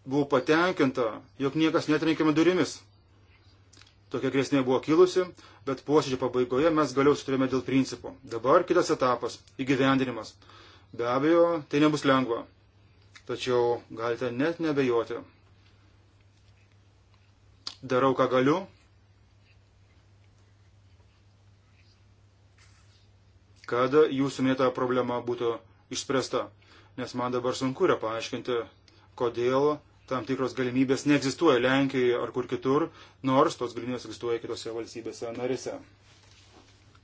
buvau patenkinta, jog niekas netrenkiama durimis tokia grėsmė buvo kilusi, bet posėdžio pabaigoje mes galiau sutarėme dėl principų. Dabar kitas etapas - įgyvendinimas. Be abejo, tai nebus lengva. Tačiau galite net nebejoti. Darau, ką galiu. kad jūsų mėta problema būtų išspręsta. Nes man dabar sunku yra paaiškinti, kodėl tam tikros galimybės neegzistuoja Lenkijoje ar kur kitur, nors tos galimybės egzistuoja kitose valstybėse narise.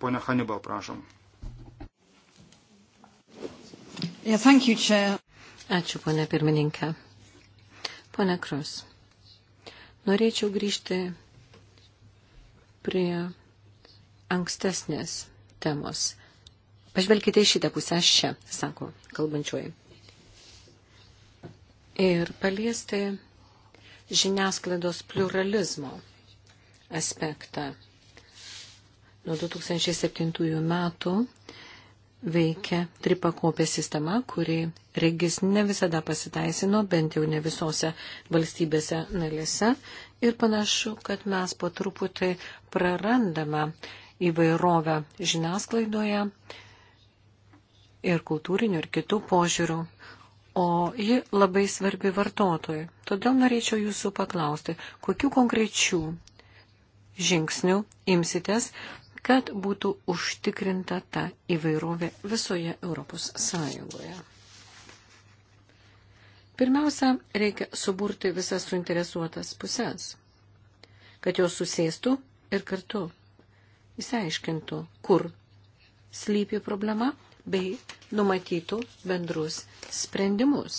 Pone Hannibal, prašom. Yeah, thank you, Chair. Ačiū, ponė pirmininkė. Pone Krus, norėčiau grįžti prie ankstesnės temos. Pažvelkite į šitą pusę, aš čia, sako kalbančioji ir paliesti žiniasklaidos pluralizmo aspektą. Nuo 2007 metų veikia tripakopė sistema, kuri regis ne visada pasiteisino, bent jau ne visose valstybėse narėse. Ir panašu, kad mes po truputį prarandame įvairovę žiniasklaidoje ir kultūrinių ir kitų požiūrių o ji labai svarbi vartotojui. Todėl norėčiau jūsų paklausti, kokiu konkrečiu žingsniu imsitės, kad būtų užtikrinta ta įvairovė visoje Europos Sąjungoje. Pirmiausia, reikia suburti visas suinteresuotas pusės, kad jos susėstų ir kartu įsiaiškintų, kur slypi problema bei numatytų bendrus sprendimus.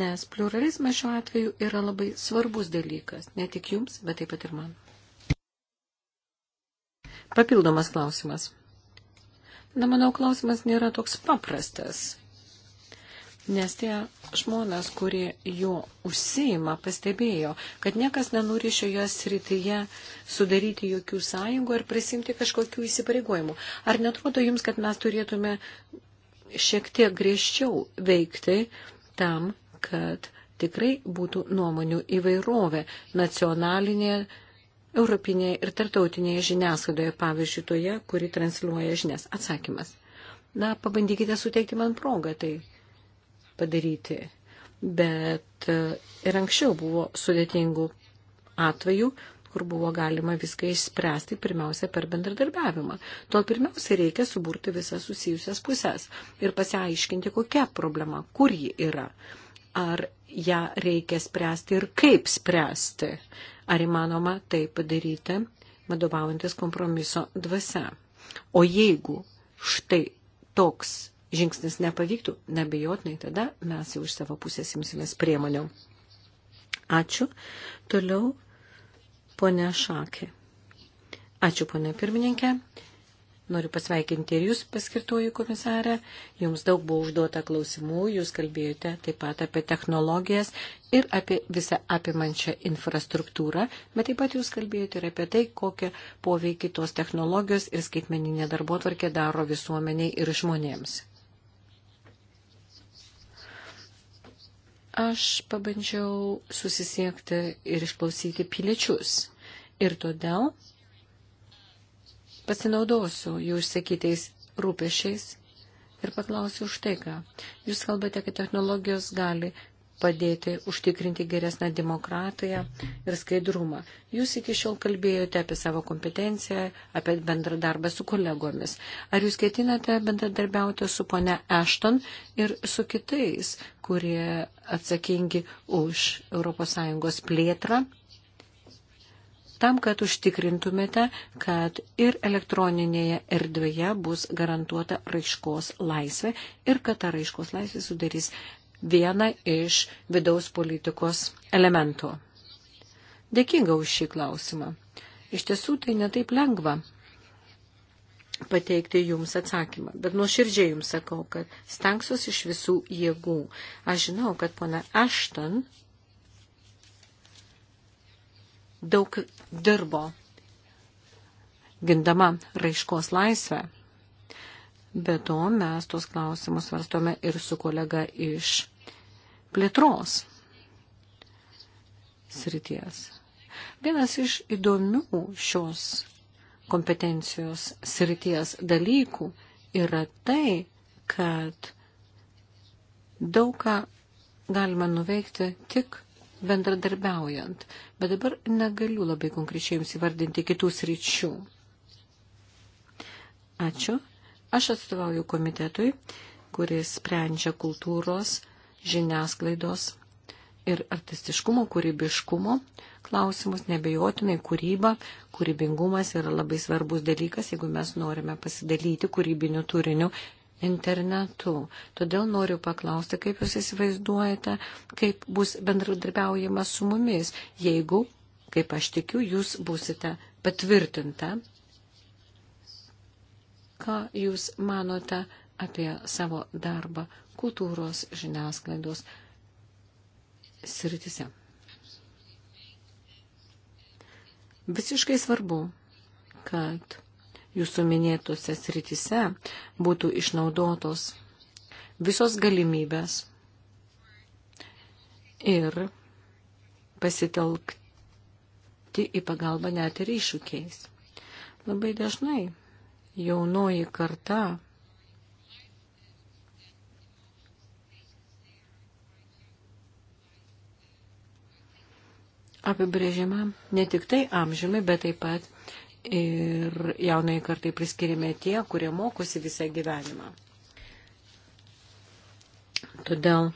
Nes pluralizmas šiuo atveju yra labai svarbus dalykas, ne tik jums, bet taip pat ir man. Papildomas klausimas. Na, manau, klausimas nėra toks paprastas. Nes tie žmonės, kurie jo užseima, pastebėjo, kad niekas nenori šioje srityje sudaryti jokių sąjungų ar prisimti kažkokių įsipareigojimų. Ar netrodo jums, kad mes turėtume šiek tiek griežčiau veikti tam, kad tikrai būtų nuomonių įvairovė nacionalinėje europinėje ir tartautinėje žiniasklaidoje, pavyzdžiui, toje, kuri transliuoja žinias? Atsakymas. Na, pabandykite suteikti man progą tai padaryti, bet e, ir anksčiau buvo sudėtingų atvejų, kur buvo galima viską išspręsti pirmiausia per bendradarbiavimą. To pirmiausia reikia suburti visas susijusias pusės ir pasiaiškinti, kokia problema, kur ji yra, ar ją reikia spręsti ir kaip spręsti, ar įmanoma tai padaryti, vadovaujantis kompromiso dvasia. O jeigu štai toks žingsnis nepavyktų, nebejotinai tada mes jau iš savo pusės imsimės priemonių. Ačiū. Toliau ponė Šakė. Ačiū, ponė pirmininkė. Noriu pasveikinti ir jūs, paskirtoji komisarė. Jums daug buvo užduota klausimų, jūs kalbėjote taip pat apie technologijas ir apie visą apimančią infrastruktūrą, bet taip pat jūs kalbėjote ir apie tai, kokią poveikį tos technologijos ir skaitmeninė darbo tvarkė daro visuomeniai ir žmonėms. Aš pabandžiau susisiekti ir išklausyti piliečius. Ir todėl pasinaudosiu jų išsakytais rūpešiais ir paklausiu už tai, ką. Jūs kalbate, kad technologijos gali padėti užtikrinti geresnę demokratiją ir skaidrumą. Jūs iki šiol kalbėjote apie savo kompetenciją, apie bendradarbą su kolegomis. Ar jūs ketinate bendradarbiauti su pone Ashton ir su kitais, kurie atsakingi už ES plėtrą? tam, kad užtikrintumėte, kad ir elektroninėje erdvėje bus garantuota raiškos laisvė ir kad ta raiškos laisvė sudarys vieną iš vidaus politikos elementų. Dėkinga už šį klausimą. Iš tiesų tai netaip lengva pateikti jums atsakymą, bet nuoširdžiai jums sakau, kad stengsiuosi iš visų jėgų. Aš žinau, kad pona Ashton daug dirbo gindama raiškos laisvę. Be to mes tuos klausimus varstome ir su kolega iš plėtros srities. Vienas iš įdomių šios kompetencijos srities dalykų yra tai, kad daug ką galima nuveikti tik bendradarbiaujant, bet dabar negaliu labai konkrečiai jums įvardinti kitų sričių. Ačiū. Aš atstovauju komitetui, kuris sprendžia kultūros žiniasklaidos ir artistiškumo, kūrybiškumo klausimus, nebejotinai kūryba, kūrybingumas yra labai svarbus dalykas, jeigu mes norime pasidalyti kūrybiniu turiniu internetu. Todėl noriu paklausti, kaip jūs įsivaizduojate, kaip bus bendradarbiaujama su mumis, jeigu, kaip aš tikiu, jūs busite patvirtinta. Ką jūs manote apie savo darbą kultūros žiniasklaidos sritise. Visiškai svarbu, kad jūsų minėtose sritise būtų išnaudotos visos galimybės ir pasitelkti į pagalbą net ir iššūkiais. Labai dažnai jaunoji karta apibrėžimą ne tik tai amžiumi, bet taip pat ir jaunai kartai priskirime tie, kurie mokosi visą gyvenimą. Todėl,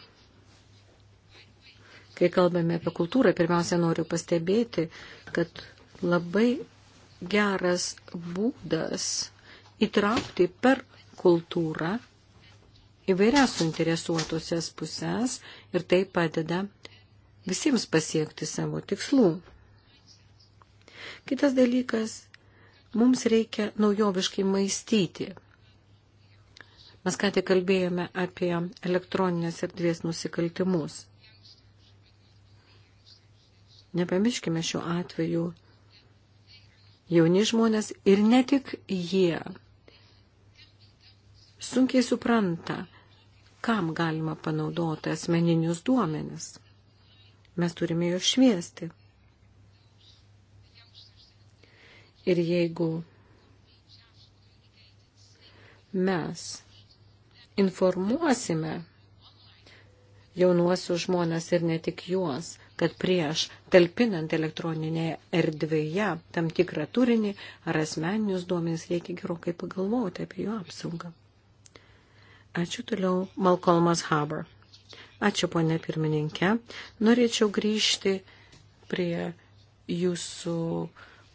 kai kalbame apie kultūrą, pirmiausia noriu pastebėti, kad labai geras būdas įtraukti per kultūrą įvairias suinteresuotosias pusės ir tai padeda visiems pasiekti savo tikslų. Kitas dalykas, mums reikia naujoviškai maistyti. Mes ką tik kalbėjome apie elektroninės erdvės nusikaltimus. Nepamirškime šiuo atveju jauni žmonės ir ne tik jie sunkiai supranta, kam galima panaudoti asmeninius duomenis. Mes turime juos šviesti. Ir jeigu mes informuosime jaunuosius žmonės ir ne tik juos, kad prieš talpinant elektroninėje erdvėje tam tikrą turinį ar asmeninius duomenys reikia gerokai pagalvoti apie jų apsaugą. Ačiū toliau Malcolmas Haber. Ačiū, ponė pirmininkė. Norėčiau grįžti prie jūsų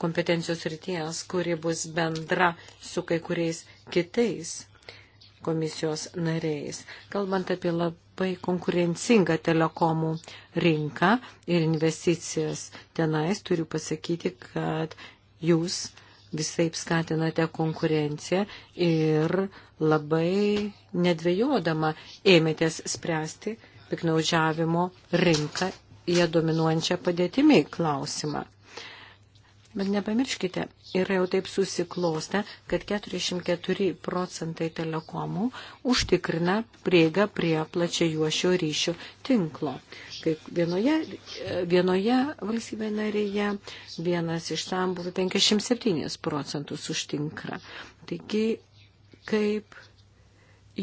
kompetencijos ryties, kuri bus bendra su kai kuriais kitais komisijos nariais. Kalbant apie labai konkurencingą telekomų rinką ir investicijas tenais, turiu pasakyti, kad jūs visai skatinate konkurenciją ir labai nedvėjodama ėmėtės spręsti piknaudžiavimo rinką jie dominuojančią padėtimį klausimą. Bet nepamirškite, yra jau taip susiklostę, kad 44 procentai telekomų užtikrina prieigą prie plačiajuošio ryšio tinklo. Kaip vienoje, vienoje valstybėje narėje vienas iš sambuvių 57 procentus užtinkra. Taigi, kaip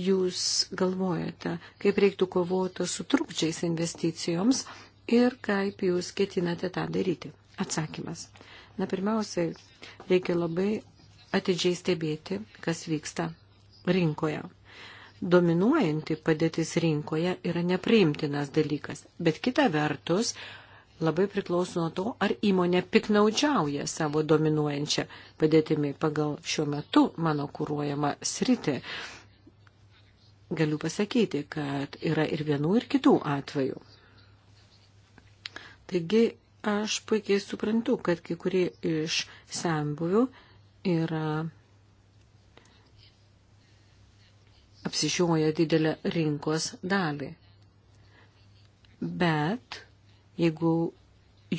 jūs galvojate, kaip reiktų kovoti su trukdžiais investicijoms ir kaip jūs ketinate tą daryti? Atsakymas. Na, pirmiausiai, reikia labai atidžiai stebėti, kas vyksta rinkoje. Dominuojanti padėtis rinkoje yra nepriimtinas dalykas, bet kita vertus, labai priklauso nuo to, ar įmonė piknaudžiauja savo dominuojančią padėtimi pagal šiuo metu mano kūruojamą sritį galiu pasakyti, kad yra ir vienų, ir kitų atvejų. Taigi, aš puikiai suprantu, kad kai kurie iš sambuvių yra apsižioja didelę rinkos dalį. Bet jeigu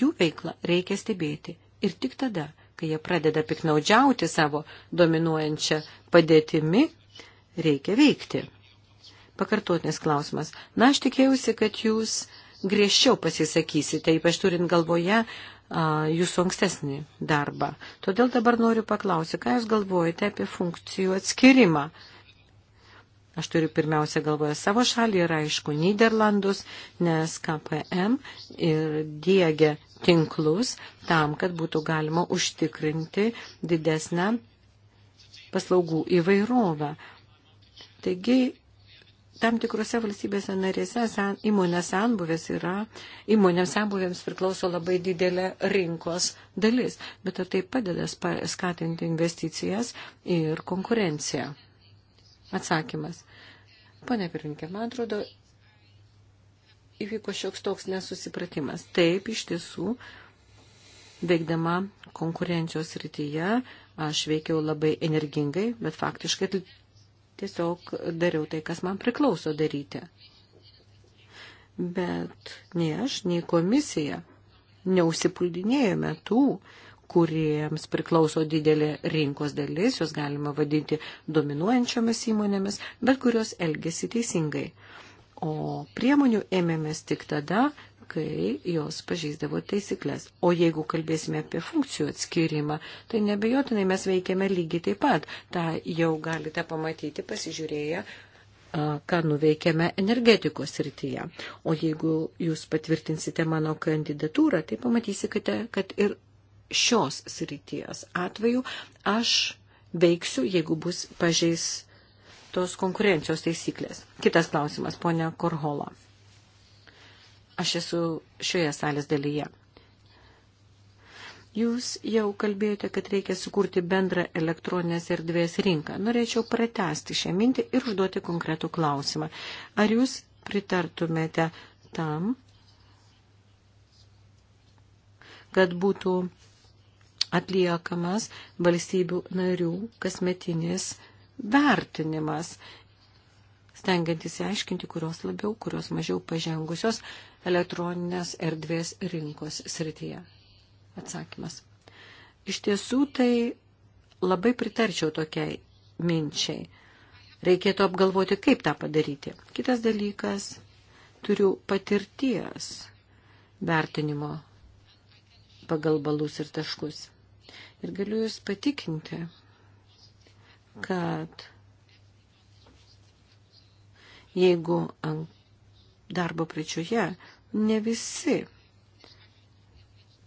jų veiklą reikia stebėti ir tik tada, kai jie pradeda piknaudžiauti savo dominuojančią padėtimi, reikia veikti. Pakartotinis klausimas. Na, aš tikėjausi, kad jūs griežčiau pasisakysite, ypač turint galvoje jūsų ankstesnį darbą. Todėl dabar noriu paklausyti, ką jūs galvojate apie funkcijų atskirimą. Aš turiu pirmiausia galvoje savo šalį ir aišku Niderlandus, nes KPM ir diegia tinklus tam, kad būtų galima užtikrinti didesnę paslaugų įvairovę. Taigi Tam tikrose valstybėse narėse san, įmonės sanbuvės yra, įmonėms sanbuvėms priklauso labai didelė rinkos dalis, bet tai padeda skatinti investicijas ir konkurenciją. Atsakymas. Pane Pirinkė, man atrodo, įvyko šioks toks nesusipratimas. Taip, iš tiesų, veikdama konkurencijos rytyje, aš veikiau labai energingai, bet faktiškai tiesiog dariau tai, kas man priklauso daryti. Bet nei aš, nei komisija neusipuldinėjome tų, kuriems priklauso didelė rinkos dalis, jos galima vadinti dominuojančiomis įmonėmis, bet kurios elgesi teisingai. O priemonių ėmėmės tik tada, kai jos pažeisdavo taisyklės. O jeigu kalbėsime apie funkcijų atskirimą, tai nebejotinai mes veikiame lygiai taip pat. Ta jau galite pamatyti pasižiūrėję ką nuveikėme energetikos srityje. O jeigu jūs patvirtinsite mano kandidatūrą, tai pamatysite, kad ir šios srities atveju aš veiksiu, jeigu bus pažeis tos konkurencijos taisyklės. Kitas klausimas, ponia Korhola aš esu šioje salės dalyje. Jūs jau kalbėjote, kad reikia sukurti bendrą elektroninės erdvės rinką. Norėčiau pratesti šią mintį ir užduoti konkretų klausimą. Ar jūs pritartumėte tam, kad būtų atliekamas valstybių narių kasmetinis vertinimas stengiantis aiškinti, kurios labiau, kurios mažiau pažengusios elektroninės erdvės rinkos srityje. Atsakymas. Iš tiesų tai labai pritarčiau tokiai minčiai. Reikėtų apgalvoti, kaip tą padaryti. Kitas dalykas, turiu patirties vertinimo pagal balus ir taškus. Ir galiu Jūs patikinti, kad jeigu darbo pradžioje ne visi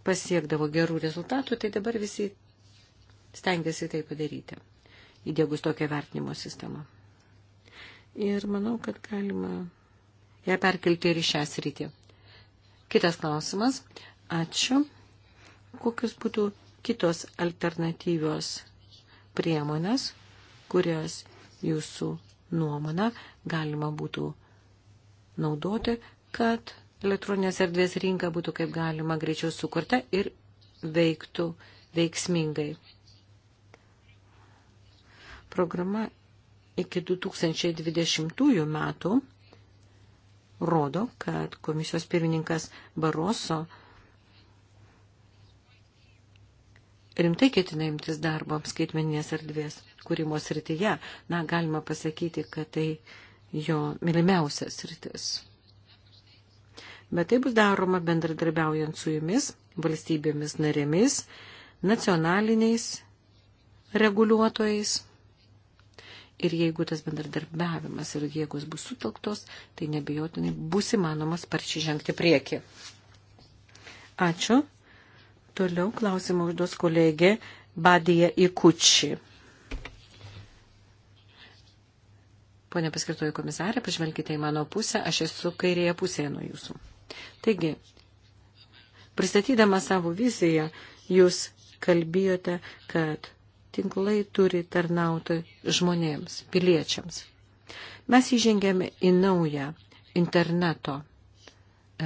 pasiekdavo gerų rezultatų, tai dabar visi stengiasi tai padaryti, įdėgus tokią vertinimo sistemą. Ir manau, kad galima ją perkelti ir į šią sritį. Kitas klausimas. Ačiū. Kokios būtų kitos alternatyvios priemonės, kurios jūsų nuomoną galima būtų naudoti, kad elektroninės erdvės rinka būtų kaip galima greičiau sukurta ir veiktų veiksmingai. Programa iki 2020 metų rodo, kad komisijos pirmininkas Baroso rimtai ketina imtis darbo skaitmeninės erdvės kūrimo srityje, na, galima pasakyti, kad tai jo mylimiausias sritis. Bet tai bus daroma bendradarbiaujant su jumis, valstybėmis narėmis, nacionaliniais reguliuotojais. Ir jeigu tas bendradarbiavimas ir jėgos bus sutelktos, tai nebejotinai bus įmanomas sparčiai žengti prieki. Ačiū. Toliau klausimą užduos kolegė Badija Ikuči. Pone paskirtoji komisarė, pažvelkite į mano pusę, aš esu kairėje pusėje nuo jūsų. Taigi, pristatydama savo viziją, jūs kalbėjote, kad tinklai turi tarnauti žmonėms, piliečiams. Mes įžengėme į naują interneto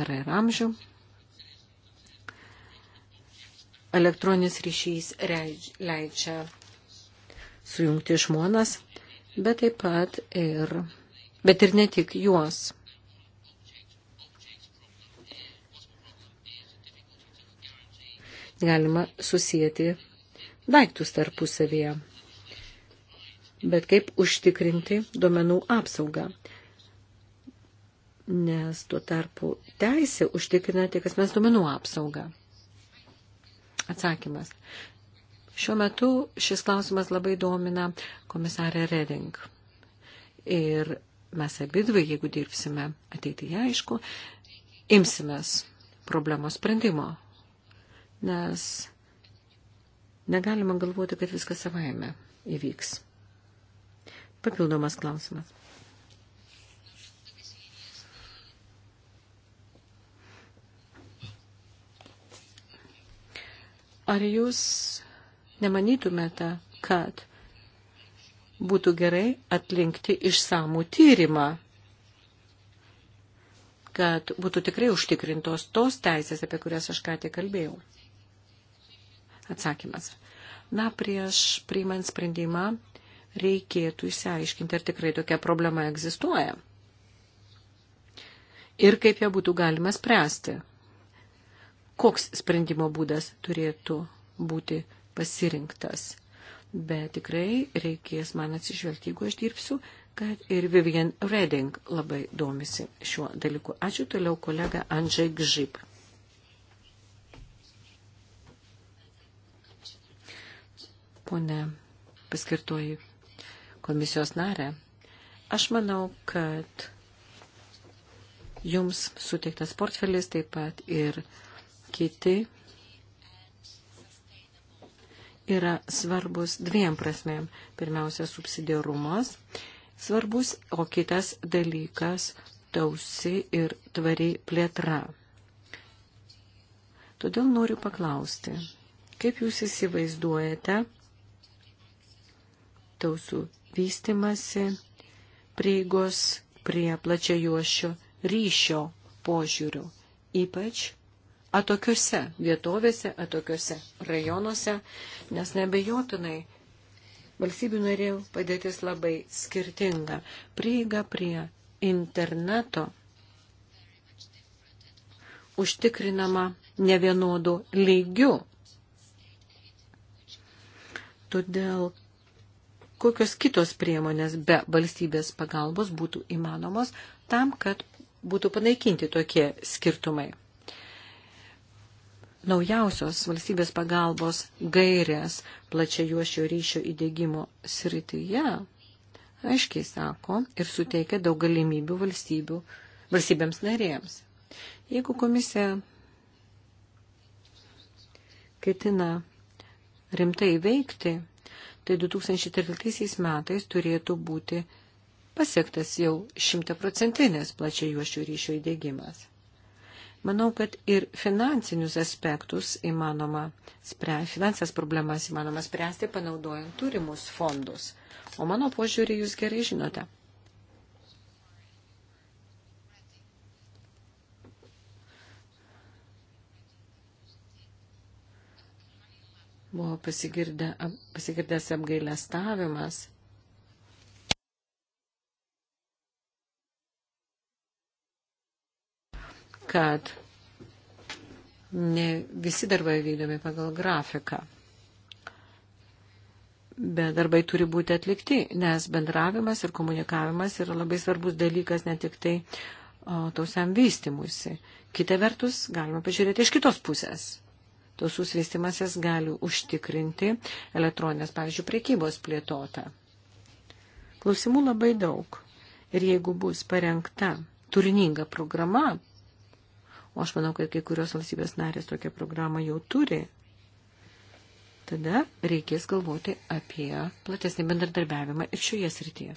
erą ir amžių, elektroninis ryšys leidžia sujungti žmonas, bet taip pat ir, bet ir ne tik juos. Galima susijęti daiktus tarpusavėje. Bet kaip užtikrinti duomenų apsaugą? Nes tuo tarpu teisė užtikrina tik asmens duomenų apsaugą. Atsakymas. Šiuo metu šis klausimas labai domina komisarė Reding. Ir mes abidvi, jeigu dirbsime ateityje, aišku, imsimės problemos sprendimo. Nes negalima galvoti, kad viskas savaime įvyks. Papildomas klausimas. Ar jūs nemanytumėte, kad būtų gerai atlinkti išsamų tyrimą, kad būtų tikrai užtikrintos tos teisės, apie kurias aš ką tik kalbėjau? Atsakymas. Na, prieš priimant sprendimą reikėtų įsiaiškinti, ar tikrai tokia problema egzistuoja. Ir kaip ją būtų galima spręsti koks sprendimo būdas turėtų būti pasirinktas. Bet tikrai reikės man atsižvelgti, jeigu aš dirbsiu, kad ir Vivian Reding labai domisi šiuo dalyku. Ačiū toliau kolega Andžiai Gžyb. Pone paskirtoji komisijos narė, aš manau, kad jums suteiktas portfelis taip pat ir uh, kiti yra svarbus dviem prasmėm. Pirmiausia, subsidiarumas svarbus, o kitas dalykas tausi ir tvari plėtra. Todėl noriu paklausti, kaip jūs įsivaizduojate tausų vystimasi prieigos prie plačiajuošio ryšio požiūrių, ypač atokiose vietovėse, atokiose rajonuose, nes nebejotinai valstybių narių padėtis labai skirtinga. Prieiga prie interneto užtikrinama nevienodų lygių. Todėl kokios kitos priemonės be valstybės pagalbos būtų įmanomos tam, kad būtų panaikinti tokie skirtumai naujausios valstybės pagalbos gairės plačiajuošio ryšio įdėgymo srityje aiškiai sako ir suteikia daug galimybių valstybių, valstybėms narėms. Jeigu komisija ketina rimtai veikti, tai 2013 metais turėtų būti pasiektas jau šimtaprocentinės plačiajuošio ryšio įdėgymas. Manau, kad ir finansinius aspektus įmanoma spręsti, finansės problemas įmanoma spręsti, panaudojant turimus fondus. O mano požiūrį jūs gerai žinote. Buvo pasigirdęs apgailestavimas kad ne visi darbai vykdomi pagal grafiką. Bet darbai turi būti atlikti, nes bendravimas ir komunikavimas yra labai svarbus dalykas ne tik tai o, tausiam vystimusi. Kita vertus, galima pažiūrėti iš kitos pusės. Tausus vystimasis gali užtikrinti elektroninės, pavyzdžiui, priekybos plėtotą. Klausimų labai daug. Ir jeigu bus parengta turininga programa, O aš manau, kad kai kurios valstybės narės tokią programą jau turi. Tada reikės galvoti apie platesnį bendradarbiavimą ir šioje srityje.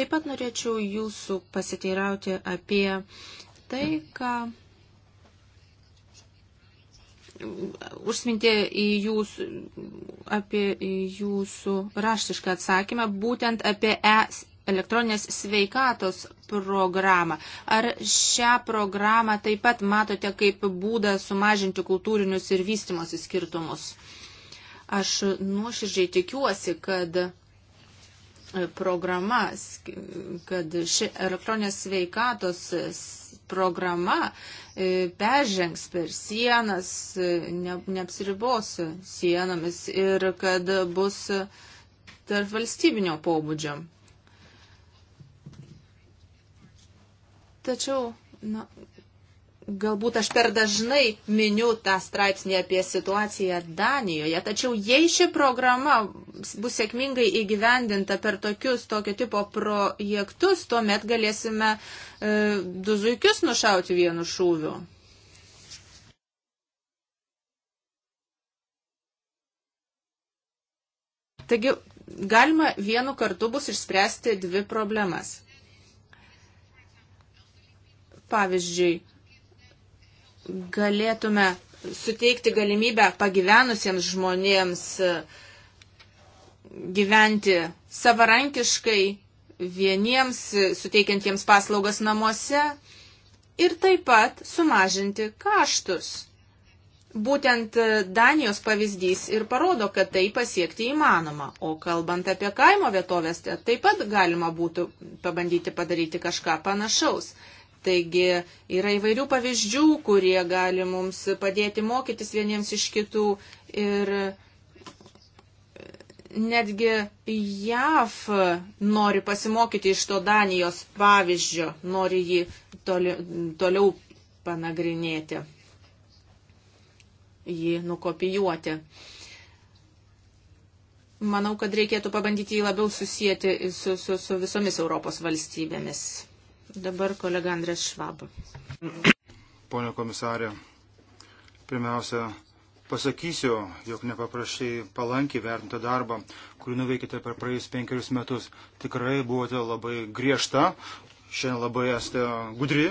Taip pat norėčiau jūsų pasiteirauti apie tai, ką užsmintė į jūsų, apie jūsų raštišką atsakymą, būtent apie e elektroninės sveikatos programą. Ar šią programą taip pat matote kaip būdą sumažinti kultūrinius ir vystimosi skirtumus? Aš nuoširdžiai tikiuosi, kad programa, kad ši elektroninės sveikatos programa e, peržengs per sienas, e, ne, neapsiribos sienomis ir kad bus tarp valstybinio pobūdžio. Tačiau, na, galbūt aš per dažnai miniu tą straipsnį apie situaciją Danijoje, tačiau jei ši programa bus sėkmingai įgyvendinta per tokius tokio tipo projektus, tuomet galėsime e, du zuikius nušauti vienu šūviu. Taigi, galima vienu kartu bus išspręsti dvi problemas. Pavyzdžiui, galėtume suteikti galimybę pagyvenusiems žmonėms e, gyventi savarankiškai, vieniems e, suteikiantiems paslaugas namuose ir taip pat sumažinti kaštus. Būtent e, Danijos pavyzdys ir parodo, kad tai pasiekti įmanoma. O kalbant apie kaimo vietovės, tai taip pat galima būtų pabandyti padaryti kažką panašaus. Taigi yra įvairių pavyzdžių, kurie gali mums padėti mokytis vieniems iš kitų ir netgi JAV nori pasimokyti iš to Danijos pavyzdžio, nori jį toli, toliau panagrinėti, jį nukopijuoti. Manau, kad reikėtų pabandyti jį labiau susijęti su, su, su visomis Europos valstybėmis. Dabar kolega Andrės Švab. Pone komisarė, pirmiausia, pasakysiu, jog nepaprašai palankiai vertinti darbą, kurį nuveikite per praėjus penkerius metus. Tikrai buvote labai griežta, šiandien labai esate gudri,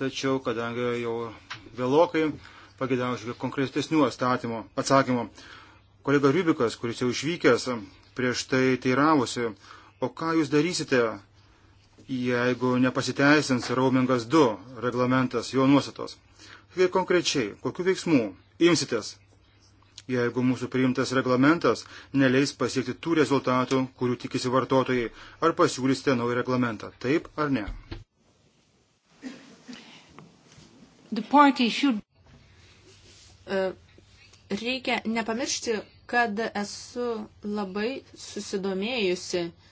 tačiau kadangi jau vėlokai pagėdavau konkretesnių atsakymų. Kolega Rybikas, kuris jau išvykęs, prieš tai teiravosi, o ką jūs darysite jeigu nepasiteisins Raumingas 2 reglamentas, jo nuostatos. Ir konkrečiai, kokiu veiksmu imsitės, jeigu mūsų priimtas reglamentas neleis pasiekti tų rezultatų, kurių tikisi vartotojai, ar pasiūlysite naują reglamentą, taip ar ne? Should... E, reikia nepamiršti, kad esu labai susidomėjusi uh,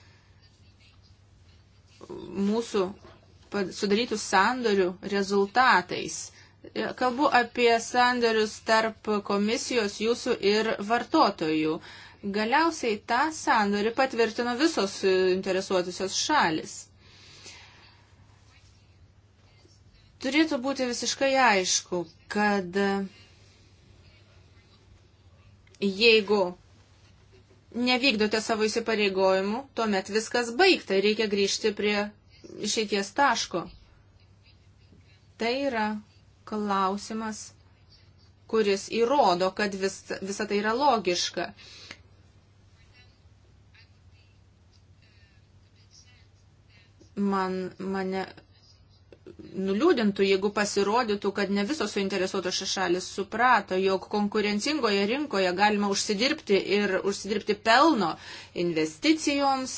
mūsų sudarytų sandorių rezultatais. E, kalbu apie sandorius tarp komisijos jūsų ir vartotojų. Galiausiai tą sandorį patvirtino visos interesuotusios šalis. Turėtų būti visiškai aišku, kad jeigu nevykdote savo įsipareigojimų, tuomet viskas baigta, reikia grįžti prie išeities taško. Tai yra klausimas, kuris įrodo, kad vis, visa tai yra logiška. Man, mane nuliūdintų, jeigu pasirodytų, kad ne visos suinteresuotos šalis suprato, jog konkurencingoje rinkoje galima užsidirbti ir užsidirbti pelno investicijoms.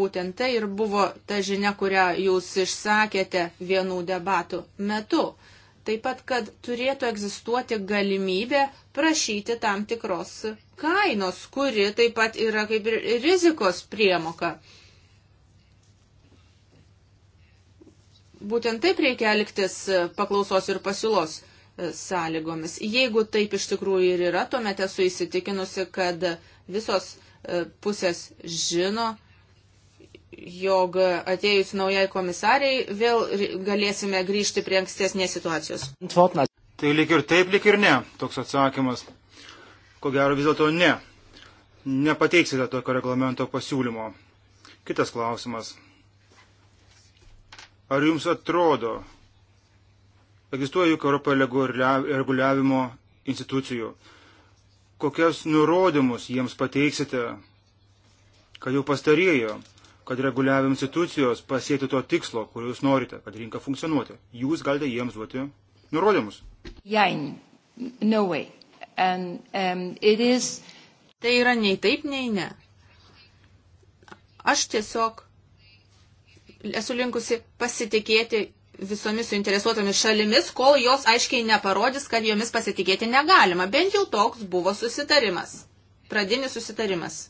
Būtent tai ir buvo ta žinia, kurią jūs išsakėte vienų debatų metu. Taip pat, kad turėtų egzistuoti galimybė prašyti tam tikros kainos, kuri taip pat yra kaip ir rizikos priemoka. Būtent taip reikia elgtis paklausos ir pasiūlos e, sąlygomis. Jeigu taip iš tikrųjų ir yra, tuomet esu įsitikinusi, kad visos e, pusės žino, jog atėjus naujai komisariai vėl galėsime grįžti prie ankstesnės situacijos. Tai lik ir taip, lik ir ne, toks atsakymas. Ko gero vis dėlto ne. Nepateiksite tokio reglamento pasiūlymo. Kitas klausimas. Ar jums atrodo, egzistuoja juk Europoje reguliavimo institucijų, kokias nurodymus jiems pateiksite, kad jau pastarėjo, kad reguliavimo institucijos pasiektų to tikslo, kur jūs norite, kad rinka funkcionuotų. Jūs galite jiems duoti nurodymus. Jain, no way. And, um, is... Tai yra nei taip, nei ne. Aš tiesiog esu linkusi pasitikėti visomis suinteresuotomis šalimis, kol jos aiškiai neparodys, kad jomis pasitikėti negalima. Bent jau toks buvo susitarimas. Pradinis susitarimas.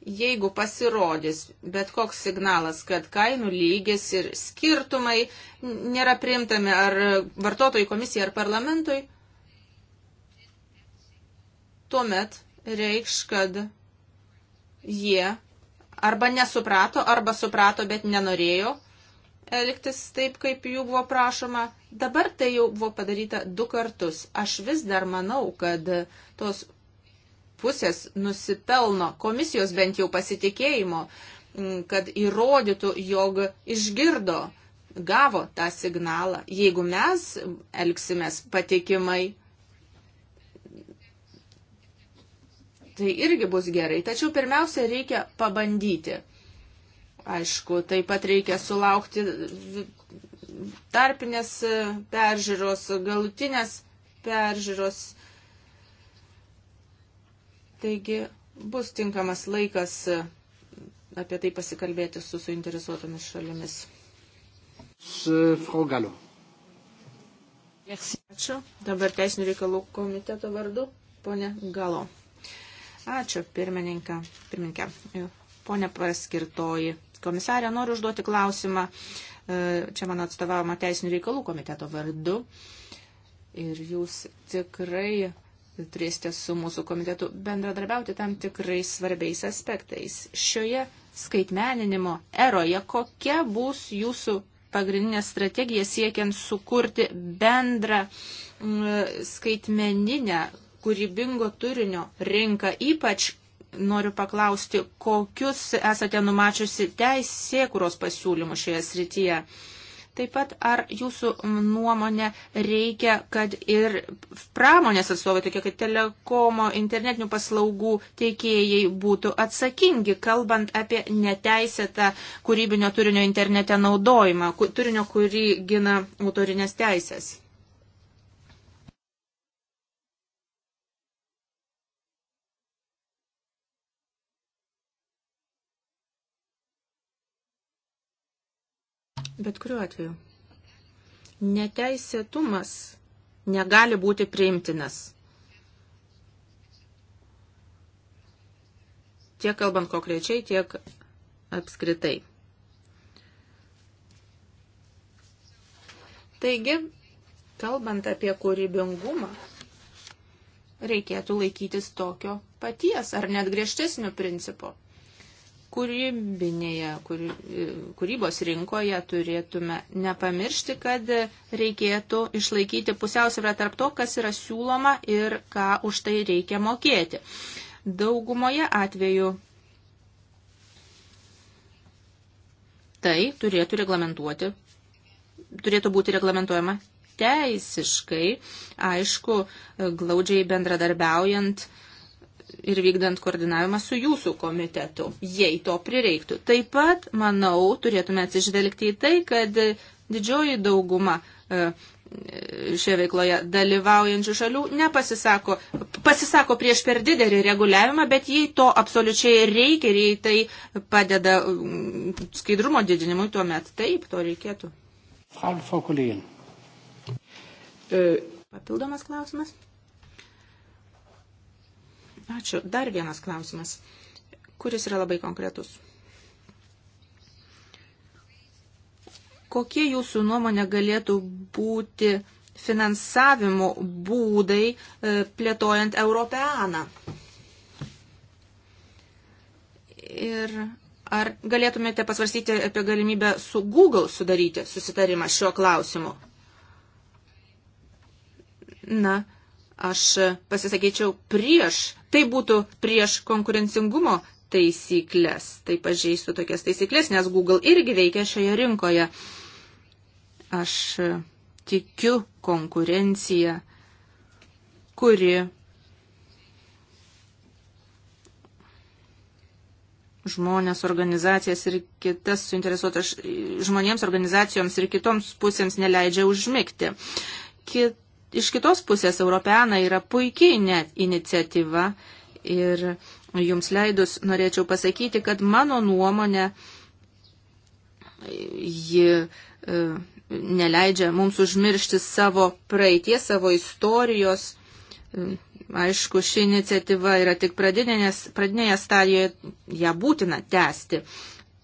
Jeigu pasirodys bet koks signalas, kad kainų lygis ir skirtumai nėra priimtami ar vartotojų komisijai ar parlamentui, tuomet reikš, kad jie arba nesuprato, arba suprato, bet nenorėjo elgtis taip, kaip jų buvo prašoma. Dabar tai jau buvo padaryta du kartus. Aš vis dar manau, kad tos pusės nusipelno komisijos bent jau pasitikėjimo, kad įrodytų, jog išgirdo, gavo tą signalą. Jeigu mes elgsimės patikimai, tai irgi bus gerai. Tačiau pirmiausia, reikia pabandyti. Aišku, taip pat reikia sulaukti tarpinės peržiūros, galutinės peržiūros. Taigi bus tinkamas laikas apie tai pasikalbėti su suinteresuotomis šalimis. Frau Galo. Ačiū. Dabar Teisinių reikalų komiteto vardu, ponė Galo. Ačiū, pirmininkė. pirmininkė. Pone paskirtoji komisarė, noriu užduoti klausimą. E, čia mano atstovavimo teisinių reikalų komiteto vardu. Ir jūs tikrai turėsite su mūsų komitetu bendradarbiauti tam tikrais svarbiais aspektais. Šioje skaitmeninimo eroje kokia bus jūsų pagrindinė strategija siekiant sukurti bendrą skaitmeninę kūrybingo turinio rinką. Ypač noriu paklausti, kokius esate numačiusi teisėkuros pasiūlymus šioje srityje. Taip pat, ar jūsų nuomonė reikia, kad ir pramonės atstovai, tokie kaip telekomo, internetinių paslaugų teikėjai, būtų atsakingi, kalbant apie neteisėtą kūrybinio turinio internete naudojimą, turinio, kurį gina autorinės teisės. Bet kuriuo atveju. Neteisėtumas negali būti priimtinas. Tiek kalbant konkrečiai, tiek apskritai. Taigi, kalbant apie kūrybingumą, reikėtų laikytis tokio paties ar net griežtesnio principo kūrybinėje, kūry, e, kūrybos rinkoje turėtume nepamiršti, kad reikėtų išlaikyti pusiausvyrą tarp to, kas yra siūloma ir ką už tai reikia mokėti. Daugumoje atveju tai turėtų reglamentuoti, turėtų būti reglamentuojama teisiškai, aišku, glaudžiai bendradarbiaujant uh, ir vykdant koordinavimą su jūsų komitetu, jei to prireiktų. Taip pat, manau, turėtume atsižvelgti į tai, kad didžioji dauguma e, šioje veikloje dalyvaujančių šalių nepasisako, pasisako prieš per didelį reguliavimą, bet jei to absoliučiai reikia ir jei tai padeda mm, skaidrumo didinimui, tuomet taip, to reikėtų. Äh, Papildomas klausimas. Ačiū. Dar vienas klausimas, kuris yra labai konkretus. Kokie jūsų nuomonė galėtų būti finansavimo būdai e, plėtojant Europeaną? Ir ar galėtumėte pasvarstyti apie galimybę su Google sudaryti susitarimą šiuo klausimu? Na, aš pasisakyčiau prieš Tai būtų prieš konkurencingumo taisyklės. Tai pažeistų tokias taisyklės, nes Google irgi veikia šioje rinkoje. Aš e, tikiu konkurenciją, kuri žmonės, organizacijas ir kitas suinteresuotas žmonėms, organizacijoms ir kitoms pusėms neleidžia užmigti. Kit iš kitos pusės Europeana yra puikiai net iniciatyva ir jums leidus norėčiau pasakyti, kad mano nuomonė ji e, neleidžia mums užmiršti savo praeities, savo istorijos. E, aišku, ši iniciatyva yra tik pradinėje stadijoje, ją būtina tęsti.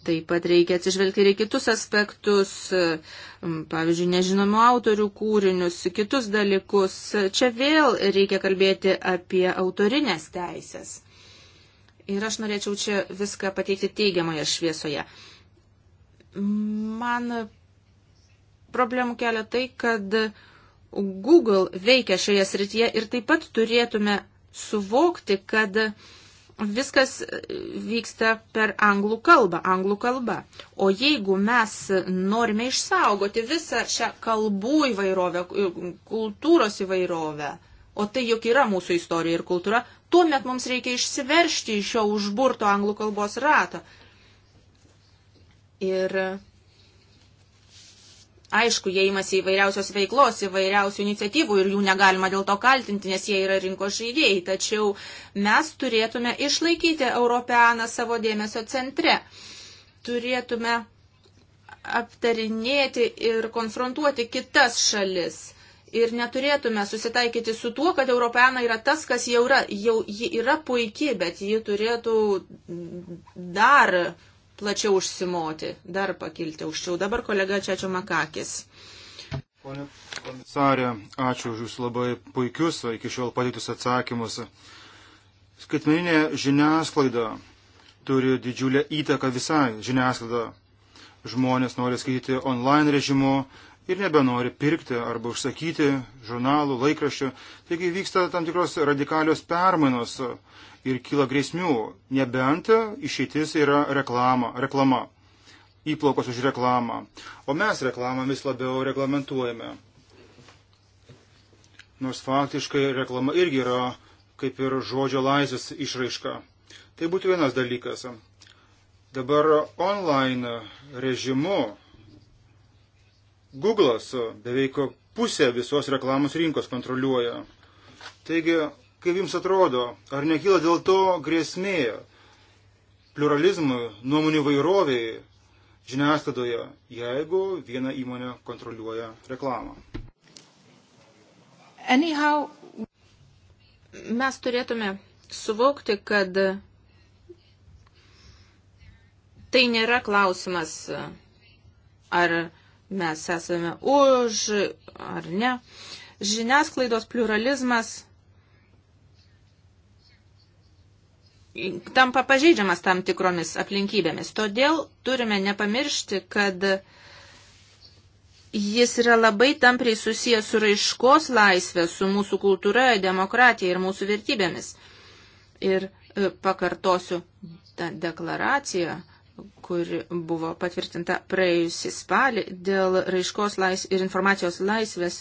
Taip pat reikia atsižvelgti ir į kitus aspektus, pavyzdžiui, nežinomų autorių kūrinius, kitus dalykus. Čia vėl reikia kalbėti apie autorinės teisės. Ir aš norėčiau čia viską pateikti teigiamoje šviesoje. Man problemų kelia tai, kad Google veikia šioje srityje ir taip pat turėtume suvokti, kad viskas vyksta per anglų kalbą, anglų kalba. O jeigu mes norime išsaugoti visą šią kalbų įvairovę, kultūros įvairovę, o tai juk yra mūsų istorija ir kultūra, tuomet mums reikia išsiveršti iš šio užburto anglų kalbos rato. Ir Aišku, jie imasi įvairiausios veiklos, įvairiausių iniciatyvų ir jų negalima dėl to kaltinti, nes jie yra rinkos žaidėjai. Tačiau mes turėtume išlaikyti Europeaną savo dėmesio centre. Turėtume aptarinėti ir konfrontuoti kitas šalis. Ir neturėtume susitaikyti su tuo, kad Europeana yra tas, kas jau yra. Jau ji yra puikiai, bet ji turėtų dar plačiau užsimoti, dar pakilti aukščiau. Dabar kolega Čiačio Makakis. Pone komisarė, ačiū už Jūsų labai puikius iki šiol patytus atsakymus. Skaitmeninė žiniasklaida turi didžiulę įtaką visai žiniasklaida. Žmonės nori skaityti online režimu, ir nebenori pirkti arba užsakyti žurnalų, laikraščių. Taigi vyksta tam tikros radikalios permainos ir kyla grėsmių, nebent išeitis yra reklama. reklama įplaukos už reklamą. O mes reklamą vis labiau reglamentuojame. Nors faktiškai reklama irgi yra kaip ir žodžio laisvės išraiška. Tai būtų vienas dalykas. Dabar online režimu Google'as beveik pusę visos reklamos rinkos kontroliuoja. Taigi, kaip jums atrodo, ar nekyla dėl to grėsmė pluralizmui, nuomonių vairoviai žiniasklaidoje, jeigu viena įmonė kontroliuoja reklamą? Anyhow, mes turėtume suvokti, kad tai nėra klausimas, ar mes esame už ar ne. Žiniasklaidos pluralizmas tampa pažeidžiamas tam tikromis aplinkybėmis. Todėl turime nepamiršti, kad jis yra labai tampriai susijęs su raiškos laisvė, su mūsų kultūra, demokratija ir mūsų vertybėmis. Ir e, pakartosiu tą deklaraciją, kuri buvo patvirtinta praėjusį spalį dėl raiškos lais ir informacijos laisvės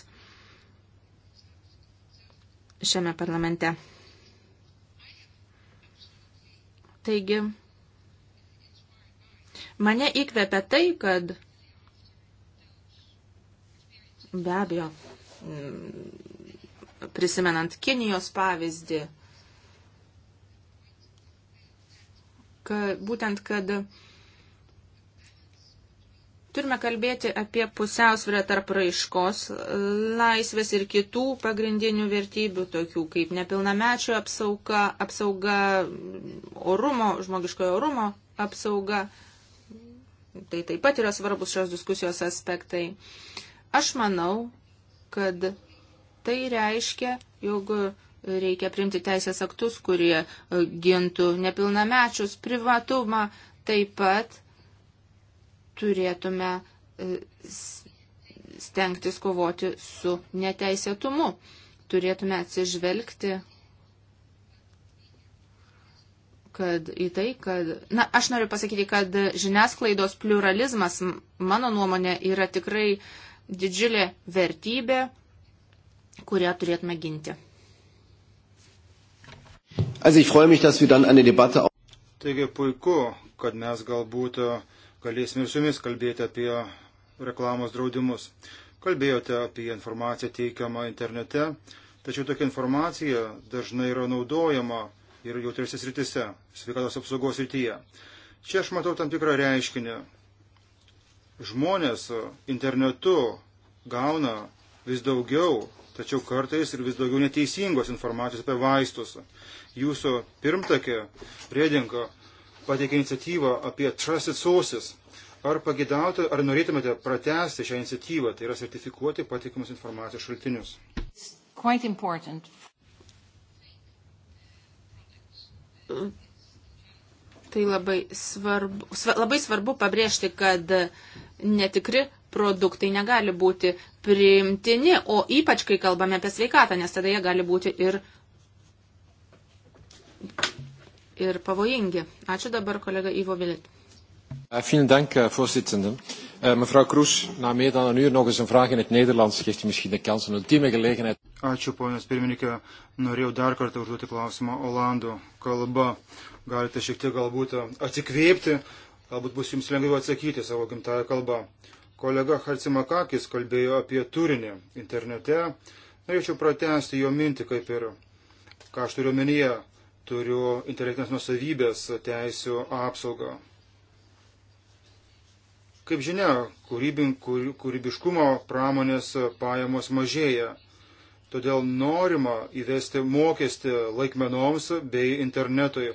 šiame parlamente. Taigi, mane įkvepia tai, kad be abejo, mm, prisimenant Kinijos pavyzdį, kad būtent, kad Turime kalbėti apie pusiausvyrę tarp raiškos laisvės ir kitų pagrindinių vertybių, tokių kaip nepilnamečio apsauga, apsauga orumo, žmogiškojo orumo apsauga. Tai taip pat yra svarbus šios diskusijos aspektai. Aš manau, kad tai reiškia, jog reikia primti teisės aktus, kurie gintų nepilnamečius privatumą, taip pat turėtume e, stengtis kovoti su neteisėtumu. Turėtume atsižvelgti kad į tai, kad. Na, aš noriu pasakyti, kad žiniasklaidos pluralizmas, mano nuomonė, yra tikrai didžiulė vertybė, kurią turėtume ginti. Also, mich, Taigi puiku, kad mes galbūt galėsime su jumis kalbėti apie reklamos draudimus. Kalbėjote apie informaciją teikiamą internete, tačiau tokia informacija dažnai yra naudojama ir jautriose sritise, sveikatos apsaugos srityje. Čia aš matau tam tikrą reiškinį. Žmonės internetu gauna vis daugiau, tačiau kartais ir vis daugiau neteisingos informacijos apie vaistus. Jūsų pirmtakė Redinko pateikė iniciatyvą apie Trusted Sources. Ar pagidautų, ar norėtumėte pratesti šią iniciatyvą, tai yra sertifikuoti patikimus informacijos šaltinius? Tai labai svarbu, sva, labai svarbu pabrėžti, kad netikri produktai negali būti priimtini, o ypač kai kalbame apie sveikatą, nes tada jie gali būti ir ir pavojingi. Ačiū dabar kolega Ivo Vilit. Vielen dank, eh, voorzitter. Eh, mevrouw Kroes, na meer dan een uur nog eens een vraag in het Nederlands. Geeft u misschien de kans een ultieme gelegenheid. Ačiū, ponios pirmininkė. Norėjau dar kartą užduoti klausimą Olandų kalba. Galite šiek tiek galbūt eh, atsikvėpti, galbūt bus jums lengviau atsakyti savo gimtają kalbą. Kolega Harcimakakis kalbėjo apie turinį internete. Norėčiau pratesti jo mintį, kaip ir ką aš turiu omenyje turiu intelektinės nusavybės teisų apsaugą. Kaip žinia, kūrybin, kūrybiškumo pramonės pajamos mažėja, todėl norima įvesti mokestį laikmenoms bei internetui.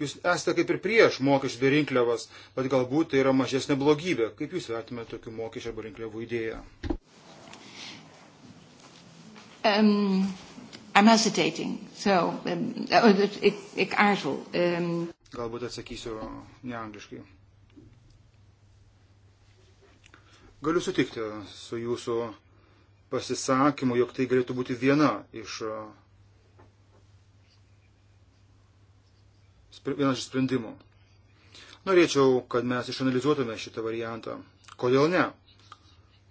Jūs esate kaip ir prieš mokesčių bei rinkliavas, bet galbūt tai yra mažesnė blogybė. Kaip jūs vertinate tokių mokesčių arba rinkliavų idėją? Um. I'm hesitating, so um, oh, ik, ik aarzel. Um. Galbūt atsakysiu ne angliškai. Galiu sutikti su jūsų pasisakymu, jog tai galėtų būti viena iš vienas iš sprendimų. Norėčiau, kad mes išanalizuotume šitą variantą. Kodėl ne?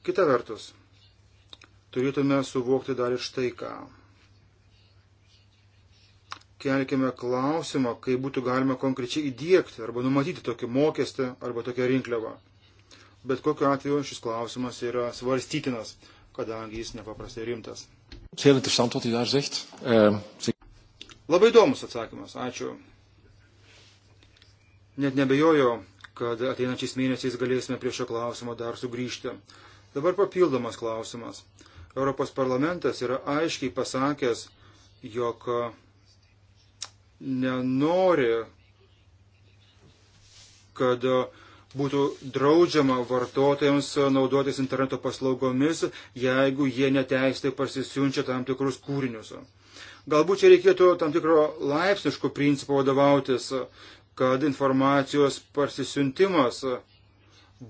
Kita vertus, turėtume suvokti dar ir štai ką kelkime klausimą, kaip būtų galima konkrečiai įdėkti arba numatyti tokį mokestį arba tokią rinkliavą. Bet kokiu atveju šis klausimas yra svarstytinas, kadangi jis nepaprastai rimtas. Ehm, Labai įdomus atsakymas, ačiū. Net nebejoju, kad ateinančiais mėnesiais galėsime prie šio klausimo dar sugrįžti. Dabar papildomas klausimas. Europos parlamentas yra aiškiai pasakęs, jog nenori, kad e, būtų draudžiama vartotojams naudotis interneto paslaugomis, jeigu jie neteistai pasisiunčia tam tikrus kūrinius. Galbūt čia reikėtų tam tikro laipsniško principo vadovautis, kad informacijos pasisiuntimas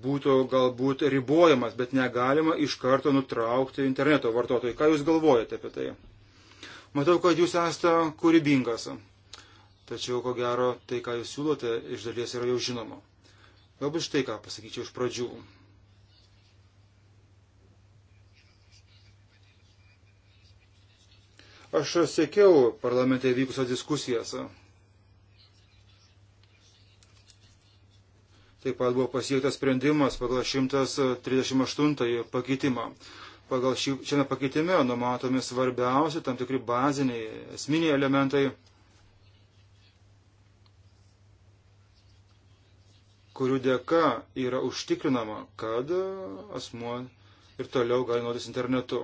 būtų galbūt ribojamas, bet negalima iš karto nutraukti interneto vartotojai. Ką Jūs galvojate apie tai? Matau, kad Jūs esate kūrybingas. Tačiau, ko gero, tai, ką jūs siūlote, iš dalies yra jau žinoma. Galbūt štai ką pasakyčiau iš pradžių. Aš sėkiau parlamente vykusios diskusijas. Taip pat buvo pasiektas sprendimas pagal 138 pakeitimą. Pagal šį, šiame pakeitime numatomi svarbiausi tam tikri baziniai, esminiai elementai kurių dėka yra užtikrinama, kad asmuo ir toliau gali naudotis internetu.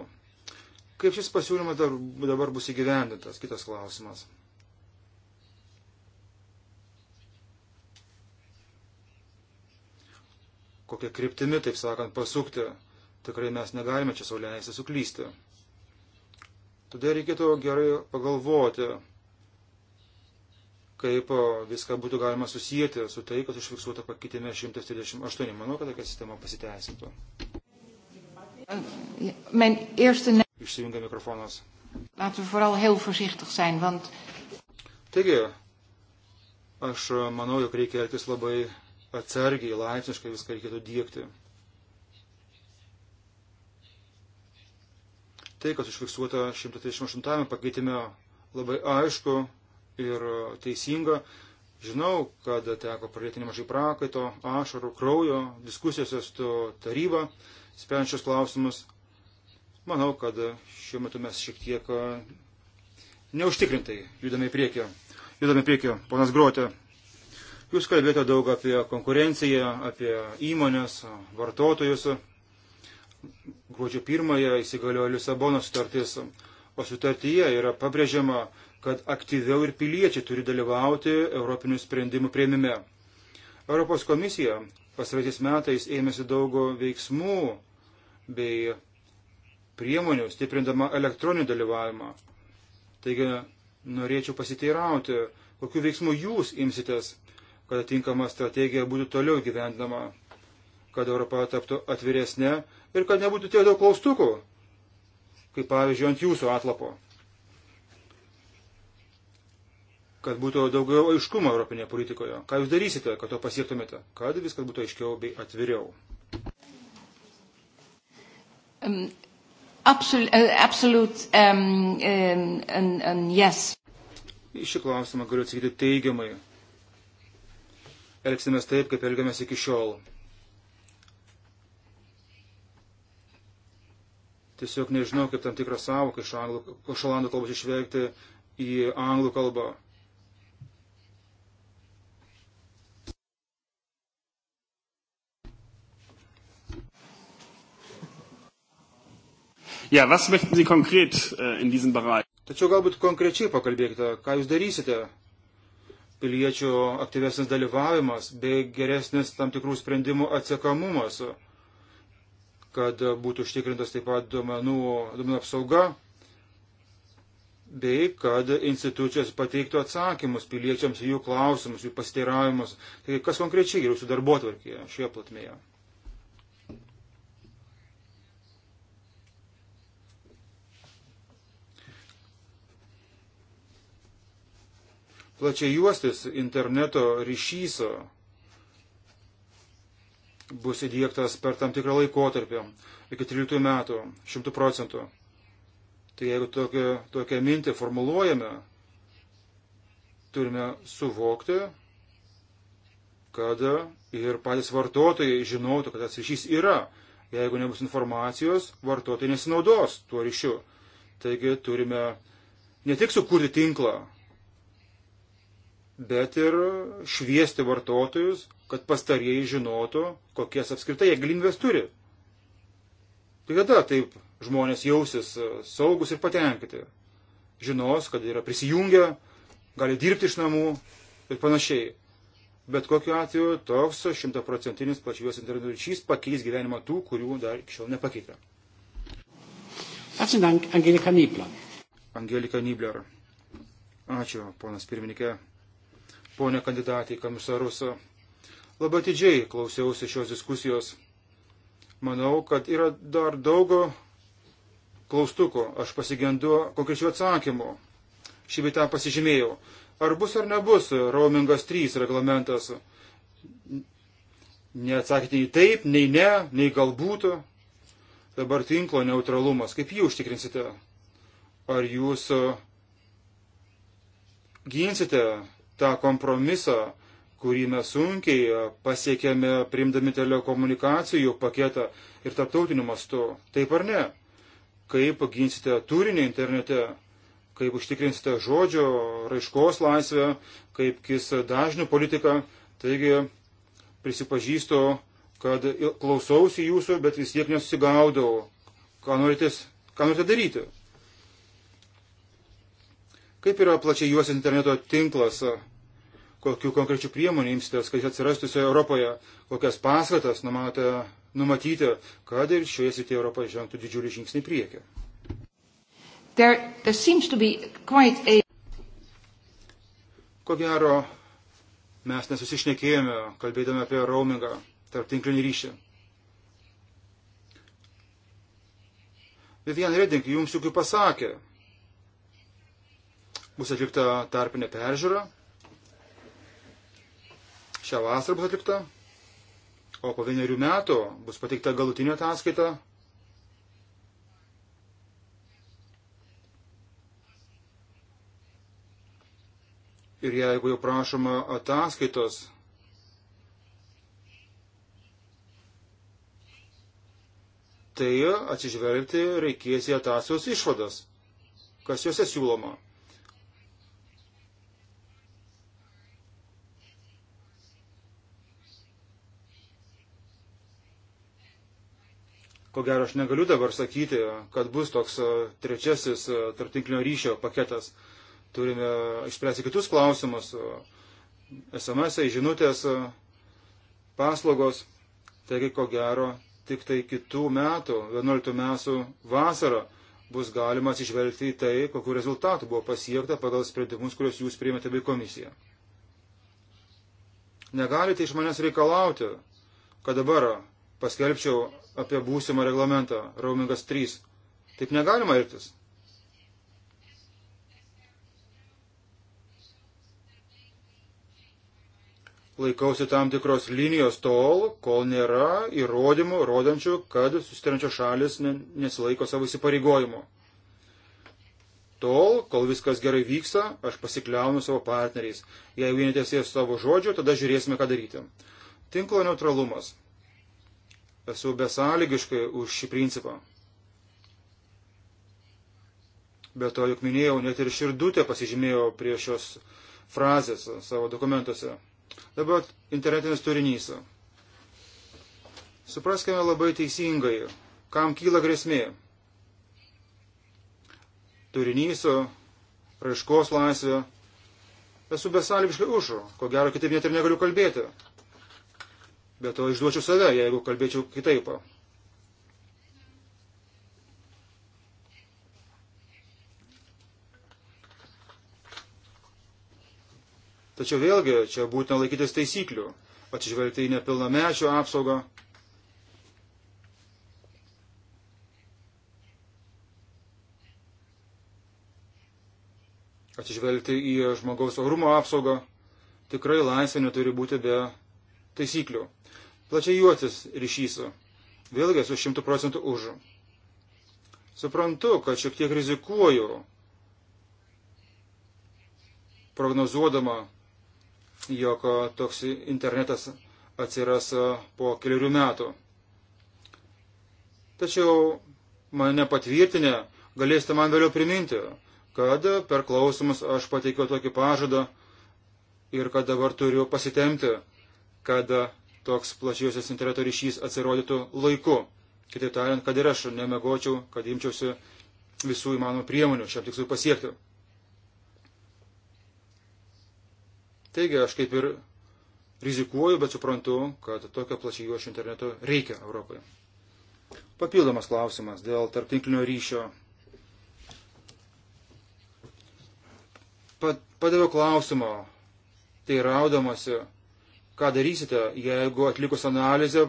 Kaip šis pasiūlymas dabar bus įgyvendintas? Kitas klausimas. Kokia kryptimi, taip sakant, pasukti? Tikrai mes negalime čia sauliaisti suklysti. Todėl reikėtų gerai pagalvoti, kaip viską būtų galima susijęti su tai, kad užfiksuota pakitime 138. Manau, kad tokia sistema pasiteisintų. Išsijungia mikrofonas. Laten we vooral heel voorzichtig zijn, want. Taigi, aš e, manau, jog reikia elgtis labai atsargiai, laipsniškai viską reikėtų dėkti. Tai, kas užfiksuota 138 pakeitime, labai aišku, ir e, teisinga. Žinau, kad teko pradėti nemažai prakaito, ašarų, kraujo, diskusijose su taryba, sprendžios klausimus. Manau, kad šiuo metu mes šiek tiek e, neužtikrintai judame į priekį. Judame į priekį, ponas Gruotė. Jūs kalbėjote daug apie konkurenciją, apie įmonės, vartotojus. Gruodžio pirmąją įsigaliojo Lisabono sutartis, o sutartyje yra pabrėžiama kad aktyviau ir piliečiai turi dalyvauti Europinių sprendimų prieimime. Europos komisija pasaraisiais metais ėmėsi daugo veiksmų bei priemonių stiprindama elektroninį dalyvavimą. Taigi norėčiau pasiteirauti, kokiu veiksmu jūs imsitės, kad atinkama strategija būtų toliau gyvendama, kad Europa taptų atviresnė ir kad nebūtų tiek daug klaustukų, kaip pavyzdžiui ant jūsų atlapo. kad būtų daugiau aiškumo Europinėje politikoje. Ką jūs darysite, kad to pasiektumėte, kad viskas būtų aiškiau bei atviriau? Um, absolute, uh, absolute, um, um, um, yes. Į šį klausimą galiu atsakyti teigiamai. Elgsimės taip, kaip elgiamės iki šiol. Tiesiog nežinau, kaip tam tikrą savoką iš, anglų, iš olandų kalbos išvegti į anglų kalbą. Ja, was möchten Sie konkret äh, in diesem Bereich? Tačiau galbūt konkrečiai pakalbėkite, ką jūs darysite. Piliečių aktyvesnis dalyvavimas bei geresnis tam tikrų sprendimų atsiekamumas, kad būtų užtikrintas taip pat duomenų, duomenų apsauga bei kad institucijos pateiktų atsakymus piliečiams jų klausimus, jų pasteiravimus. Tai kas konkrečiai yra jūsų darbo tvarkėje šioje platmėje? plačiai juostis interneto ryšys bus įdėktas per tam tikrą laikotarpį, iki 13 metų, 100 procentų. Tai jeigu tokią, tokią mintį formuluojame, turime suvokti, kad ir patys vartotojai žinotų, kad tas ryšys yra. Jeigu nebus informacijos, vartotojai nesinaudos tuo ryšiu. Taigi turime ne tik sukurti tinklą, bet ir šviesti vartotojus, kad pastarieji žinotų, kokias apskritai jie galimybės turi. Tai kada taip žmonės jausis e, saugus ir patenkinti. Žinos, kad yra prisijungę, gali dirbti iš namų ir panašiai. Bet kokiu atveju toks šimtaprocentinis plačios interneto ryšys pakeis gyvenimą tų, kurių dar iki šiol nepakeitė. Ačiū, Angelika Nibler. Angelika Nibler. Ačiū, ponas pirmininkė ponė kandidatė į komisarus. Labai atidžiai klausiausi šios diskusijos. Manau, kad yra dar daug klaustukų. Aš pasigendu konkrečių atsakymų. Šį bitą pasižymėjau. Ar bus ar nebus roamingas 3 reglamentas? Neatsakyti nei taip, nei ne, nei galbūt. Dabar tinklo neutralumas. Kaip jį užtikrinsite? Ar jūs ginsite tą kompromisą, kurį mes sunkiai pasiekėme priimdami telekomunikacijų paketą ir tarptautiniu mastu. Taip ar ne? Kaip ginsite turinį internete, kaip užtikrinsite žodžio, raiškos laisvę, kaip kis dažnių politiką. Taigi prisipažįstu, kad klausausi jūsų, bet vis tiek nesusigaudau, ką norite, ką norite daryti. Kaip yra plačiai juos interneto tinklas, kokiu konkrečiu priemonių imsitės, kad jis atsirastų Europoje, kokias paskatas numatote numatyti, kad ir šioje srityje Europa žengtų didžiulį žingsnį į priekį. There, there a... Ko gero, mes nesusišnekėjome, kalbėdami apie roamingą, tarp tinklinį ryšį. Vivian Reding jums juk pasakė, bus atlikta tarpinė peržiūra. Šią vasarą bus atlikta, o po vienerių metų bus pateikta galutinė ataskaita. Ir jeigu jau prašoma ataskaitos, tai atsižvelgti reikės į ataskaitos išvadas, kas juose siūloma. Ko gero, aš negaliu dabar sakyti, kad bus toks e, trečiasis e, tarptinklinio ryšio paketas. Turime išspręsti kitus klausimus e, - SMS, žinutės, paslaugos. Taigi, ko gero, tik tai kitų metų, 11 metų vasarą bus galima atsižvelgti į tai, kokiu rezultatu buvo pasiekta pagal sprendimus, kuriuos jūs priimėte bei komisija. Negalite iš manęs reikalauti, kad dabar paskelbčiau apie būsimą reglamentą, roamingas 3. Taip negalima elgtis. Laikausi tam tikros linijos tol, kol nėra įrodymų rodančių, kad susitarančios šalis nesilaiko savo įsipareigojimo. Tol, kol viskas gerai vyksta, aš pasikliaunu savo partneriais. Jeigu jie netesės savo žodžio, tada žiūrėsime, ką daryti. Tinklo neutralumas. Esu besąlygiškai už šį principą. Bet to, juk minėjau, net ir širdutė pasižymėjo prie šios frazės savo dokumentuose. Dabar internetinis turinys. Supraskime labai teisingai, kam kyla grėsmė. Turinys, raiškos laisvė. Esu besąlygiškai už, ko gero kitaip net ir negaliu kalbėti. Bet to išduočiau save, jeigu kalbėčiau kitaip. Tačiau vėlgi čia būtina laikytis taisyklių, atsižvelgti į nepilnamečio apsaugą. Atsižvelgti į žmogaus orumo apsaugą. Tikrai laisvė neturi būti be taisyklių. Plačiai juotis ryšys. Vėlgi esu šimtų procentų už. Suprantu, kad šiek tiek rizikuoju prognozuodama, jog toks internetas atsiras po keliarių metų. Tačiau mane patvirtinę galėsite man vėliau priminti, kad per klausimus aš pateikiau tokį pažadą ir kad dabar turiu pasitemti kad toks plačiosios interneto ryšys atsirodytų laiku. Kitaip tariant, kad ir aš nemegočiau, kad imčiausi visų įmanomų priemonių šiam tikslui pasiekti. Taigi aš kaip ir rizikuoju, bet suprantu, kad tokio plačiajuošio interneto reikia Europoje. Papildomas klausimas dėl tarptinklinio ryšio. Padaviau klausimo, teiraudamasi, Ką darysite, jeigu atlikus analizę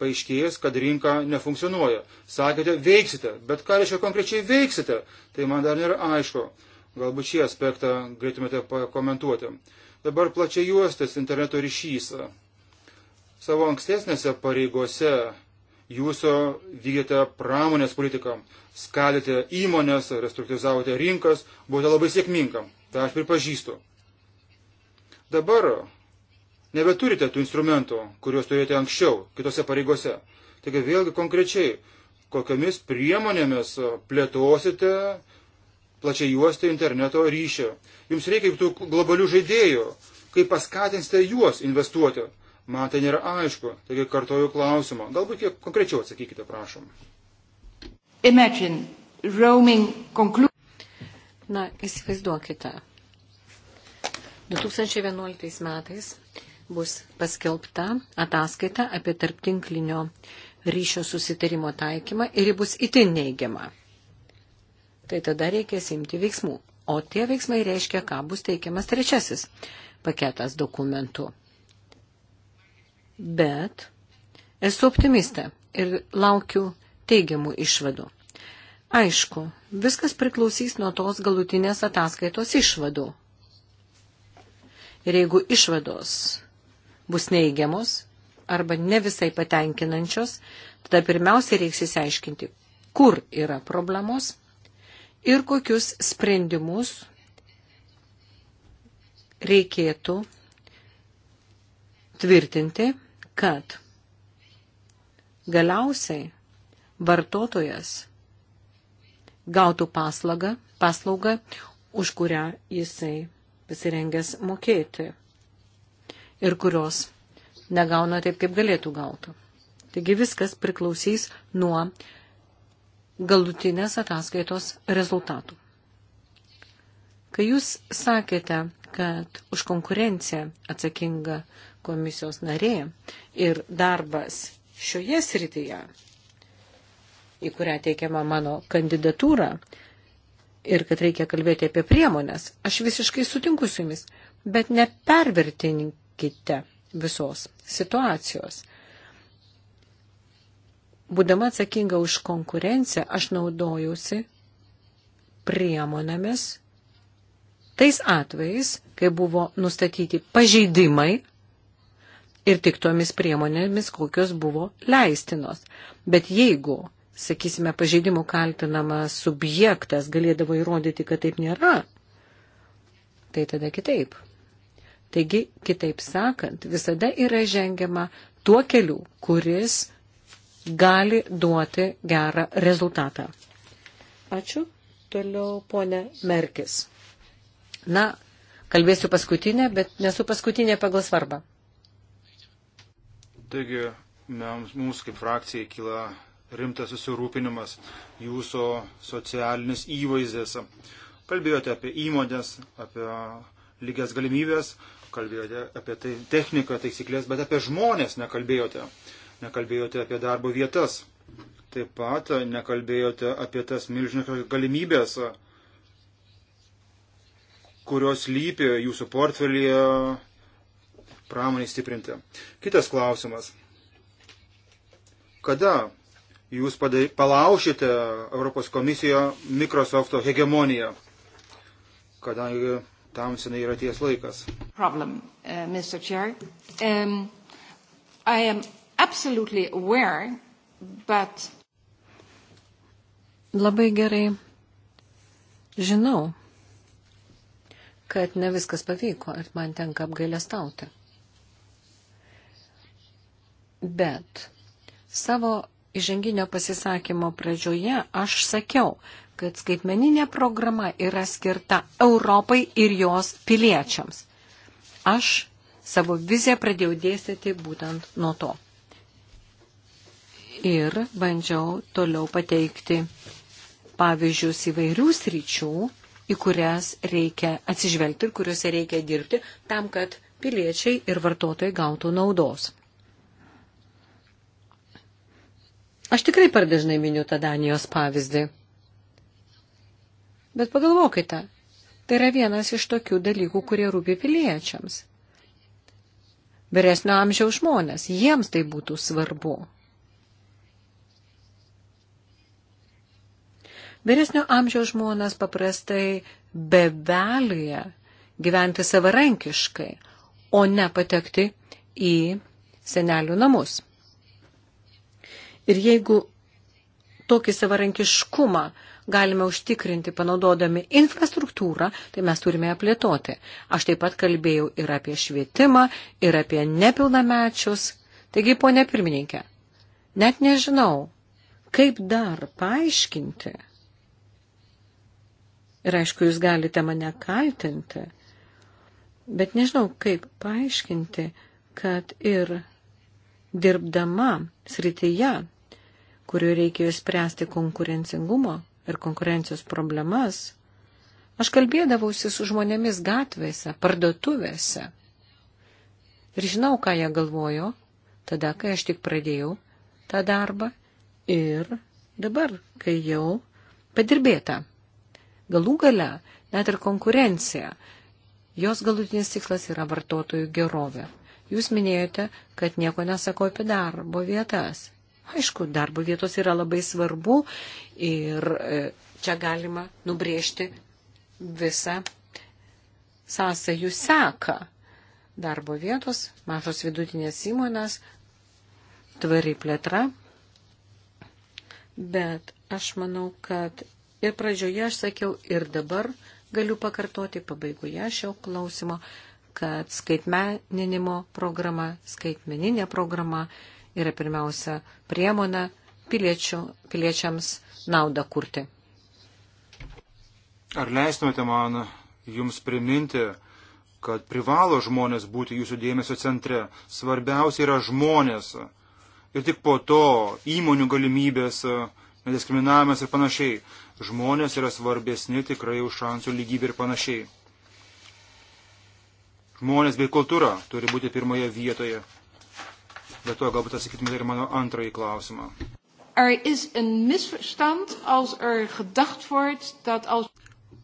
paaiškėjęs, kad rinka nefunkcionuoja. Sakėte, veiksite, bet ką reiškia konkrečiai veiksite, tai man dar nėra aišku. Galbūt šį aspektą galėtumėte pakomentuoti. Dabar plačiai juostas interneto ryšys. Savo ankstesnėse pareigose jūsų vykdėte pramonės politiką, skalėte įmonės, restruktūrizavote rinkas, buvote labai sėkmingam. Tai aš pripažįstu. Dabar nebeturite tų instrumentų, kuriuos turėjote anksčiau kitose pareigose. Taigi vėlgi konkrečiai, kokiamis priemonėmis plėtosite plačiai juostą interneto ryšį. Jums reikia tų globalių žaidėjų, kaip paskatinsite juos investuoti. Man tai nėra aišku, taigi kartoju klausimą. Galbūt kiek konkrečiau atsakykite, prašom. Imagine, roaming conclude. Na, įsivaizduokite. 2011 metais bus paskelbta ataskaita apie tarptinklinio ryšio susitarimo taikymą ir ji bus itin neigiama. Tai tada reikės imti veiksmų. O tie veiksmai reiškia, ką bus teikiamas trečiasis paketas dokumentų. Bet esu optimistė ir laukiu teigiamų išvadų. Aišku, viskas priklausys nuo tos galutinės ataskaitos išvadų. Ir jeigu išvados bus neigiamos arba ne visai patenkinančios, tada pirmiausia reiks įsiaiškinti, kur yra problemos ir kokius sprendimus reikėtų tvirtinti, kad galiausiai vartotojas gautų paslaugą, paslaugą už kurią jisai pasirengęs mokėti ir kurios negauna taip, kaip galėtų gauti. Taigi viskas priklausys nuo galutinės ataskaitos rezultatų. Kai jūs sakėte, kad už konkurenciją atsakinga komisijos narė ir darbas šioje srityje, į kurią teikiama mano kandidatūra, ir kad reikia kalbėti apie priemonės, aš visiškai sutinku su jumis, bet nepervertinkime nepamokite visos situacijos. Būdama atsakinga už konkurenciją, aš naudojausi priemonėmis tais atvejais, kai buvo nustatyti pažeidimai ir tik tomis priemonėmis, kokios buvo leistinos. Bet jeigu, sakysime, pažeidimų kaltinamas subjektas galėdavo įrodyti, kad taip nėra, tai tada kitaip. Taigi, kitaip sakant, visada yra žengiama tuo keliu, kuris gali duoti gerą rezultatą. Ačiū. Toliau ponė Merkis. Na, kalbėsiu paskutinę, bet nesu paskutinė pagal svarbą. Taigi, mums kaip frakcijai kyla rimtas susirūpinimas jūsų socialinis įvaizdis. Kalbėjote apie įmonės, apie lygias galimybės, kalbėjote apie tai, techniką, taisyklės, bet apie žmonės nekalbėjote. Nekalbėjote apie darbo vietas. Taip pat nekalbėjote apie tas milžiniškas galimybės, kurios lypi jūsų portfelyje pramoniai stiprinti. Kitas klausimas. Kada jūs padai, palaušite Europos komisijoje Microsofto hegemoniją? Kadangi tam senai yra ties laikas. Problem, uh, Mr. Chair. Um, I am absolutely aware, but. Labai gerai žinau, kad ne viskas pavyko ir man tenka apgailestauti. Bet savo įženginio pasisakymo pradžioje aš sakiau, kad skaitmeninė programa yra skirta Europai ir jos piliečiams. Aš savo viziją pradėjau dėstyti būtent nuo to. Ir bandžiau toliau pateikti pavyzdžius įvairių sričių, į kurias reikia atsižvelgti ir kuriuose reikia dirbti tam, kad piliečiai ir vartotojai gautų naudos. Aš tikrai per dažnai miniu tą Danijos pavyzdį. Bet pagalvokite, tai yra vienas iš tokių dalykų, kurie rūpi piliečiams. Vyresnio amžiaus žmonės, jiems tai būtų svarbu. Vyresnio amžiaus žmonės paprastai bevelėje gyventi savarankiškai, o ne patekti į senelių namus. Ir jeigu tokį savarankiškumą uh, galime užtikrinti panaudodami infrastruktūrą, tai mes turime ją plėtoti. Aš taip pat kalbėjau ir apie švietimą, ir apie nepilnamečius. Taigi, ponė pirmininkė, net nežinau, kaip dar paaiškinti. Ir aišku, jūs galite mane kaltinti, bet nežinau, kaip paaiškinti, kad ir dirbdama srityje, kuriuo reikėjo spręsti konkurencingumo ir konkurencijos problemas, aš kalbėdavausi su žmonėmis gatvėse, parduotuvėse. Ir žinau, ką jie galvojo tada, kai aš tik pradėjau tą darbą ir dabar, kai jau padirbėta. Galų gale, net ir konkurencija, jos galutinis tikslas yra vartotojų gerovė. Jūs minėjote, kad nieko nesako apie darbo vietas. Aišku, darbo vietos yra labai svarbu ir e, čia galima nubrėžti visą sąsajų seką. Darbo vietos, mažos vidutinės įmonės, tvari plėtra. Bet aš manau, kad ir pradžioje aš sakiau, ir dabar galiu pakartoti pabaigoje šio klausimo, kad skaitmeninimo programa, skaitmeninė programa yra pirmiausia priemonė piliečių, piliečiams naudą kurti. Ar leistumėte man jums priminti, kad privalo žmonės būti jūsų dėmesio centre. Svarbiausia yra žmonės. Ir tik po to įmonių galimybės, nediskriminavimas ir panašiai. Žmonės yra svarbesni tikrai už šansų lygybę ir panašiai. Žmonės bei kultūra turi būti pirmoje vietoje. Bet to galbūt atsakytumėte ir mano antrąjį klausimą. Er is een misverstand als er gedacht wordt dat als.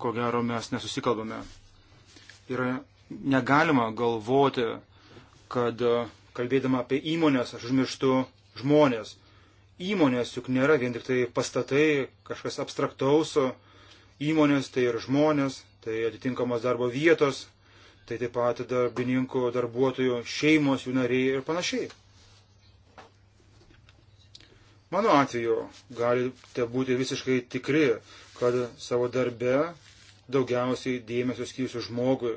Ko gero mes nesusikalbame. Yra negalima galvoti, kad e, kalbėdama apie įmonės aš užmirštu žmonės. Įmonės juk nėra vien tik tai pastatai, kažkas abstraktaus, įmonės tai ir žmonės, tai atitinkamos darbo vietos, tai taip pat darbininkų, darbuotojų, šeimos, jų nariai ir panašiai. Mano atveju galite būti visiškai tikri, kad savo darbe daugiausiai dėmesio skysiu žmogui.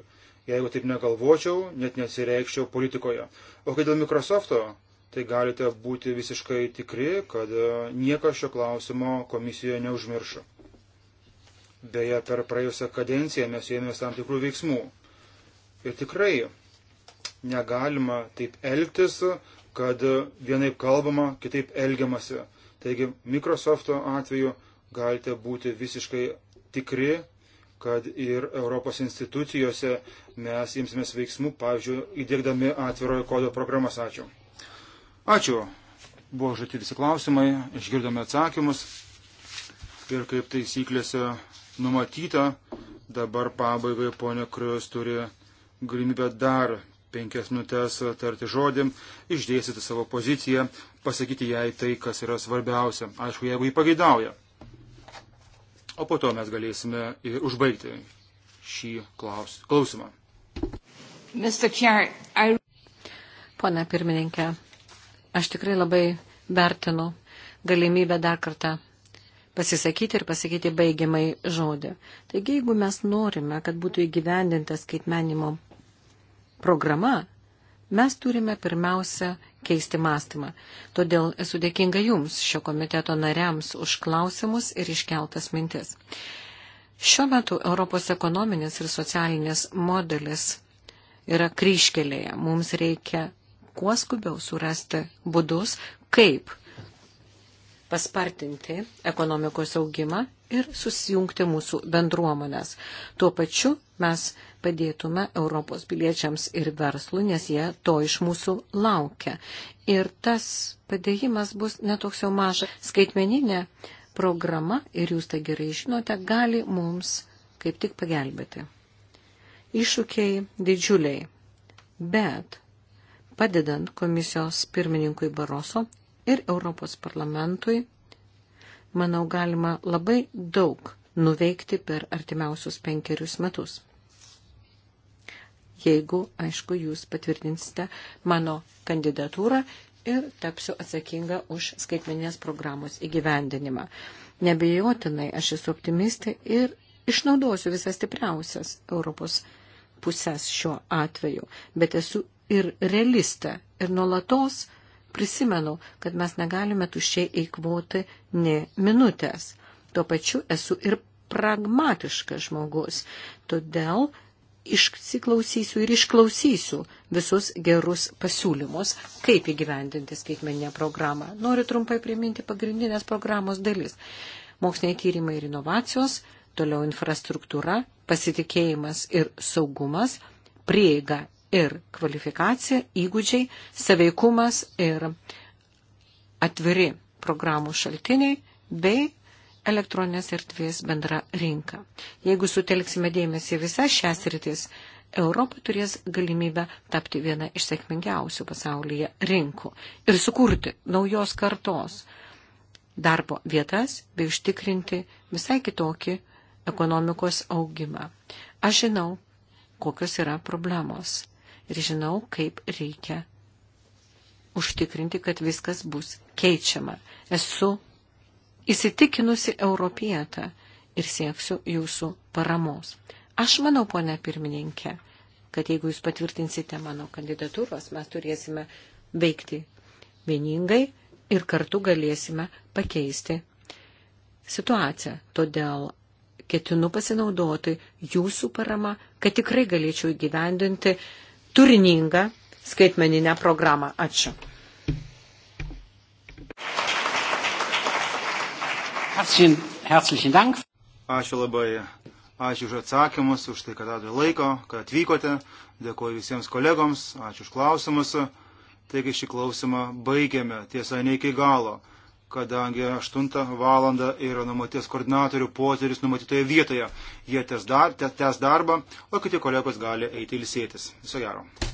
Jeigu taip negalvočiau, net nesireikščiau politikoje. O kai dėl Microsofto, tai galite būti visiškai tikri, kad niekas šio klausimo komisijoje neužmiršo. Beje, per praėjusią kadenciją mes ėmėmės tam tikrų veiksmų. Ir tikrai negalima taip elgtis, kad e, vienaip kalbama, kitaip elgiamasi. Taigi Microsofto atveju galite būti visiškai tikri, kad ir Europos institucijose mes imsimės veiksmų, pavyzdžiui, įdėkdami atvirojo kodo programas. Ačiū. Ačiū. Buvo žati visi klausimai, išgirdome atsakymus ir kaip taisyklėse numatyta, dabar pabaigai ponia Krius turi galimybę dar penkias minutės tarti žodį, išdėstyti savo poziciją, pasakyti jai tai, kas yra svarbiausia, aišku, jeigu jį pageidauja. O po to mes galėsime ir užbaigti šį klaus, klausimą. Chair, I... Pone pirmininkė, aš tikrai labai vertinu galimybę dar kartą pasisakyti ir pasakyti baigiamai žodį. Taigi, jeigu mes norime, kad būtų įgyvendintas skaitmenimo programa, mes turime pirmiausia keisti mąstymą. Todėl esu dėkinga Jums, šio komiteto nariams, už klausimus ir iškeltas mintis. Šiuo metu Europos ekonominis ir socialinis modelis yra kryškelėje. Mums reikia kuo skubiau surasti būdus, kaip paspartinti ekonomikos augimą ir susijungti mūsų bendruomonės. Tuo pačiu mes padėtume Europos piliečiams ir verslui, nes jie to iš mūsų laukia. Ir tas padėjimas bus netoks jau mažas. Skaitmeninė programa, ir jūs tai gerai žinote, gali mums kaip tik pagelbėti. Iššūkiai didžiuliai, bet padedant komisijos pirmininkui Baroso ir Europos parlamentui, manau, galima labai daug nuveikti per artimiausius penkerius metus jeigu, aišku, jūs patvirtinsite mano kandidatūrą ir tapsiu atsakinga už skaitmeninės programos įgyvendinimą. Nebejotinai aš esu optimistė ir išnaudosiu visas stipriausias Europos pusės šiuo atveju, bet esu ir realistė ir nuolatos prisimenu, kad mes negalime tuščiai eikvoti ne minutės. Tuo pačiu esu ir pragmatiškas žmogus. Todėl išsiklausysiu ir išklausysiu visus gerus pasiūlymus, kaip įgyvendinti skaitmeninę programą. Noriu trumpai priminti pagrindinės programos dalis. Moksliniai tyrimai ir inovacijos, toliau infrastruktūra, pasitikėjimas ir saugumas, prieiga ir kvalifikacija, įgūdžiai, saveikumas ir atviri programų šaltiniai bei elektroninės erdvės bendra rinka. Jeigu sutelksime dėmesį visas šias rytis, Europa turės galimybę tapti viena iš sėkmingiausių pasaulyje rinkų ir sukurti naujos kartos darbo vietas bei užtikrinti visai kitokį ekonomikos augimą. Aš žinau, kokios yra problemos ir žinau, kaip reikia užtikrinti, kad viskas bus keičiama. Esu įsitikinusi europietą ir sieksiu jūsų paramos. Aš manau, ponia pirmininkė, kad jeigu jūs patvirtinsite mano kandidatūros, mes turėsime veikti vieningai ir kartu galėsime pakeisti situaciją. Todėl ketinu pasinaudoti jūsų parama, kad tikrai galėčiau įgyvendinti turiningą skaitmeninę programą. Ačiū. Herzlichen, herzlichen Dank. Ačiū labai. Ačiū už atsakymus, už tai, kad atvė laiko, kad atvykote. Dėkuoju visiems kolegoms. Ačiū už klausimus. Taigi šį klausimą baigėme, tiesa, ne iki galo, kadangi 8 val. yra numatytas koordinatorių potyris numatytoje vietoje. Jie tęs dar, tes darbą, o kiti kolegos gali eiti ilsėtis. Viso gero.